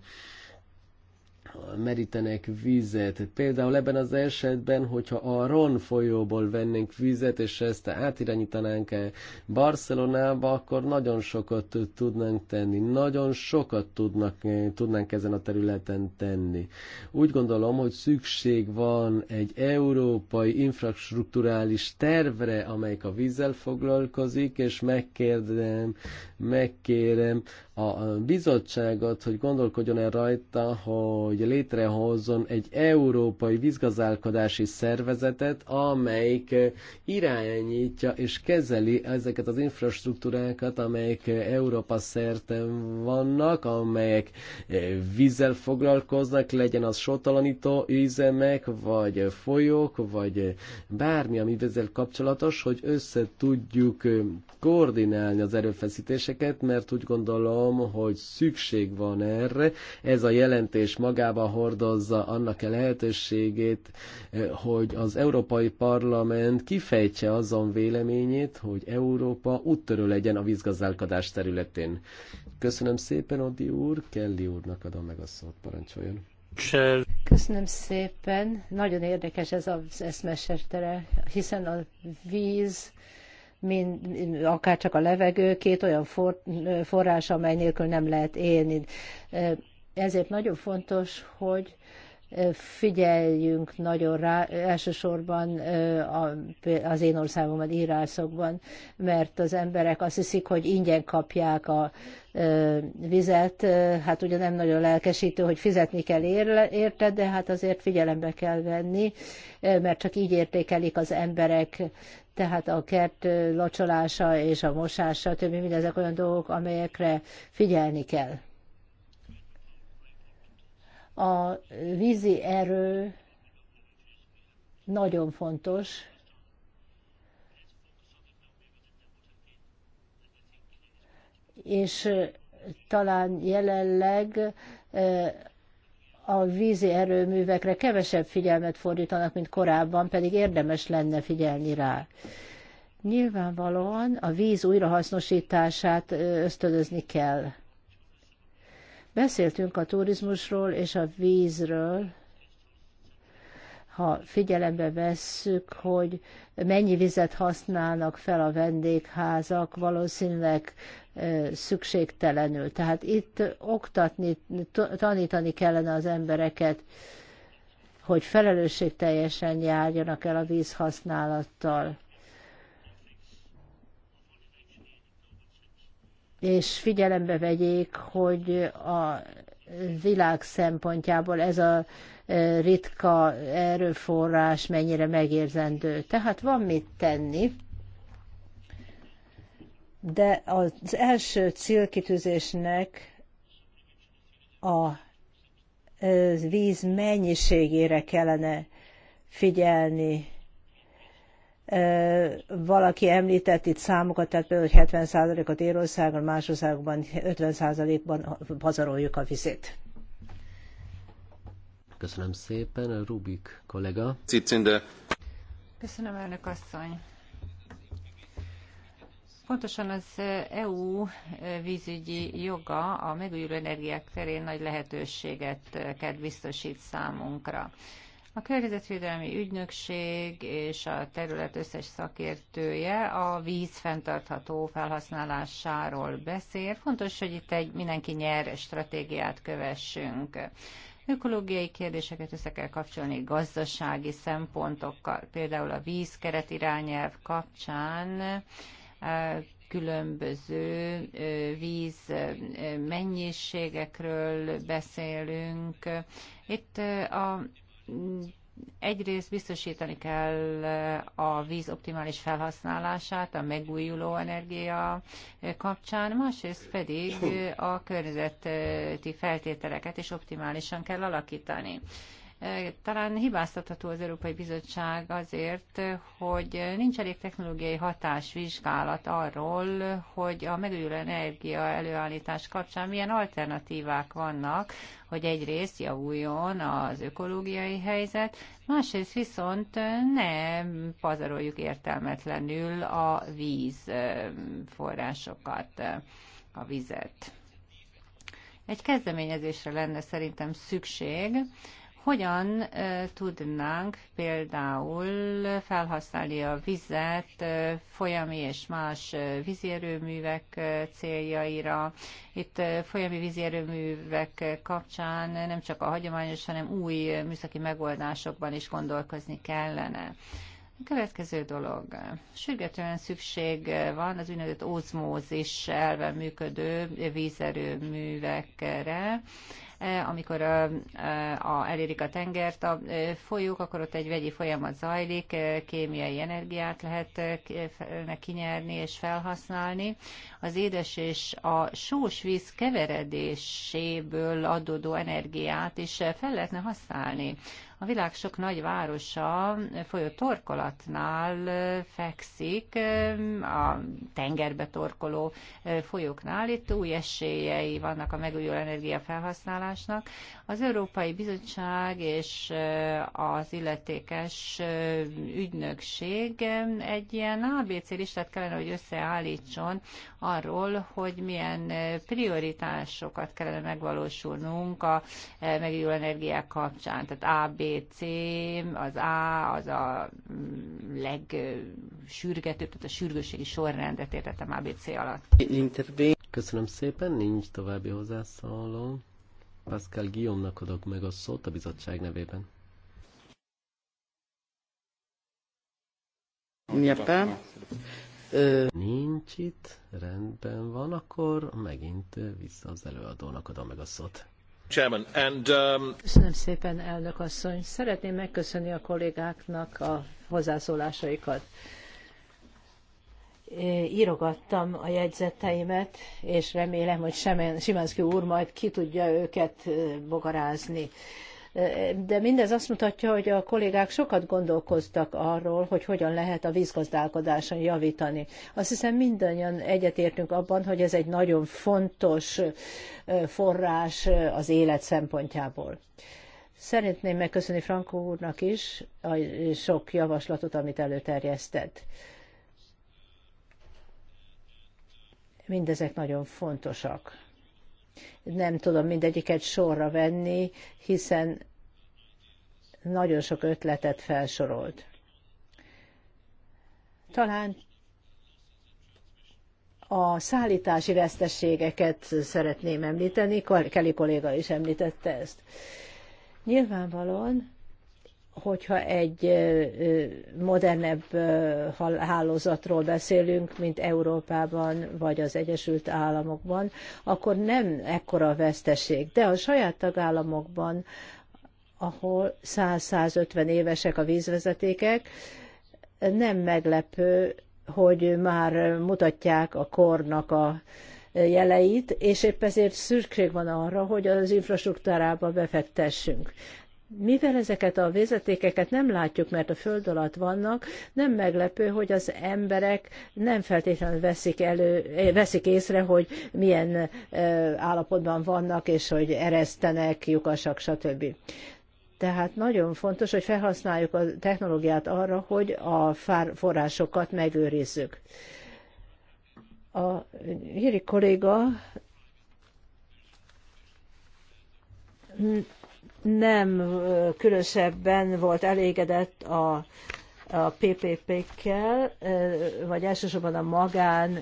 merítenek vizet. Például ebben az esetben, hogyha a Ron folyóból vennénk vizet, és ezt átirányítanánk -e Barcelonába, akkor nagyon sokat tudnánk tenni. Nagyon sokat tudnak, tudnánk ezen a területen tenni. Úgy gondolom, hogy szükség van egy európai infrastruktúrális tervre, amelyik a vízzel foglalkozik, és megkérdem, megkérem a bizottságot, hogy gondolkodjon el rajta, hogy létrehozzon egy európai vízgazdálkodási szervezetet, amelyik irányítja és kezeli ezeket az infrastruktúrákat, amelyek Európa szerte vannak, amelyek vízzel foglalkoznak, legyen az sotalanító üzemek, vagy folyók, vagy bármi, ami vízzel kapcsolatos, hogy össze tudjuk koordinálni az erőfeszítéseket, mert úgy gondolom, gondolom, hogy szükség van erre. Ez a jelentés magába hordozza annak a lehetőségét, eh, hogy az Európai Parlament kifejtse azon véleményét, hogy Európa úttörő legyen a vízgazdálkodás területén. Köszönöm szépen, Odi úr, Kelly úrnak adom meg a szót, parancsoljon. Köszönöm szépen. Nagyon érdekes ez az eszmesertere, hiszen a víz mind, akár csak a levegő, két olyan for, forrás, amely nélkül nem lehet élni. Ezért nagyon fontos, hogy figyeljünk nagyon rá, elsősorban az én országomban, Írászokban, mert az emberek azt hiszik, hogy ingyen kapják a vizet, hát ugye nem nagyon lelkesítő, hogy fizetni kell érte, de hát azért figyelembe kell venni, mert csak így értékelik az emberek tehát a kert locsolása és a mosása, többi mindezek olyan dolgok, amelyekre figyelni kell. A vízi erő nagyon fontos, és talán jelenleg a vízi erőművekre kevesebb figyelmet fordítanak, mint korábban, pedig érdemes lenne figyelni rá. Nyilvánvalóan a víz újrahasznosítását ösztönözni kell. Beszéltünk a turizmusról és a vízről, ha figyelembe vesszük, hogy mennyi vizet használnak fel a vendégházak, valószínűleg szükségtelenül. Tehát itt oktatni, tanítani kellene az embereket, hogy felelősségteljesen járjanak el a vízhasználattal. és figyelembe vegyék, hogy a világ szempontjából ez a e, ritka erőforrás mennyire megérzendő. Tehát van mit tenni, de az első célkitűzésnek a e, víz mennyiségére kellene figyelni valaki említett itt számokat, tehát például, hogy 70%-ot Érországon, más országokban 50%-ban pazaroljuk a vizét. Köszönöm szépen, Rubik kollega. Cicinde. Köszönöm, elnök asszony. Pontosan az EU vízügyi joga a megújuló energiák terén nagy lehetőséget eh, kell biztosít számunkra. A Környezetvédelmi Ügynökség és a terület összes szakértője a víz fenntartható felhasználásáról beszél. Fontos, hogy itt egy mindenki nyer stratégiát kövessünk ökológiai kérdéseket össze kell kapcsolni gazdasági szempontokkal, például a vízkeret irányelv kapcsán e, különböző e, víz e, mennyiségekről beszélünk. Itt a Egyrészt biztosítani kell eh, a víz optimális felhasználását a megújuló energia eh, kapcsán, másrészt pedig eh, a környezeti feltételeket is optimálisan kell alakítani. E, talán hibáztatható az Európai Bizottság azért, hogy nincs elég technológiai hatásvizsgálat arról, hogy a megújuló energia előállítás kapcsán milyen alternatívák vannak, hogy egyrészt javuljon az ökológiai helyzet, másrészt viszont ne pazaroljuk értelmetlenül a víz e, forrásokat, e, a vizet. Egy kezdeményezésre lenne szerintem szükség, hogyan tudnánk például felhasználni a vizet folyami és más vízérőművek céljaira. Itt folyami vízérőművek kapcsán nem csak a hagyományos, hanem új műszaki megoldásokban is gondolkozni kellene. A következő dolog. Sürgetően szükség van az úgynevezett ózmózis elven működő vízerőművekre, E, amikor a, a, elérik a tengert a folyók, akkor ott egy vegyi folyamat zajlik, kémiai energiát lehet kinyerni és felhasználni. Az édes és a sós víz keveredéséből adódó energiát is fel lehetne használni. A világ sok nagy városa folyó torkolatnál fekszik, a tengerbe torkoló folyóknál. Itt új esélyei vannak a megújuló energia felhasználásnak. Az Európai Bizottság és az illetékes ügynökség egy ilyen ABC listát kellene, hogy összeállítson arról, hogy milyen prioritásokat kellene megvalósulnunk a megújuló energiák kapcsán. Tehát ABC C az A, az a mm, legsürgetőbb, tehát a sürgősségi sorrendet értettem ABC alatt. Köszönöm szépen, nincs további hozzászóló. Pascal Guillaume-nak adok meg a szót a bizottság nevében. Japán. Nincs itt, rendben van, akkor megint vissza az előadónak adom meg a szót. Um, Köszönöm szépen, elnök asszony. Szeretném megköszönni a kollégáknak a hozzászólásaikat. Írogattam a jegyzeteimet, és remélem, hogy Simánszki úr majd ki tudja őket eh, bogarázni. De mindez azt mutatja, hogy a kollégák sokat gondolkoztak arról, hogy hogyan lehet a vízgazdálkodáson javítani. Azt hiszem mindannyian egyetértünk abban, hogy ez egy nagyon fontos forrás az élet szempontjából. Szeretném megköszönni Frankó úrnak is a sok javaslatot, amit előterjesztett. Mindezek nagyon fontosak. Nem tudom mindegyiket sorra venni, hiszen nagyon sok ötletet felsorolt. Talán a szállítási veszteségeket szeretném említeni, Kelly kolléga is említette ezt. Nyilvánvalóan hogyha egy modernebb hálózatról beszélünk, mint Európában vagy az Egyesült Államokban, akkor nem ekkora a veszteség. De a saját tagállamokban, ahol 100-150 évesek a vízvezetékek, nem meglepő, hogy már mutatják a kornak a jeleit, és épp ezért szükség van arra, hogy az infrastruktúrába befektessünk. Mivel ezeket a vezetékeket nem látjuk, mert a föld alatt vannak, nem meglepő, hogy az emberek nem feltétlenül veszik, elő, eh, veszik észre, hogy milyen eh, állapotban vannak, és hogy eresztenek, lyukasak, stb. Tehát nagyon fontos, hogy felhasználjuk a technológiát arra, hogy a forrásokat megőrizzük. A híri kolléga nem különösebben volt elégedett a, a PPP-kkel, vagy elsősorban a magán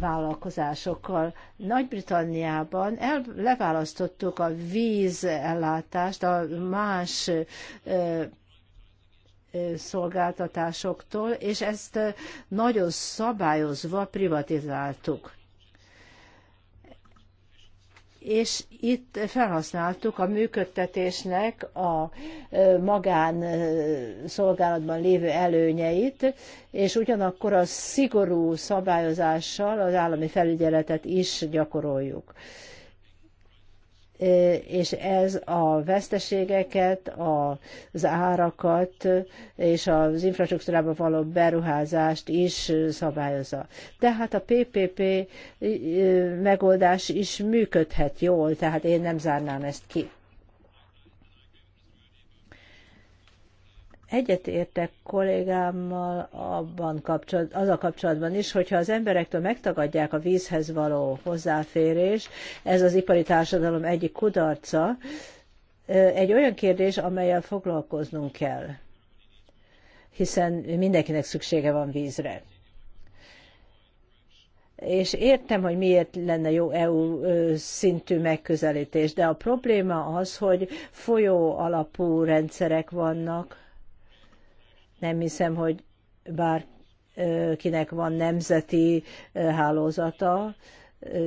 vállalkozásokkal. Nagy-Britanniában el, leválasztottuk a vízellátást a más ö, ö, szolgáltatásoktól, és ezt nagyon szabályozva privatizáltuk és itt felhasználtuk a működtetésnek a magán szolgálatban lévő előnyeit, és ugyanakkor a szigorú szabályozással az állami felügyeletet is gyakoroljuk és ez a veszteségeket, az árakat és az infrastruktúrába való beruházást is szabályozza. Tehát a PPP megoldás is működhet jól, tehát én nem zárnám ezt ki. egyetértek kollégámmal abban kapcsolat, az a kapcsolatban is, hogyha az emberektől megtagadják a vízhez való hozzáférés, ez az ipari társadalom egyik kudarca, egy olyan kérdés, amelyel foglalkoznunk kell, hiszen mindenkinek szüksége van vízre. És értem, hogy miért lenne jó EU szintű megközelítés, de a probléma az, hogy folyó alapú rendszerek vannak, nem hiszem, hogy bárkinek van nemzeti hálózata,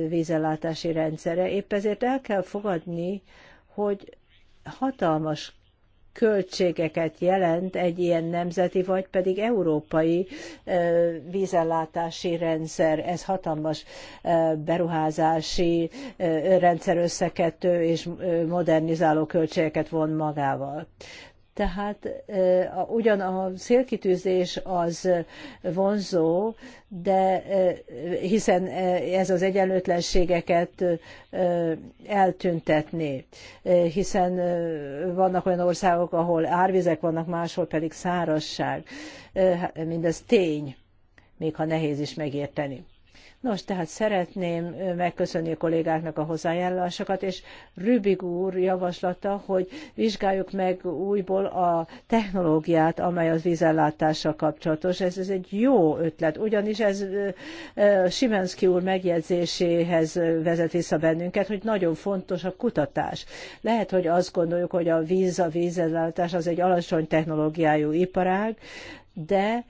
vízellátási rendszere. Épp ezért el kell fogadni, hogy hatalmas költségeket jelent egy ilyen nemzeti, vagy pedig európai vízellátási rendszer. Ez hatalmas beruházási rendszerösszekötő és modernizáló költségeket von magával. Tehát ugyan a szélkitűzés az vonzó, de hiszen ez az egyenlőtlenségeket eltüntetné, hiszen vannak olyan országok, ahol árvizek vannak, máshol pedig szárazság. Hát, mindez tény, még ha nehéz is megérteni. Nos, tehát szeretném megköszönni a kollégáknak a hozzájárulásokat, és Rübig úr javaslata, hogy vizsgáljuk meg újból a technológiát, amely az vízellátással kapcsolatos. Ez, ez egy jó ötlet, ugyanis ez Simenszki úr megjegyzéséhez vezet vissza bennünket, hogy nagyon fontos a kutatás. Lehet, hogy azt gondoljuk, hogy a víz, a vízellátás az egy alacsony technológiájú iparág, de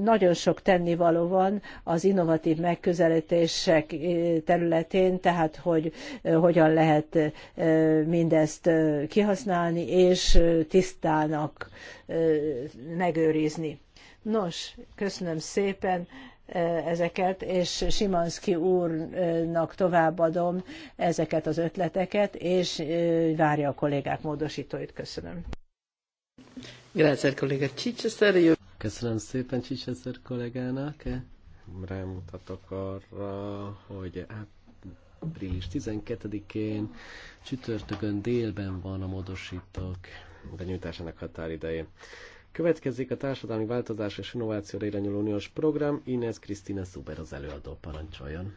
nagyon sok tennivaló van az innovatív megközelítések területén, tehát hogy hogyan lehet mindezt kihasználni és tisztának megőrizni. Nos, köszönöm szépen ezeket, és Simanski úrnak továbbadom ezeket az ötleteket, és várja a kollégák módosítóit. Köszönöm. Grazie, kollega Csicseszter. Köszönöm szépen Csicseszer kollégának. Rámutatok arra, hogy április 12-én csütörtökön délben van a módosítók benyújtásának határidején. Következik a Társadalmi Változás és Innovációra irányuló uniós program. Inez Krisztina Szuber az előadó parancsoljon.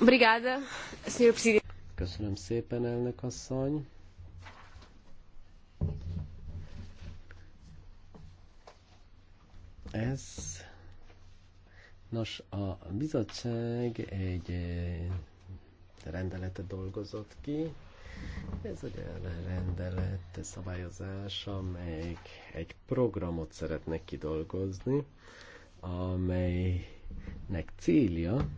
Um, Köszönöm szépen, elnök asszony. ez. Nos, a bizottság egy eh, rendeletet dolgozott ki. Ez egy olyan rendelet szabályozás, amely egy programot szeretne kidolgozni, amelynek célja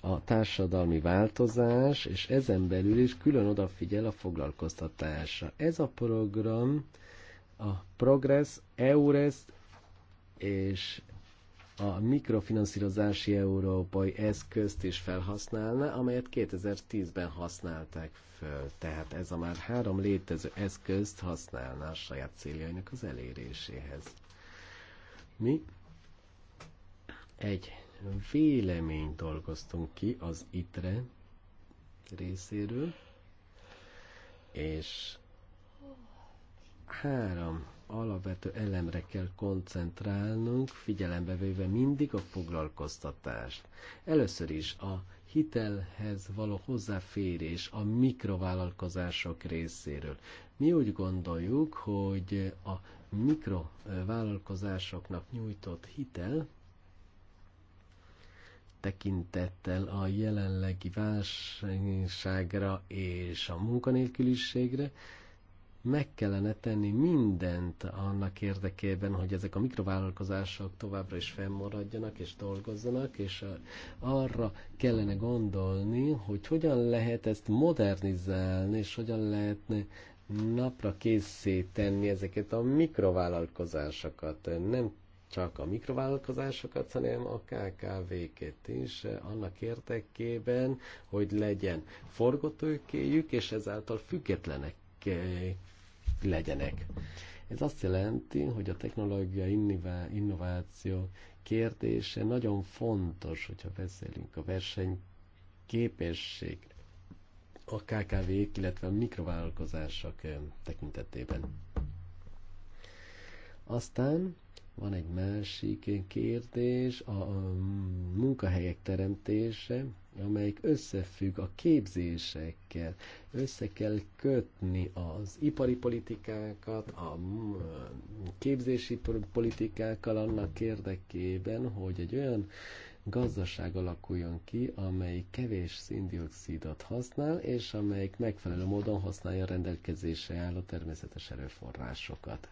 a társadalmi változás, és ezen belül is külön odafigyel a foglalkoztatásra. Ez a program a Progress, EURES és a mikrofinanszírozási európai eszközt is felhasználna, amelyet 2010-ben használták föl. Tehát ez a már három létező eszközt használná a saját céljainak az eléréséhez. Mi egy véleményt dolgoztunk ki az ITRE részéről, és három alapvető elemre kell koncentrálnunk, figyelembe véve mindig a foglalkoztatást. Először is a hitelhez való hozzáférés a mikrovállalkozások részéről. Mi úgy gondoljuk, hogy a mikrovállalkozásoknak nyújtott hitel tekintettel a jelenlegi válságra és a munkanélküliségre, meg kellene tenni mindent annak érdekében, hogy ezek a mikrovállalkozások továbbra is fennmaradjanak és dolgozzanak, és arra kellene gondolni, hogy hogyan lehet ezt modernizálni, és hogyan lehetne napra készíteni ezeket a mikrovállalkozásokat. Nem csak a mikrovállalkozásokat, hanem a KKV-ket is annak érdekében, hogy legyen forgatókéjük, és ezáltal függetlenek eh, legyenek. Ez azt jelenti, hogy a technológia innováció kérdése nagyon fontos, hogyha beszélünk a versenyképesség a KKV-k, illetve a mikrovállalkozások eh, tekintetében. Aztán van egy másik kérdés, a, a munkahelyek teremtése, amelyik összefügg a képzésekkel. Össze kell kötni az ipari politikákat, a képzési politikákkal annak érdekében, hogy egy olyan gazdaság alakuljon ki, amely kevés szindioxidot használ, és amelyik megfelelő módon használja a rendelkezésre álló természetes erőforrásokat.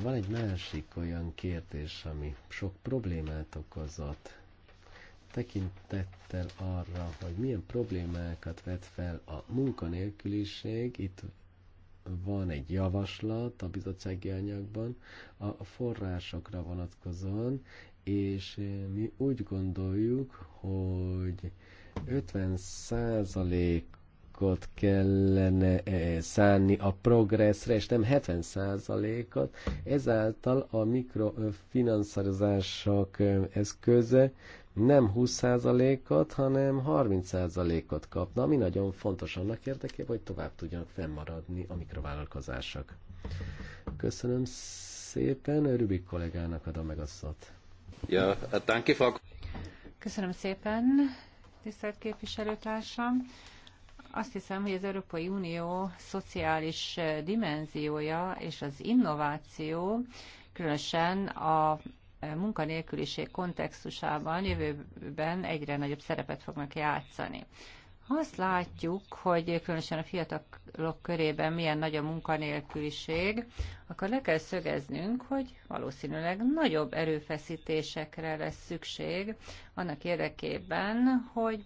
Van egy másik olyan kérdés, ami sok problémát okozott, tekintettel arra, hogy milyen problémákat vet fel a munkanélküliség. Itt van egy javaslat a bizottsági anyagban a forrásokra vonatkozóan, és mi úgy gondoljuk, hogy 50% százalékot kellene eh, szánni a progresszre, és nem 70 százalékot. Ezáltal a mikrofinanszírozások eh, eszköze nem 20%-ot, hanem 30%-ot kapna, ami nagyon fontos annak érdekében, hogy tovább tudjanak fennmaradni a mikrovállalkozások. Köszönöm szépen, Rubik kollégának adom meg a szót. Ja, hát, danke, Frau... Köszönöm szépen, tisztelt képviselőtársam. Azt hiszem, hogy az Európai Unió szociális eh, dimenziója és az innováció, különösen a eh, munkanélküliség kontextusában jövőben egyre nagyobb szerepet fognak játszani. Ha azt látjuk, hogy különösen a fiatalok körében milyen nagy a munkanélküliség, akkor le kell szögeznünk, hogy valószínűleg nagyobb erőfeszítésekre lesz szükség annak érdekében, hogy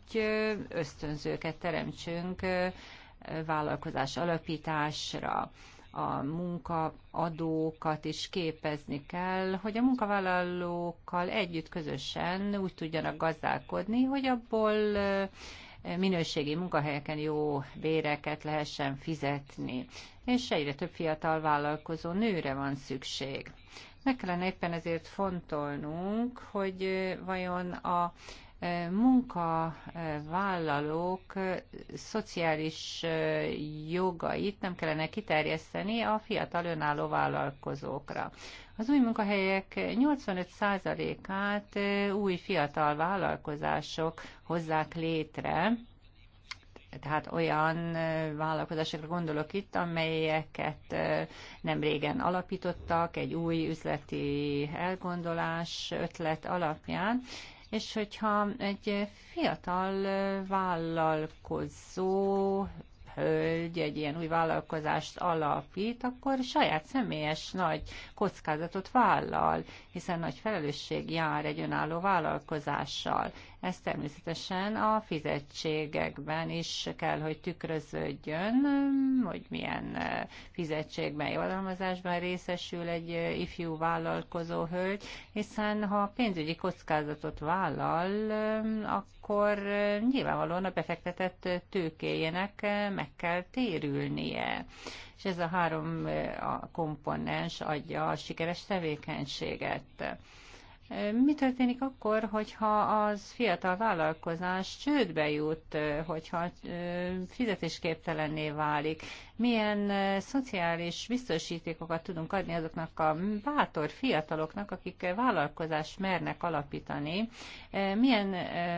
ösztönzőket teremtsünk vállalkozás alapításra, a munkaadókat is képezni kell, hogy a munkavállalókkal együtt közösen úgy tudjanak gazdálkodni, hogy abból minőségi munkahelyeken jó béreket lehessen fizetni. És egyre több fiatal vállalkozó nőre van szükség. Meg kellene éppen ezért fontolnunk, hogy vajon a e, munkavállalók e, szociális e, jogait nem kellene kiterjeszteni a fiatal önálló vállalkozókra. Az új munkahelyek 85%-át új fiatal vállalkozások hozzák létre, tehát olyan vállalkozásokra gondolok itt, amelyeket nem régen alapítottak, egy új üzleti elgondolás, ötlet alapján, és hogyha egy fiatal vállalkozó hölgy egy ilyen új vállalkozást alapít, akkor saját személyes nagy kockázatot vállal, hiszen nagy felelősség jár egy önálló vállalkozással, ez természetesen a fizetségekben is kell, hogy tükröződjön, hogy milyen fizetségben, javadalmazásban részesül egy ifjú vállalkozó hölgy, hiszen ha pénzügyi kockázatot vállal, akkor nyilvánvalóan a befektetett tőkéjének meg kell térülnie és ez a három komponens adja a sikeres tevékenységet. Mi történik akkor, hogyha az fiatal vállalkozás csődbe jut, hogyha fizetésképtelenné válik? milyen szociális biztosítékokat tudunk adni azoknak a bátor fiataloknak, akik vállalkozást mernek alapítani, milyen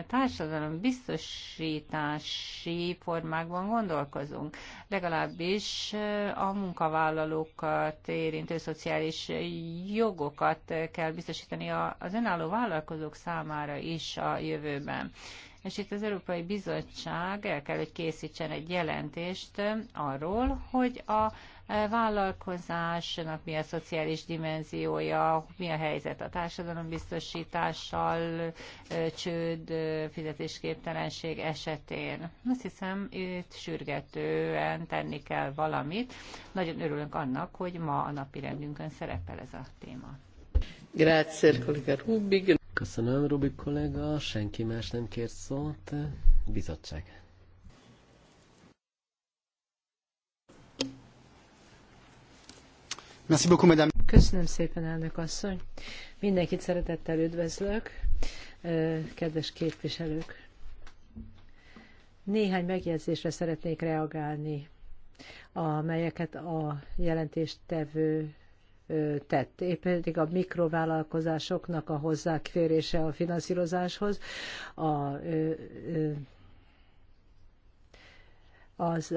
társadalom biztosítási formákban gondolkozunk, legalábbis a munkavállalókat érintő szociális jogokat kell biztosítani az önálló vállalkozók számára is a jövőben. És itt az Európai Bizottság el kell, hogy készítsen egy jelentést arról, hogy a vállalkozásnak mi a szociális dimenziója, mi a helyzet a társadalombiztosítással, csőd, fizetésképtelenség esetén. Azt hiszem, itt sürgetően tenni kell valamit. Nagyon örülünk annak, hogy ma a napi rendünkön szerepel ez a téma. Grazie, kollega Rubig. Köszönöm, Rubi kollega. Senki más nem kért szót. Bizottság. Köszönöm szépen, elnök asszony. Mindenkit szeretettel üdvözlök, kedves képviselők. Néhány megjegyzésre szeretnék reagálni, amelyeket a jelentéstevő tett. Épp pedig a mikrovállalkozásoknak a hozzáférése a finanszírozáshoz, a az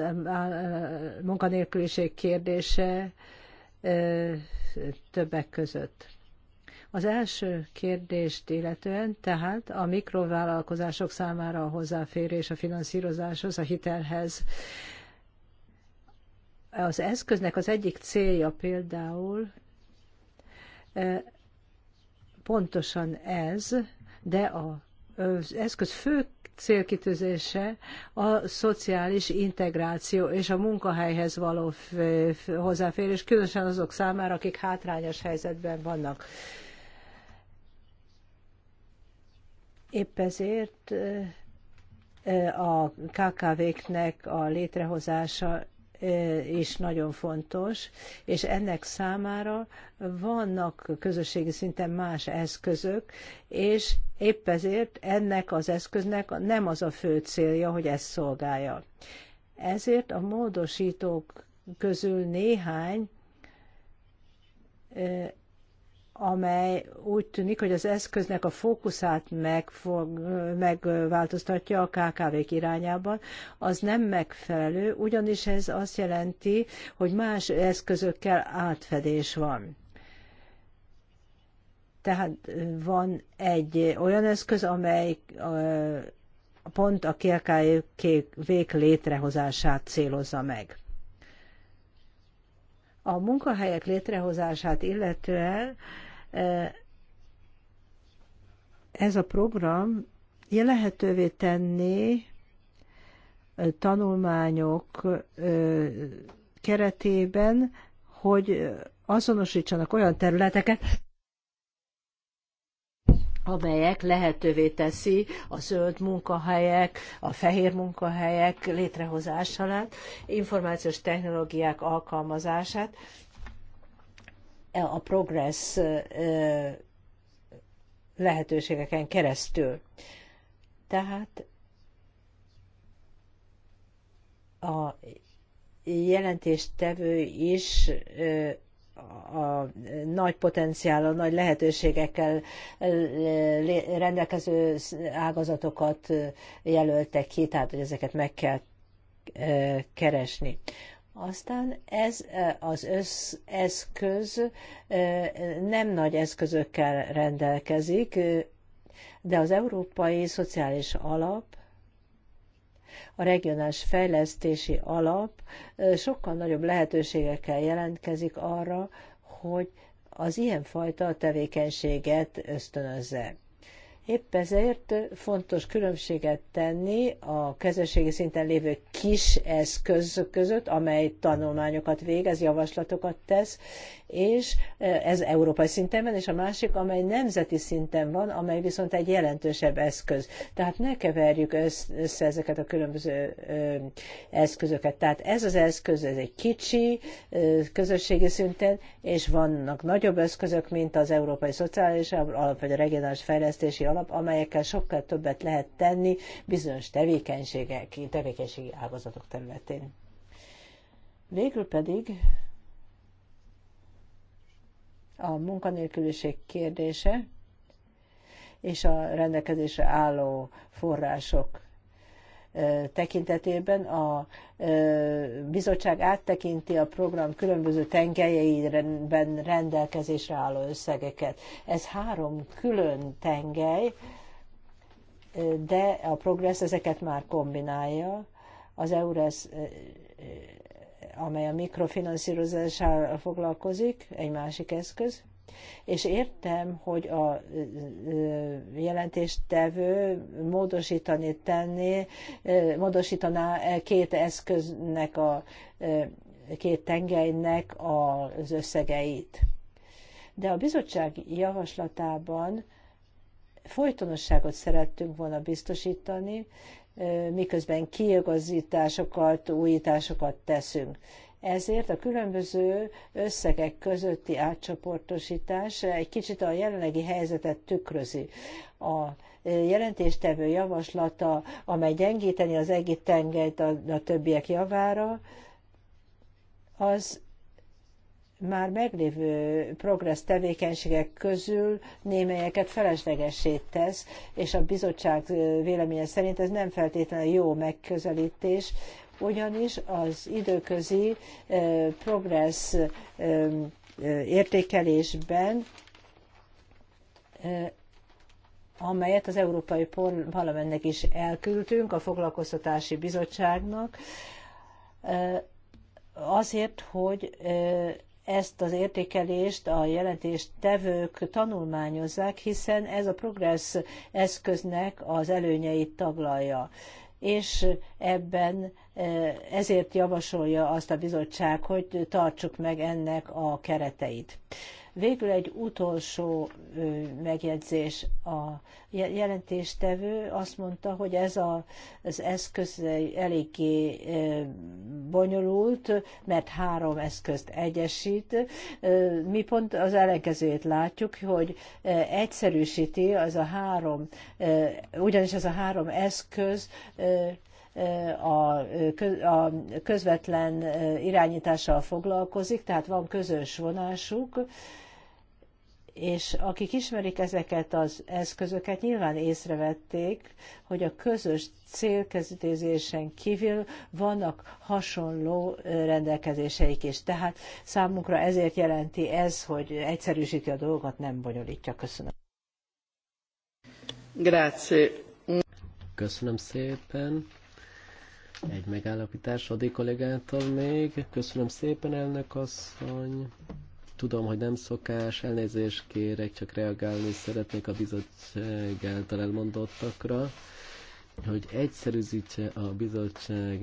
munkanélküliség kérdése többek között. Az első kérdést illetően, tehát a mikrovállalkozások számára a hozzáférés a finanszírozáshoz, a hitelhez. Az eszköznek az egyik célja például pontosan ez, de az eszköz fő célkitűzése a szociális integráció és a munkahelyhez való hozzáférés, különösen azok számára, akik hátrányos helyzetben vannak. Épp ezért a KKV-knek a létrehozása is nagyon fontos, és ennek számára vannak közösségi szinten más eszközök, és épp ezért ennek az eszköznek nem az a fő célja, hogy ezt szolgálja. Ezért a módosítók közül néhány amely úgy tűnik, hogy az eszköznek a fókuszát megfog, megváltoztatja a KKV-k irányában, az nem megfelelő, ugyanis ez azt jelenti, hogy más eszközökkel átfedés van. Tehát van egy olyan eszköz, amely pont a KKV-k létrehozását célozza meg. A munkahelyek létrehozását illetően ez a program lehetővé tenni tanulmányok keretében, hogy azonosítsanak olyan területeket, amelyek lehetővé teszi a zöld munkahelyek, a fehér munkahelyek létrehozását, információs technológiák alkalmazását, E, a progress e, e, lehetőségeken keresztül. Tehát a jelentéstevő is a nagy a nagy lehetőségekkel rendelkező ágazatokat jelölte ki, tehát hogy ezeket meg kell keresni. Aztán ez az eszköz nem nagy eszközökkel rendelkezik, de az Európai Szociális Alap, a Regionális Fejlesztési Alap sokkal nagyobb lehetőségekkel jelentkezik arra, hogy az ilyenfajta tevékenységet ösztönözze. Épp ezért fontos különbséget tenni a kezességi szinten lévő kis eszköz között, amely tanulmányokat végez, javaslatokat tesz, és e, ez európai szinten van, és a másik, amely nemzeti szinten van, amely viszont egy jelentősebb eszköz. Tehát ne keverjük össze ezeket a különböző eszközöket. Tehát ez az eszköz, ez egy kicsi közösségi szinten, és vannak nagyobb eszközök, mint az Európai Szociális Alap, vagy a Regionális Fejlesztési Alap, amelyekkel sokkal többet lehet tenni bizonyos tevékenységek, tevékenységi ágazatok területén. Végül pedig a munkanélküliség kérdése és a rendelkezésre álló források tekintetében a bizottság áttekinti a program különböző tengelyeiben rendelkezésre álló összegeket. Ez három külön tengely, de a Progress ezeket már kombinálja. Az EURES amely a mikrofinanszírozással foglalkozik, egy másik eszköz, és értem, hogy a jelentéstevő módosítani tenni, módosítaná e két eszköznek, a, két tengelynek az összegeit. De a bizottság javaslatában folytonosságot szerettünk volna biztosítani, miközben kiigazításokat, újításokat teszünk. Ezért a különböző összegek közötti átcsoportosítás egy kicsit a jelenlegi helyzetet tükrözi. A jelentéstevő javaslata, amely gyengíteni az egyik tengelyt a, a többiek javára, az már meglévő progressz tevékenységek közül némelyeket feleslegessé tesz, és a bizottság véleménye szerint ez nem feltétlenül jó megközelítés, ugyanis az időközi progressz értékelésben amelyet az Európai Parlamentnek is elküldtünk, a Foglalkoztatási Bizottságnak, azért, hogy ezt az értékelést a jelentést tevők tanulmányozzák, hiszen ez a progress eszköznek az előnyeit taglalja. És ebben e, ezért javasolja azt a bizottság, hogy tartsuk meg ennek a kereteit. Végül egy utolsó megjegyzés. A jelentéstevő azt mondta, hogy ez a, az eszköz eléggé bonyolult, mert három eszközt egyesít. Mi pont az ellenkezőjét látjuk, hogy egyszerűsíti az a három, ugyanis ez a három eszköz a közvetlen irányítással foglalkozik, tehát van közös vonásuk, és akik ismerik ezeket az eszközöket, nyilván észrevették, hogy a közös célkezítésen kívül vannak hasonló rendelkezéseik is. Tehát számunkra ezért jelenti ez, hogy egyszerűsíti a dolgot, nem bonyolítja. Köszönöm. Grazie. Köszönöm szépen. Egy megállapítás Adi kollégától még. Köszönöm szépen, elnök asszony. Tudom, hogy nem szokás, elnézést kérek, csak reagálni szeretnék a bizottság által elmondottakra hogy egyszerűzítse a bizottság,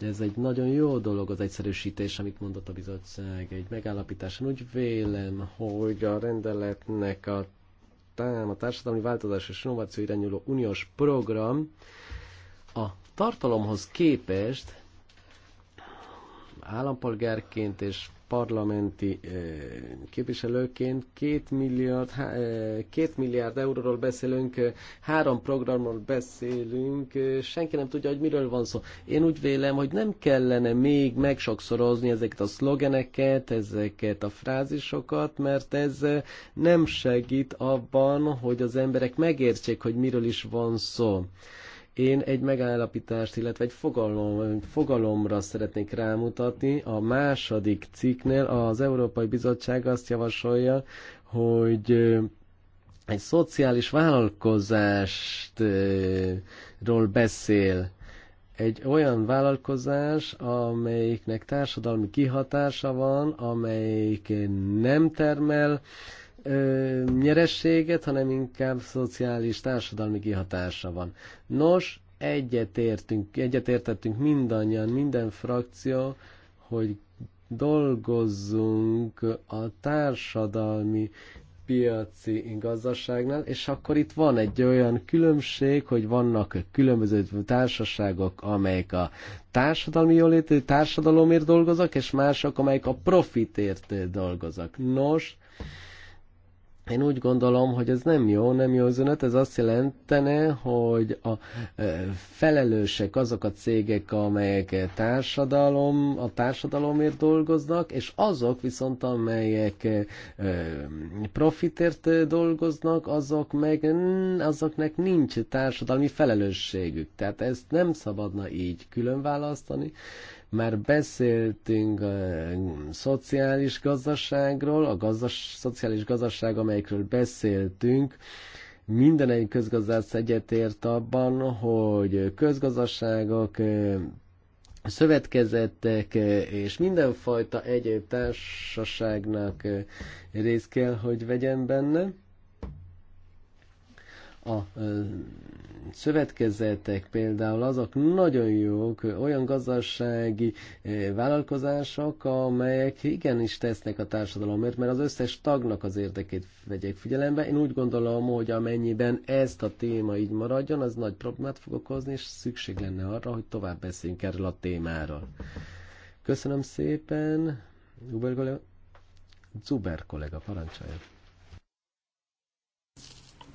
ez egy nagyon jó dolog az egyszerűsítés, amit mondott a bizottság egy megállapításon. Úgy vélem, hogy a rendeletnek a, tám, a társadalmi változás és innováció irányuló uniós program a tartalomhoz képest állampolgárként és parlamenti eh, képviselőként két milliárd, eh, két milliárd euróról beszélünk, eh, három programról beszélünk, senki nem tudja, hogy miről van szó. Én úgy vélem, hogy nem kellene még megsokszorozni ezeket a szlogeneket, ezeket a frázisokat, mert ez nem segít abban, hogy az emberek megértsék, hogy miről is van szó. Én egy megállapítást, illetve egy fogalom, fogalomra szeretnék rámutatni. A második cikknél az Európai Bizottság azt javasolja, hogy egy szociális vállalkozástról beszél egy olyan vállalkozás, amelyiknek társadalmi kihatása van, amelyik nem termel ö, nyerességet, hanem inkább szociális, társadalmi kihatása van. Nos, egyetértünk, egyetértettünk mindannyian, minden frakció, hogy dolgozzunk a társadalmi piaci gazdaságnál, és akkor itt van egy olyan különbség, hogy vannak különböző társaságok, amelyek a társadalmi jólétű társadalomért dolgoznak, és mások, amelyek a profitért dolgoznak. Nos, én úgy gondolom, hogy ez nem jó, nem jó üzenet, ez azt jelentene, hogy a e, felelősek azok a cégek, amelyek társadalom, a társadalomért dolgoznak, és azok viszont, amelyek e, e, profitért dolgoznak, azok meg, azoknak nincs társadalmi felelősségük. Tehát ezt nem szabadna így külön választani, már beszéltünk a eh, szociális gazdaságról, a gazdas, szociális gazdaság, amelyikről beszéltünk, egy közgazdász egyetért abban, hogy közgazdaságok eh, szövetkezettek eh, és mindenfajta egyéb társaságnak részt kell, hogy vegyen benne a szövetkezetek például azok nagyon jók, olyan gazdasági vállalkozások, amelyek igenis tesznek a társadalomért, mert az összes tagnak az érdekét vegyék figyelembe. Én úgy gondolom, hogy amennyiben ezt a téma így maradjon, az nagy problémát fog okozni, és szükség lenne arra, hogy tovább beszéljünk erről a témáról. Köszönöm szépen, Zuber kollega, Zuber kollega parancsoljon.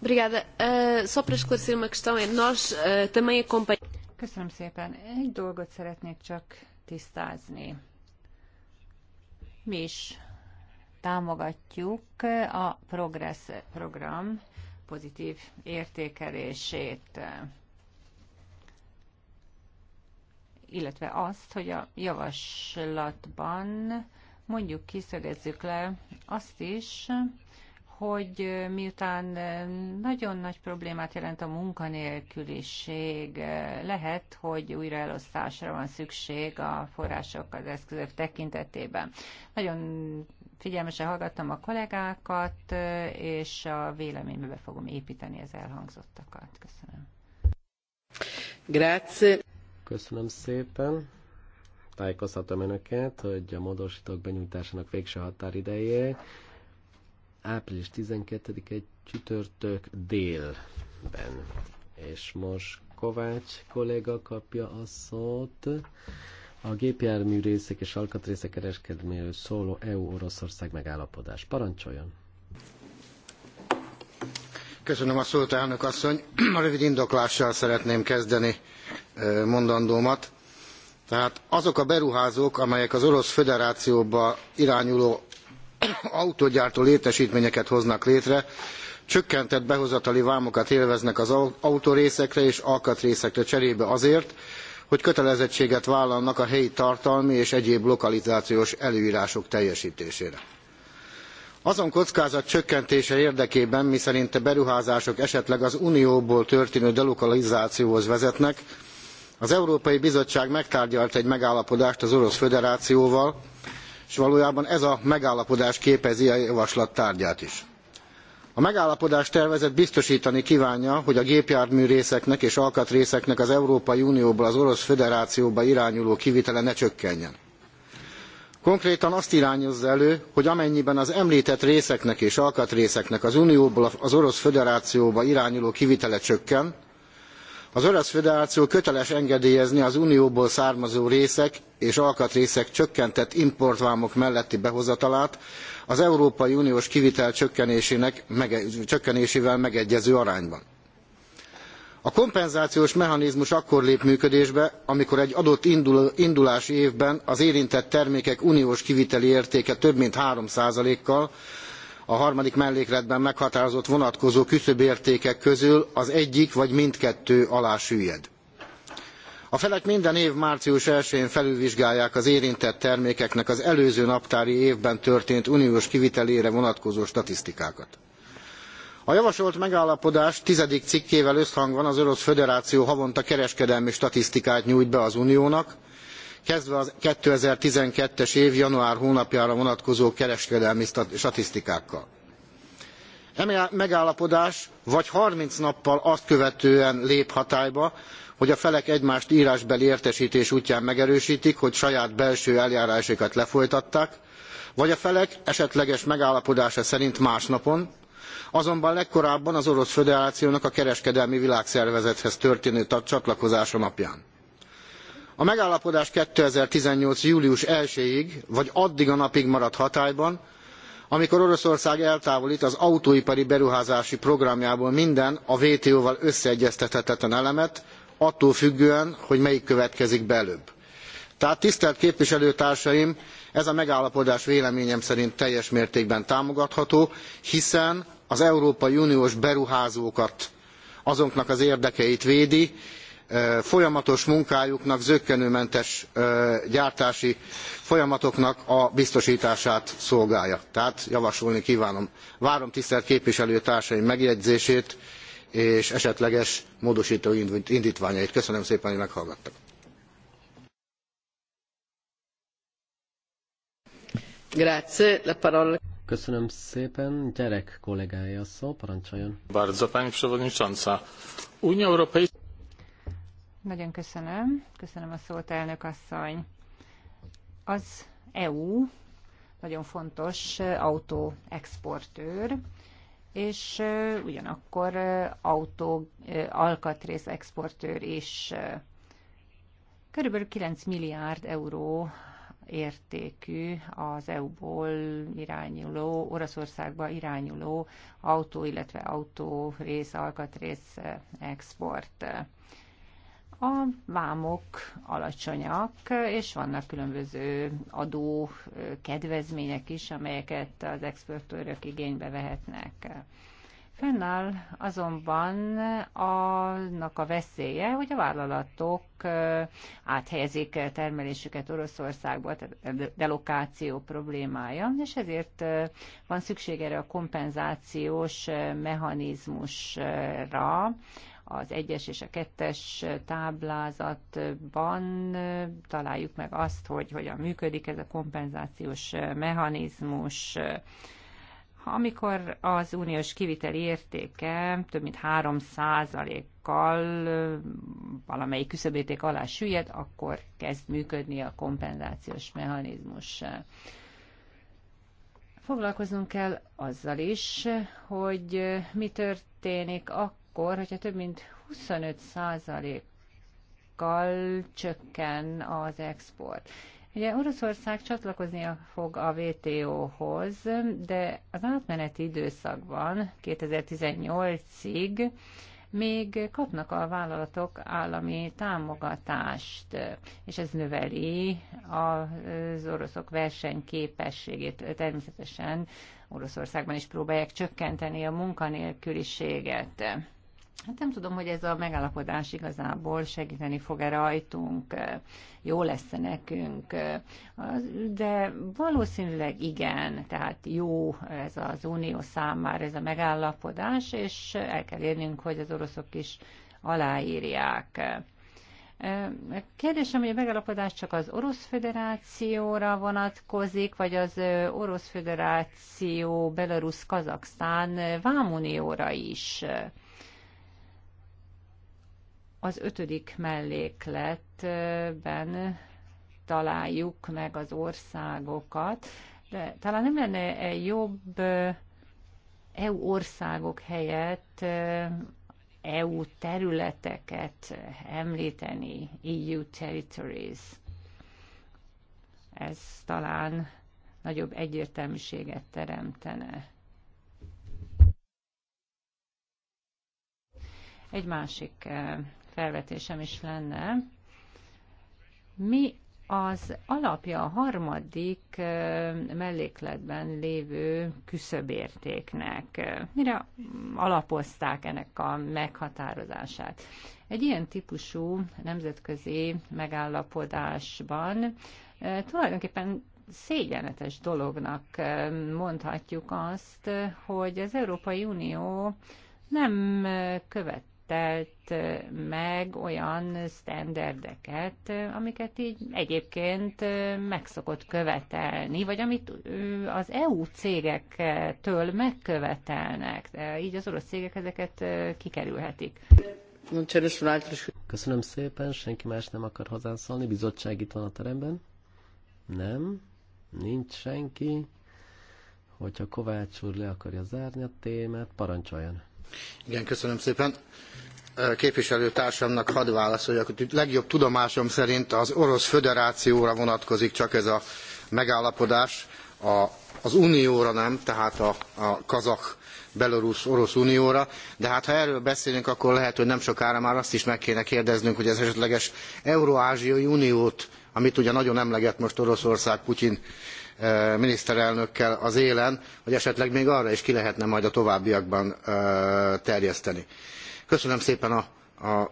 Obrigada. Uh, só para esclarecer uma questão, é nós uh, também acompanhamos. Köszönöm szépen. Egy dolgot szeretnék csak tisztázni. Mi is támogatjuk eh, a Progress program pozitív értékelését, illetve azt, hogy a javaslatban mondjuk kiszögezzük le azt is, hogy miután nagyon nagy problémát jelent a munkanélküliség, lehet, hogy újraelosztásra van szükség a források, az eszközök tekintetében. Nagyon figyelmesen hallgattam a kollégákat, és a véleménybe be fogom építeni az elhangzottakat. Köszönöm. Grazie. Köszönöm szépen. Tájékoztatom önöket, hogy a módosítók benyújtásának végső határideje április 12-egy csütörtök délben. És most Kovács kolléga kapja a szót. A gépjármű részek és alkatrészek kereskedményről szóló EU-Oroszország megállapodás. Parancsoljon! Köszönöm a szót, elnök asszony. A rövid indoklással szeretném kezdeni mondandómat. Tehát azok a beruházók, amelyek az Orosz Föderációba irányuló autógyártó létestményeket hoznak létre csökkentett behozatali vámokat élveznek az autórészekre és alkatrészekre cserébe azért hogy kötelezettséget vállalnak a helyi tartalmi és egyéb lokalizációs előrások teljestésére. azon kockázat csökkentése érdekében miszerint e beruházások esetleg az unióból történő delokalizációhoz vezetnek az európai bizottság megtárgyalt egy megállapodást az orosz föderációval és valójában ez a megállapodás képezi a javaslat tárgyát is. A megállapodás tervezet biztosítani kívánja, hogy a gépjárműrészeknek és alkatrészeknek az Európai Unióból az Orosz Föderációba irányuló kivitele ne csökkenjen. Konkrétan azt irányozza elő, hogy amennyiben az említett részeknek és alkatrészeknek az Unióból az Orosz Föderációba irányuló kivitele csökken, az orosz föderáció köteles engedélyezni az unióból származó részek és alkatrészek csökkentett importvámok melletti behozatalát az európai uniós kivitel csökkenésének, mege, csökkenésével megegyező arányban. A kompenzációs mechanizmus akkor lép működésbe, amikor egy adott indul, indulási évben az érintett termékek uniós kiviteli értéke több mint 3%-kal, a harmadik mellékletben meghatározott vonatkozó küszöbértékek közül az egyik vagy mindkettő alá süllyed. A felek minden év március one jén felülvizsgálják az érintett termékeknek az előző naptári évben történt uniós kivitelére vonatkozó statisztikákat. A javasolt megállapodás tizedik cikkével összhangban az Orosz Föderáció havonta kereskedelmi statisztikát nyújt be az Uniónak, kezdve a two thousand and twelve es év január hónapjára vonatkozó kereskedelmi statisztikákkal. e megállapodás vagy thirty nappal azt követően lép hatályba hogy a felek egymást rásbeli értestés útján megerőstik hogy saját belső eljárásaikat lefolytatták vagy a felek esetleges megállapodása szerint más napon azonban legkorábban az orosz föderációnak a kereskedelmi világszervezethez történő csatlakozása napján a megállapodás two thousand and eighteen július one jéig vagy addig a napig marad hatályban amikor oroszország eltávolt az autóipari beruházási programjából minden a wto val összeegyeztethetetlen elemet attól függően hogy melyik következik be előbb. tehát tisztelt képviselőtársaim ez a megállapodás véleményem szerint teljes mértékben támogatható hiszen az európai uniós beruházókat azoknak az érdekeit védi folyamatos munkájuknak zökkenőmentes gyártási folyamatoknak a biztostását szolgálja. tehát javasolni kvánom. várom tisztelt képviselőtársaim megjegyzését és esetleges módostó indtványait. köszönöm szépen hogy meghallgattak. Köszönöm szépen. Gyerek kollégája szó, parancsoljon. Bardzo, pani przewodnicząca. Unia Europejska... Nagyon köszönöm. Köszönöm a szót, elnök asszony. Az EU nagyon fontos autóexportőr, és ugyanakkor autó alkatrész exportőr is. Körülbelül 9 milliárd euró értékű az EU-ból irányuló, Oroszországba irányuló autó, illetve autó rész, alkatrész export. A vámok alacsonyak, és vannak különböző adó kedvezmények is, amelyeket az exportőrök igénybe vehetnek. Fennáll azonban annak a veszélye, hogy a vállalatok áthelyezik termelésüket Oroszországba, tehát delokáció problémája, és ezért van szükség erre a kompenzációs mechanizmusra, az egyes és a kettes táblázatban találjuk meg azt, hogy hogyan működik ez a kompenzációs mechanizmus. Amikor az uniós kiviteli értéke több mint 3 kal valamelyik küszöbérték alá süllyed, akkor kezd működni a kompenzációs mechanizmus. Foglalkoznunk kell azzal is, hogy mi történik akkor, akkor, hogyha több mint 25%-kal csökken az export. Ugye Oroszország csatlakoznia fog a WTO-hoz, de az átmeneti időszakban, 2018-ig még kapnak a vállalatok állami támogatást, és ez növeli az oroszok versenyképességét. Természetesen Oroszországban is próbálják csökkenteni a munkanélküliséget. Hát nem tudom, hogy ez a megállapodás igazából segíteni fog-e rajtunk, jó lesz-e nekünk, de valószínűleg igen, tehát jó ez az unió számára ez a megállapodás, és el kell érnünk, hogy az oroszok is aláírják. Kérdésem, hogy a megállapodás csak az Orosz Föderációra vonatkozik, vagy az Orosz Föderáció, Belarus, Kazaksztán vámunióra is? Az ötödik mellékletben találjuk meg az országokat, de talán nem lenne -e jobb EU országok helyett EU területeket említeni, EU territories. Ez talán nagyobb egyértelműséget teremtene. Egy másik felvetésem is lenne. Mi az alapja a harmadik mellékletben lévő küszöbértéknek. Mire alapozták ennek a meghatározását? Egy ilyen típusú nemzetközi megállapodásban tulajdonképpen szégyenletes dolognak mondhatjuk azt, hogy az Európai Unió nem követ követelt meg olyan sztenderdeket, amiket így egyébként megszokott követelni, vagy amit az EU cégektől megkövetelnek. De így az orosz cégek ezeket kikerülhetik. Köszönöm szépen, senki más nem akar hozzászólni. Bizottság itt van a teremben? Nem, nincs senki. Hogyha Kovács úr le akarja zárni a témát, parancsoljon. Igen, köszönöm szépen. Képviselőtársamnak hadd válaszoljak, hogy legjobb tudomásom szerint az Orosz Föderációra vonatkozik csak ez a megállapodás, a, az Unióra nem, tehát a, a kazak belorusz orosz unióra, de hát ha erről beszélünk, akkor lehet, hogy nem sokára már azt is meg kéne kérdeznünk, hogy az esetleges Euróázsiai Uniót, amit ugye nagyon emleget most Oroszország Putyin miniszterelnökkel az élen hogy esetleg még arra is ki lehetne majd a továbbiakban terjeszteni. köszönöm szépen a, a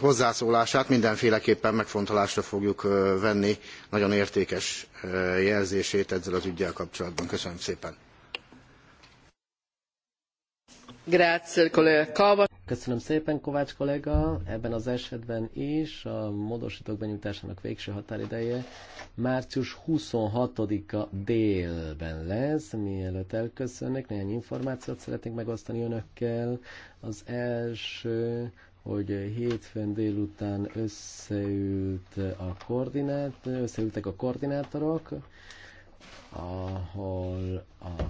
hozzászólását mindenféleképpen megfontolásra fogjuk venni nagyon értékes jelzését ezzel az üggyel kapcsolatban. köszönöm szépen! Köszönöm szépen, Kovács kollega. Ebben az esetben is a módosítók benyújtásának végső határideje március 26-a délben lesz. Mielőtt elköszönnek, néhány információt szeretnék megosztani önökkel. Az első hogy hétfőn délután összeült a koordinát, összeültek a koordinátorok, ahol a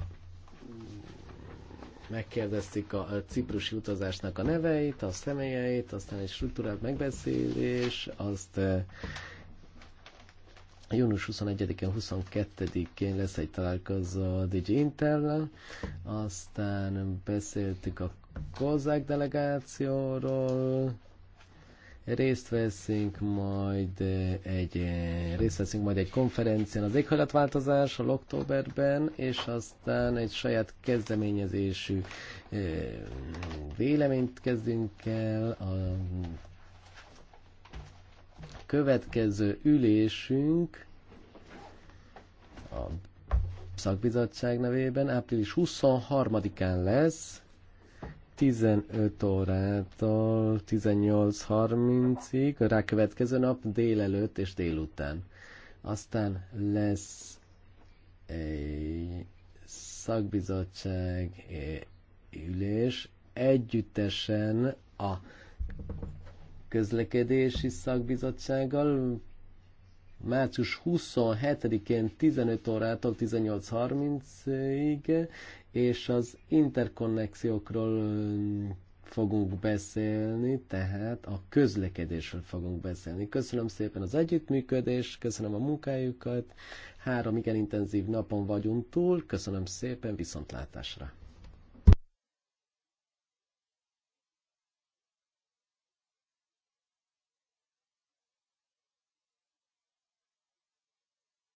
megkérdezték a ciprusi utazásnak a neveit, a személyeit, aztán egy struktúrált megbeszélés, azt eh, június 21-én, 22-én lesz egy találkozó a DJ Interrel, aztán beszéltük a kozák delegációról, részt veszünk majd eh, egy, eh, részt veszünk majd egy konferencián az a októberben, és aztán egy saját kezdeményezésű eh, véleményt kezdünk el a következő ülésünk a szakbizottság nevében április 23-án lesz, 15 órától 18.30-ig, rá következő nap délelőtt és délután. Aztán lesz egy szakbizottság e, ülés együttesen a közlekedési szakbizottsággal március 27-én 15 órától 18.30-ig, és az interkonnexiókról mm, fogunk beszélni, tehát a közlekedésről fogunk beszélni. Köszönöm szépen az együttműködést, köszönöm a munkájukat, három igen intenzív napon vagyunk túl, köszönöm szépen, viszontlátásra!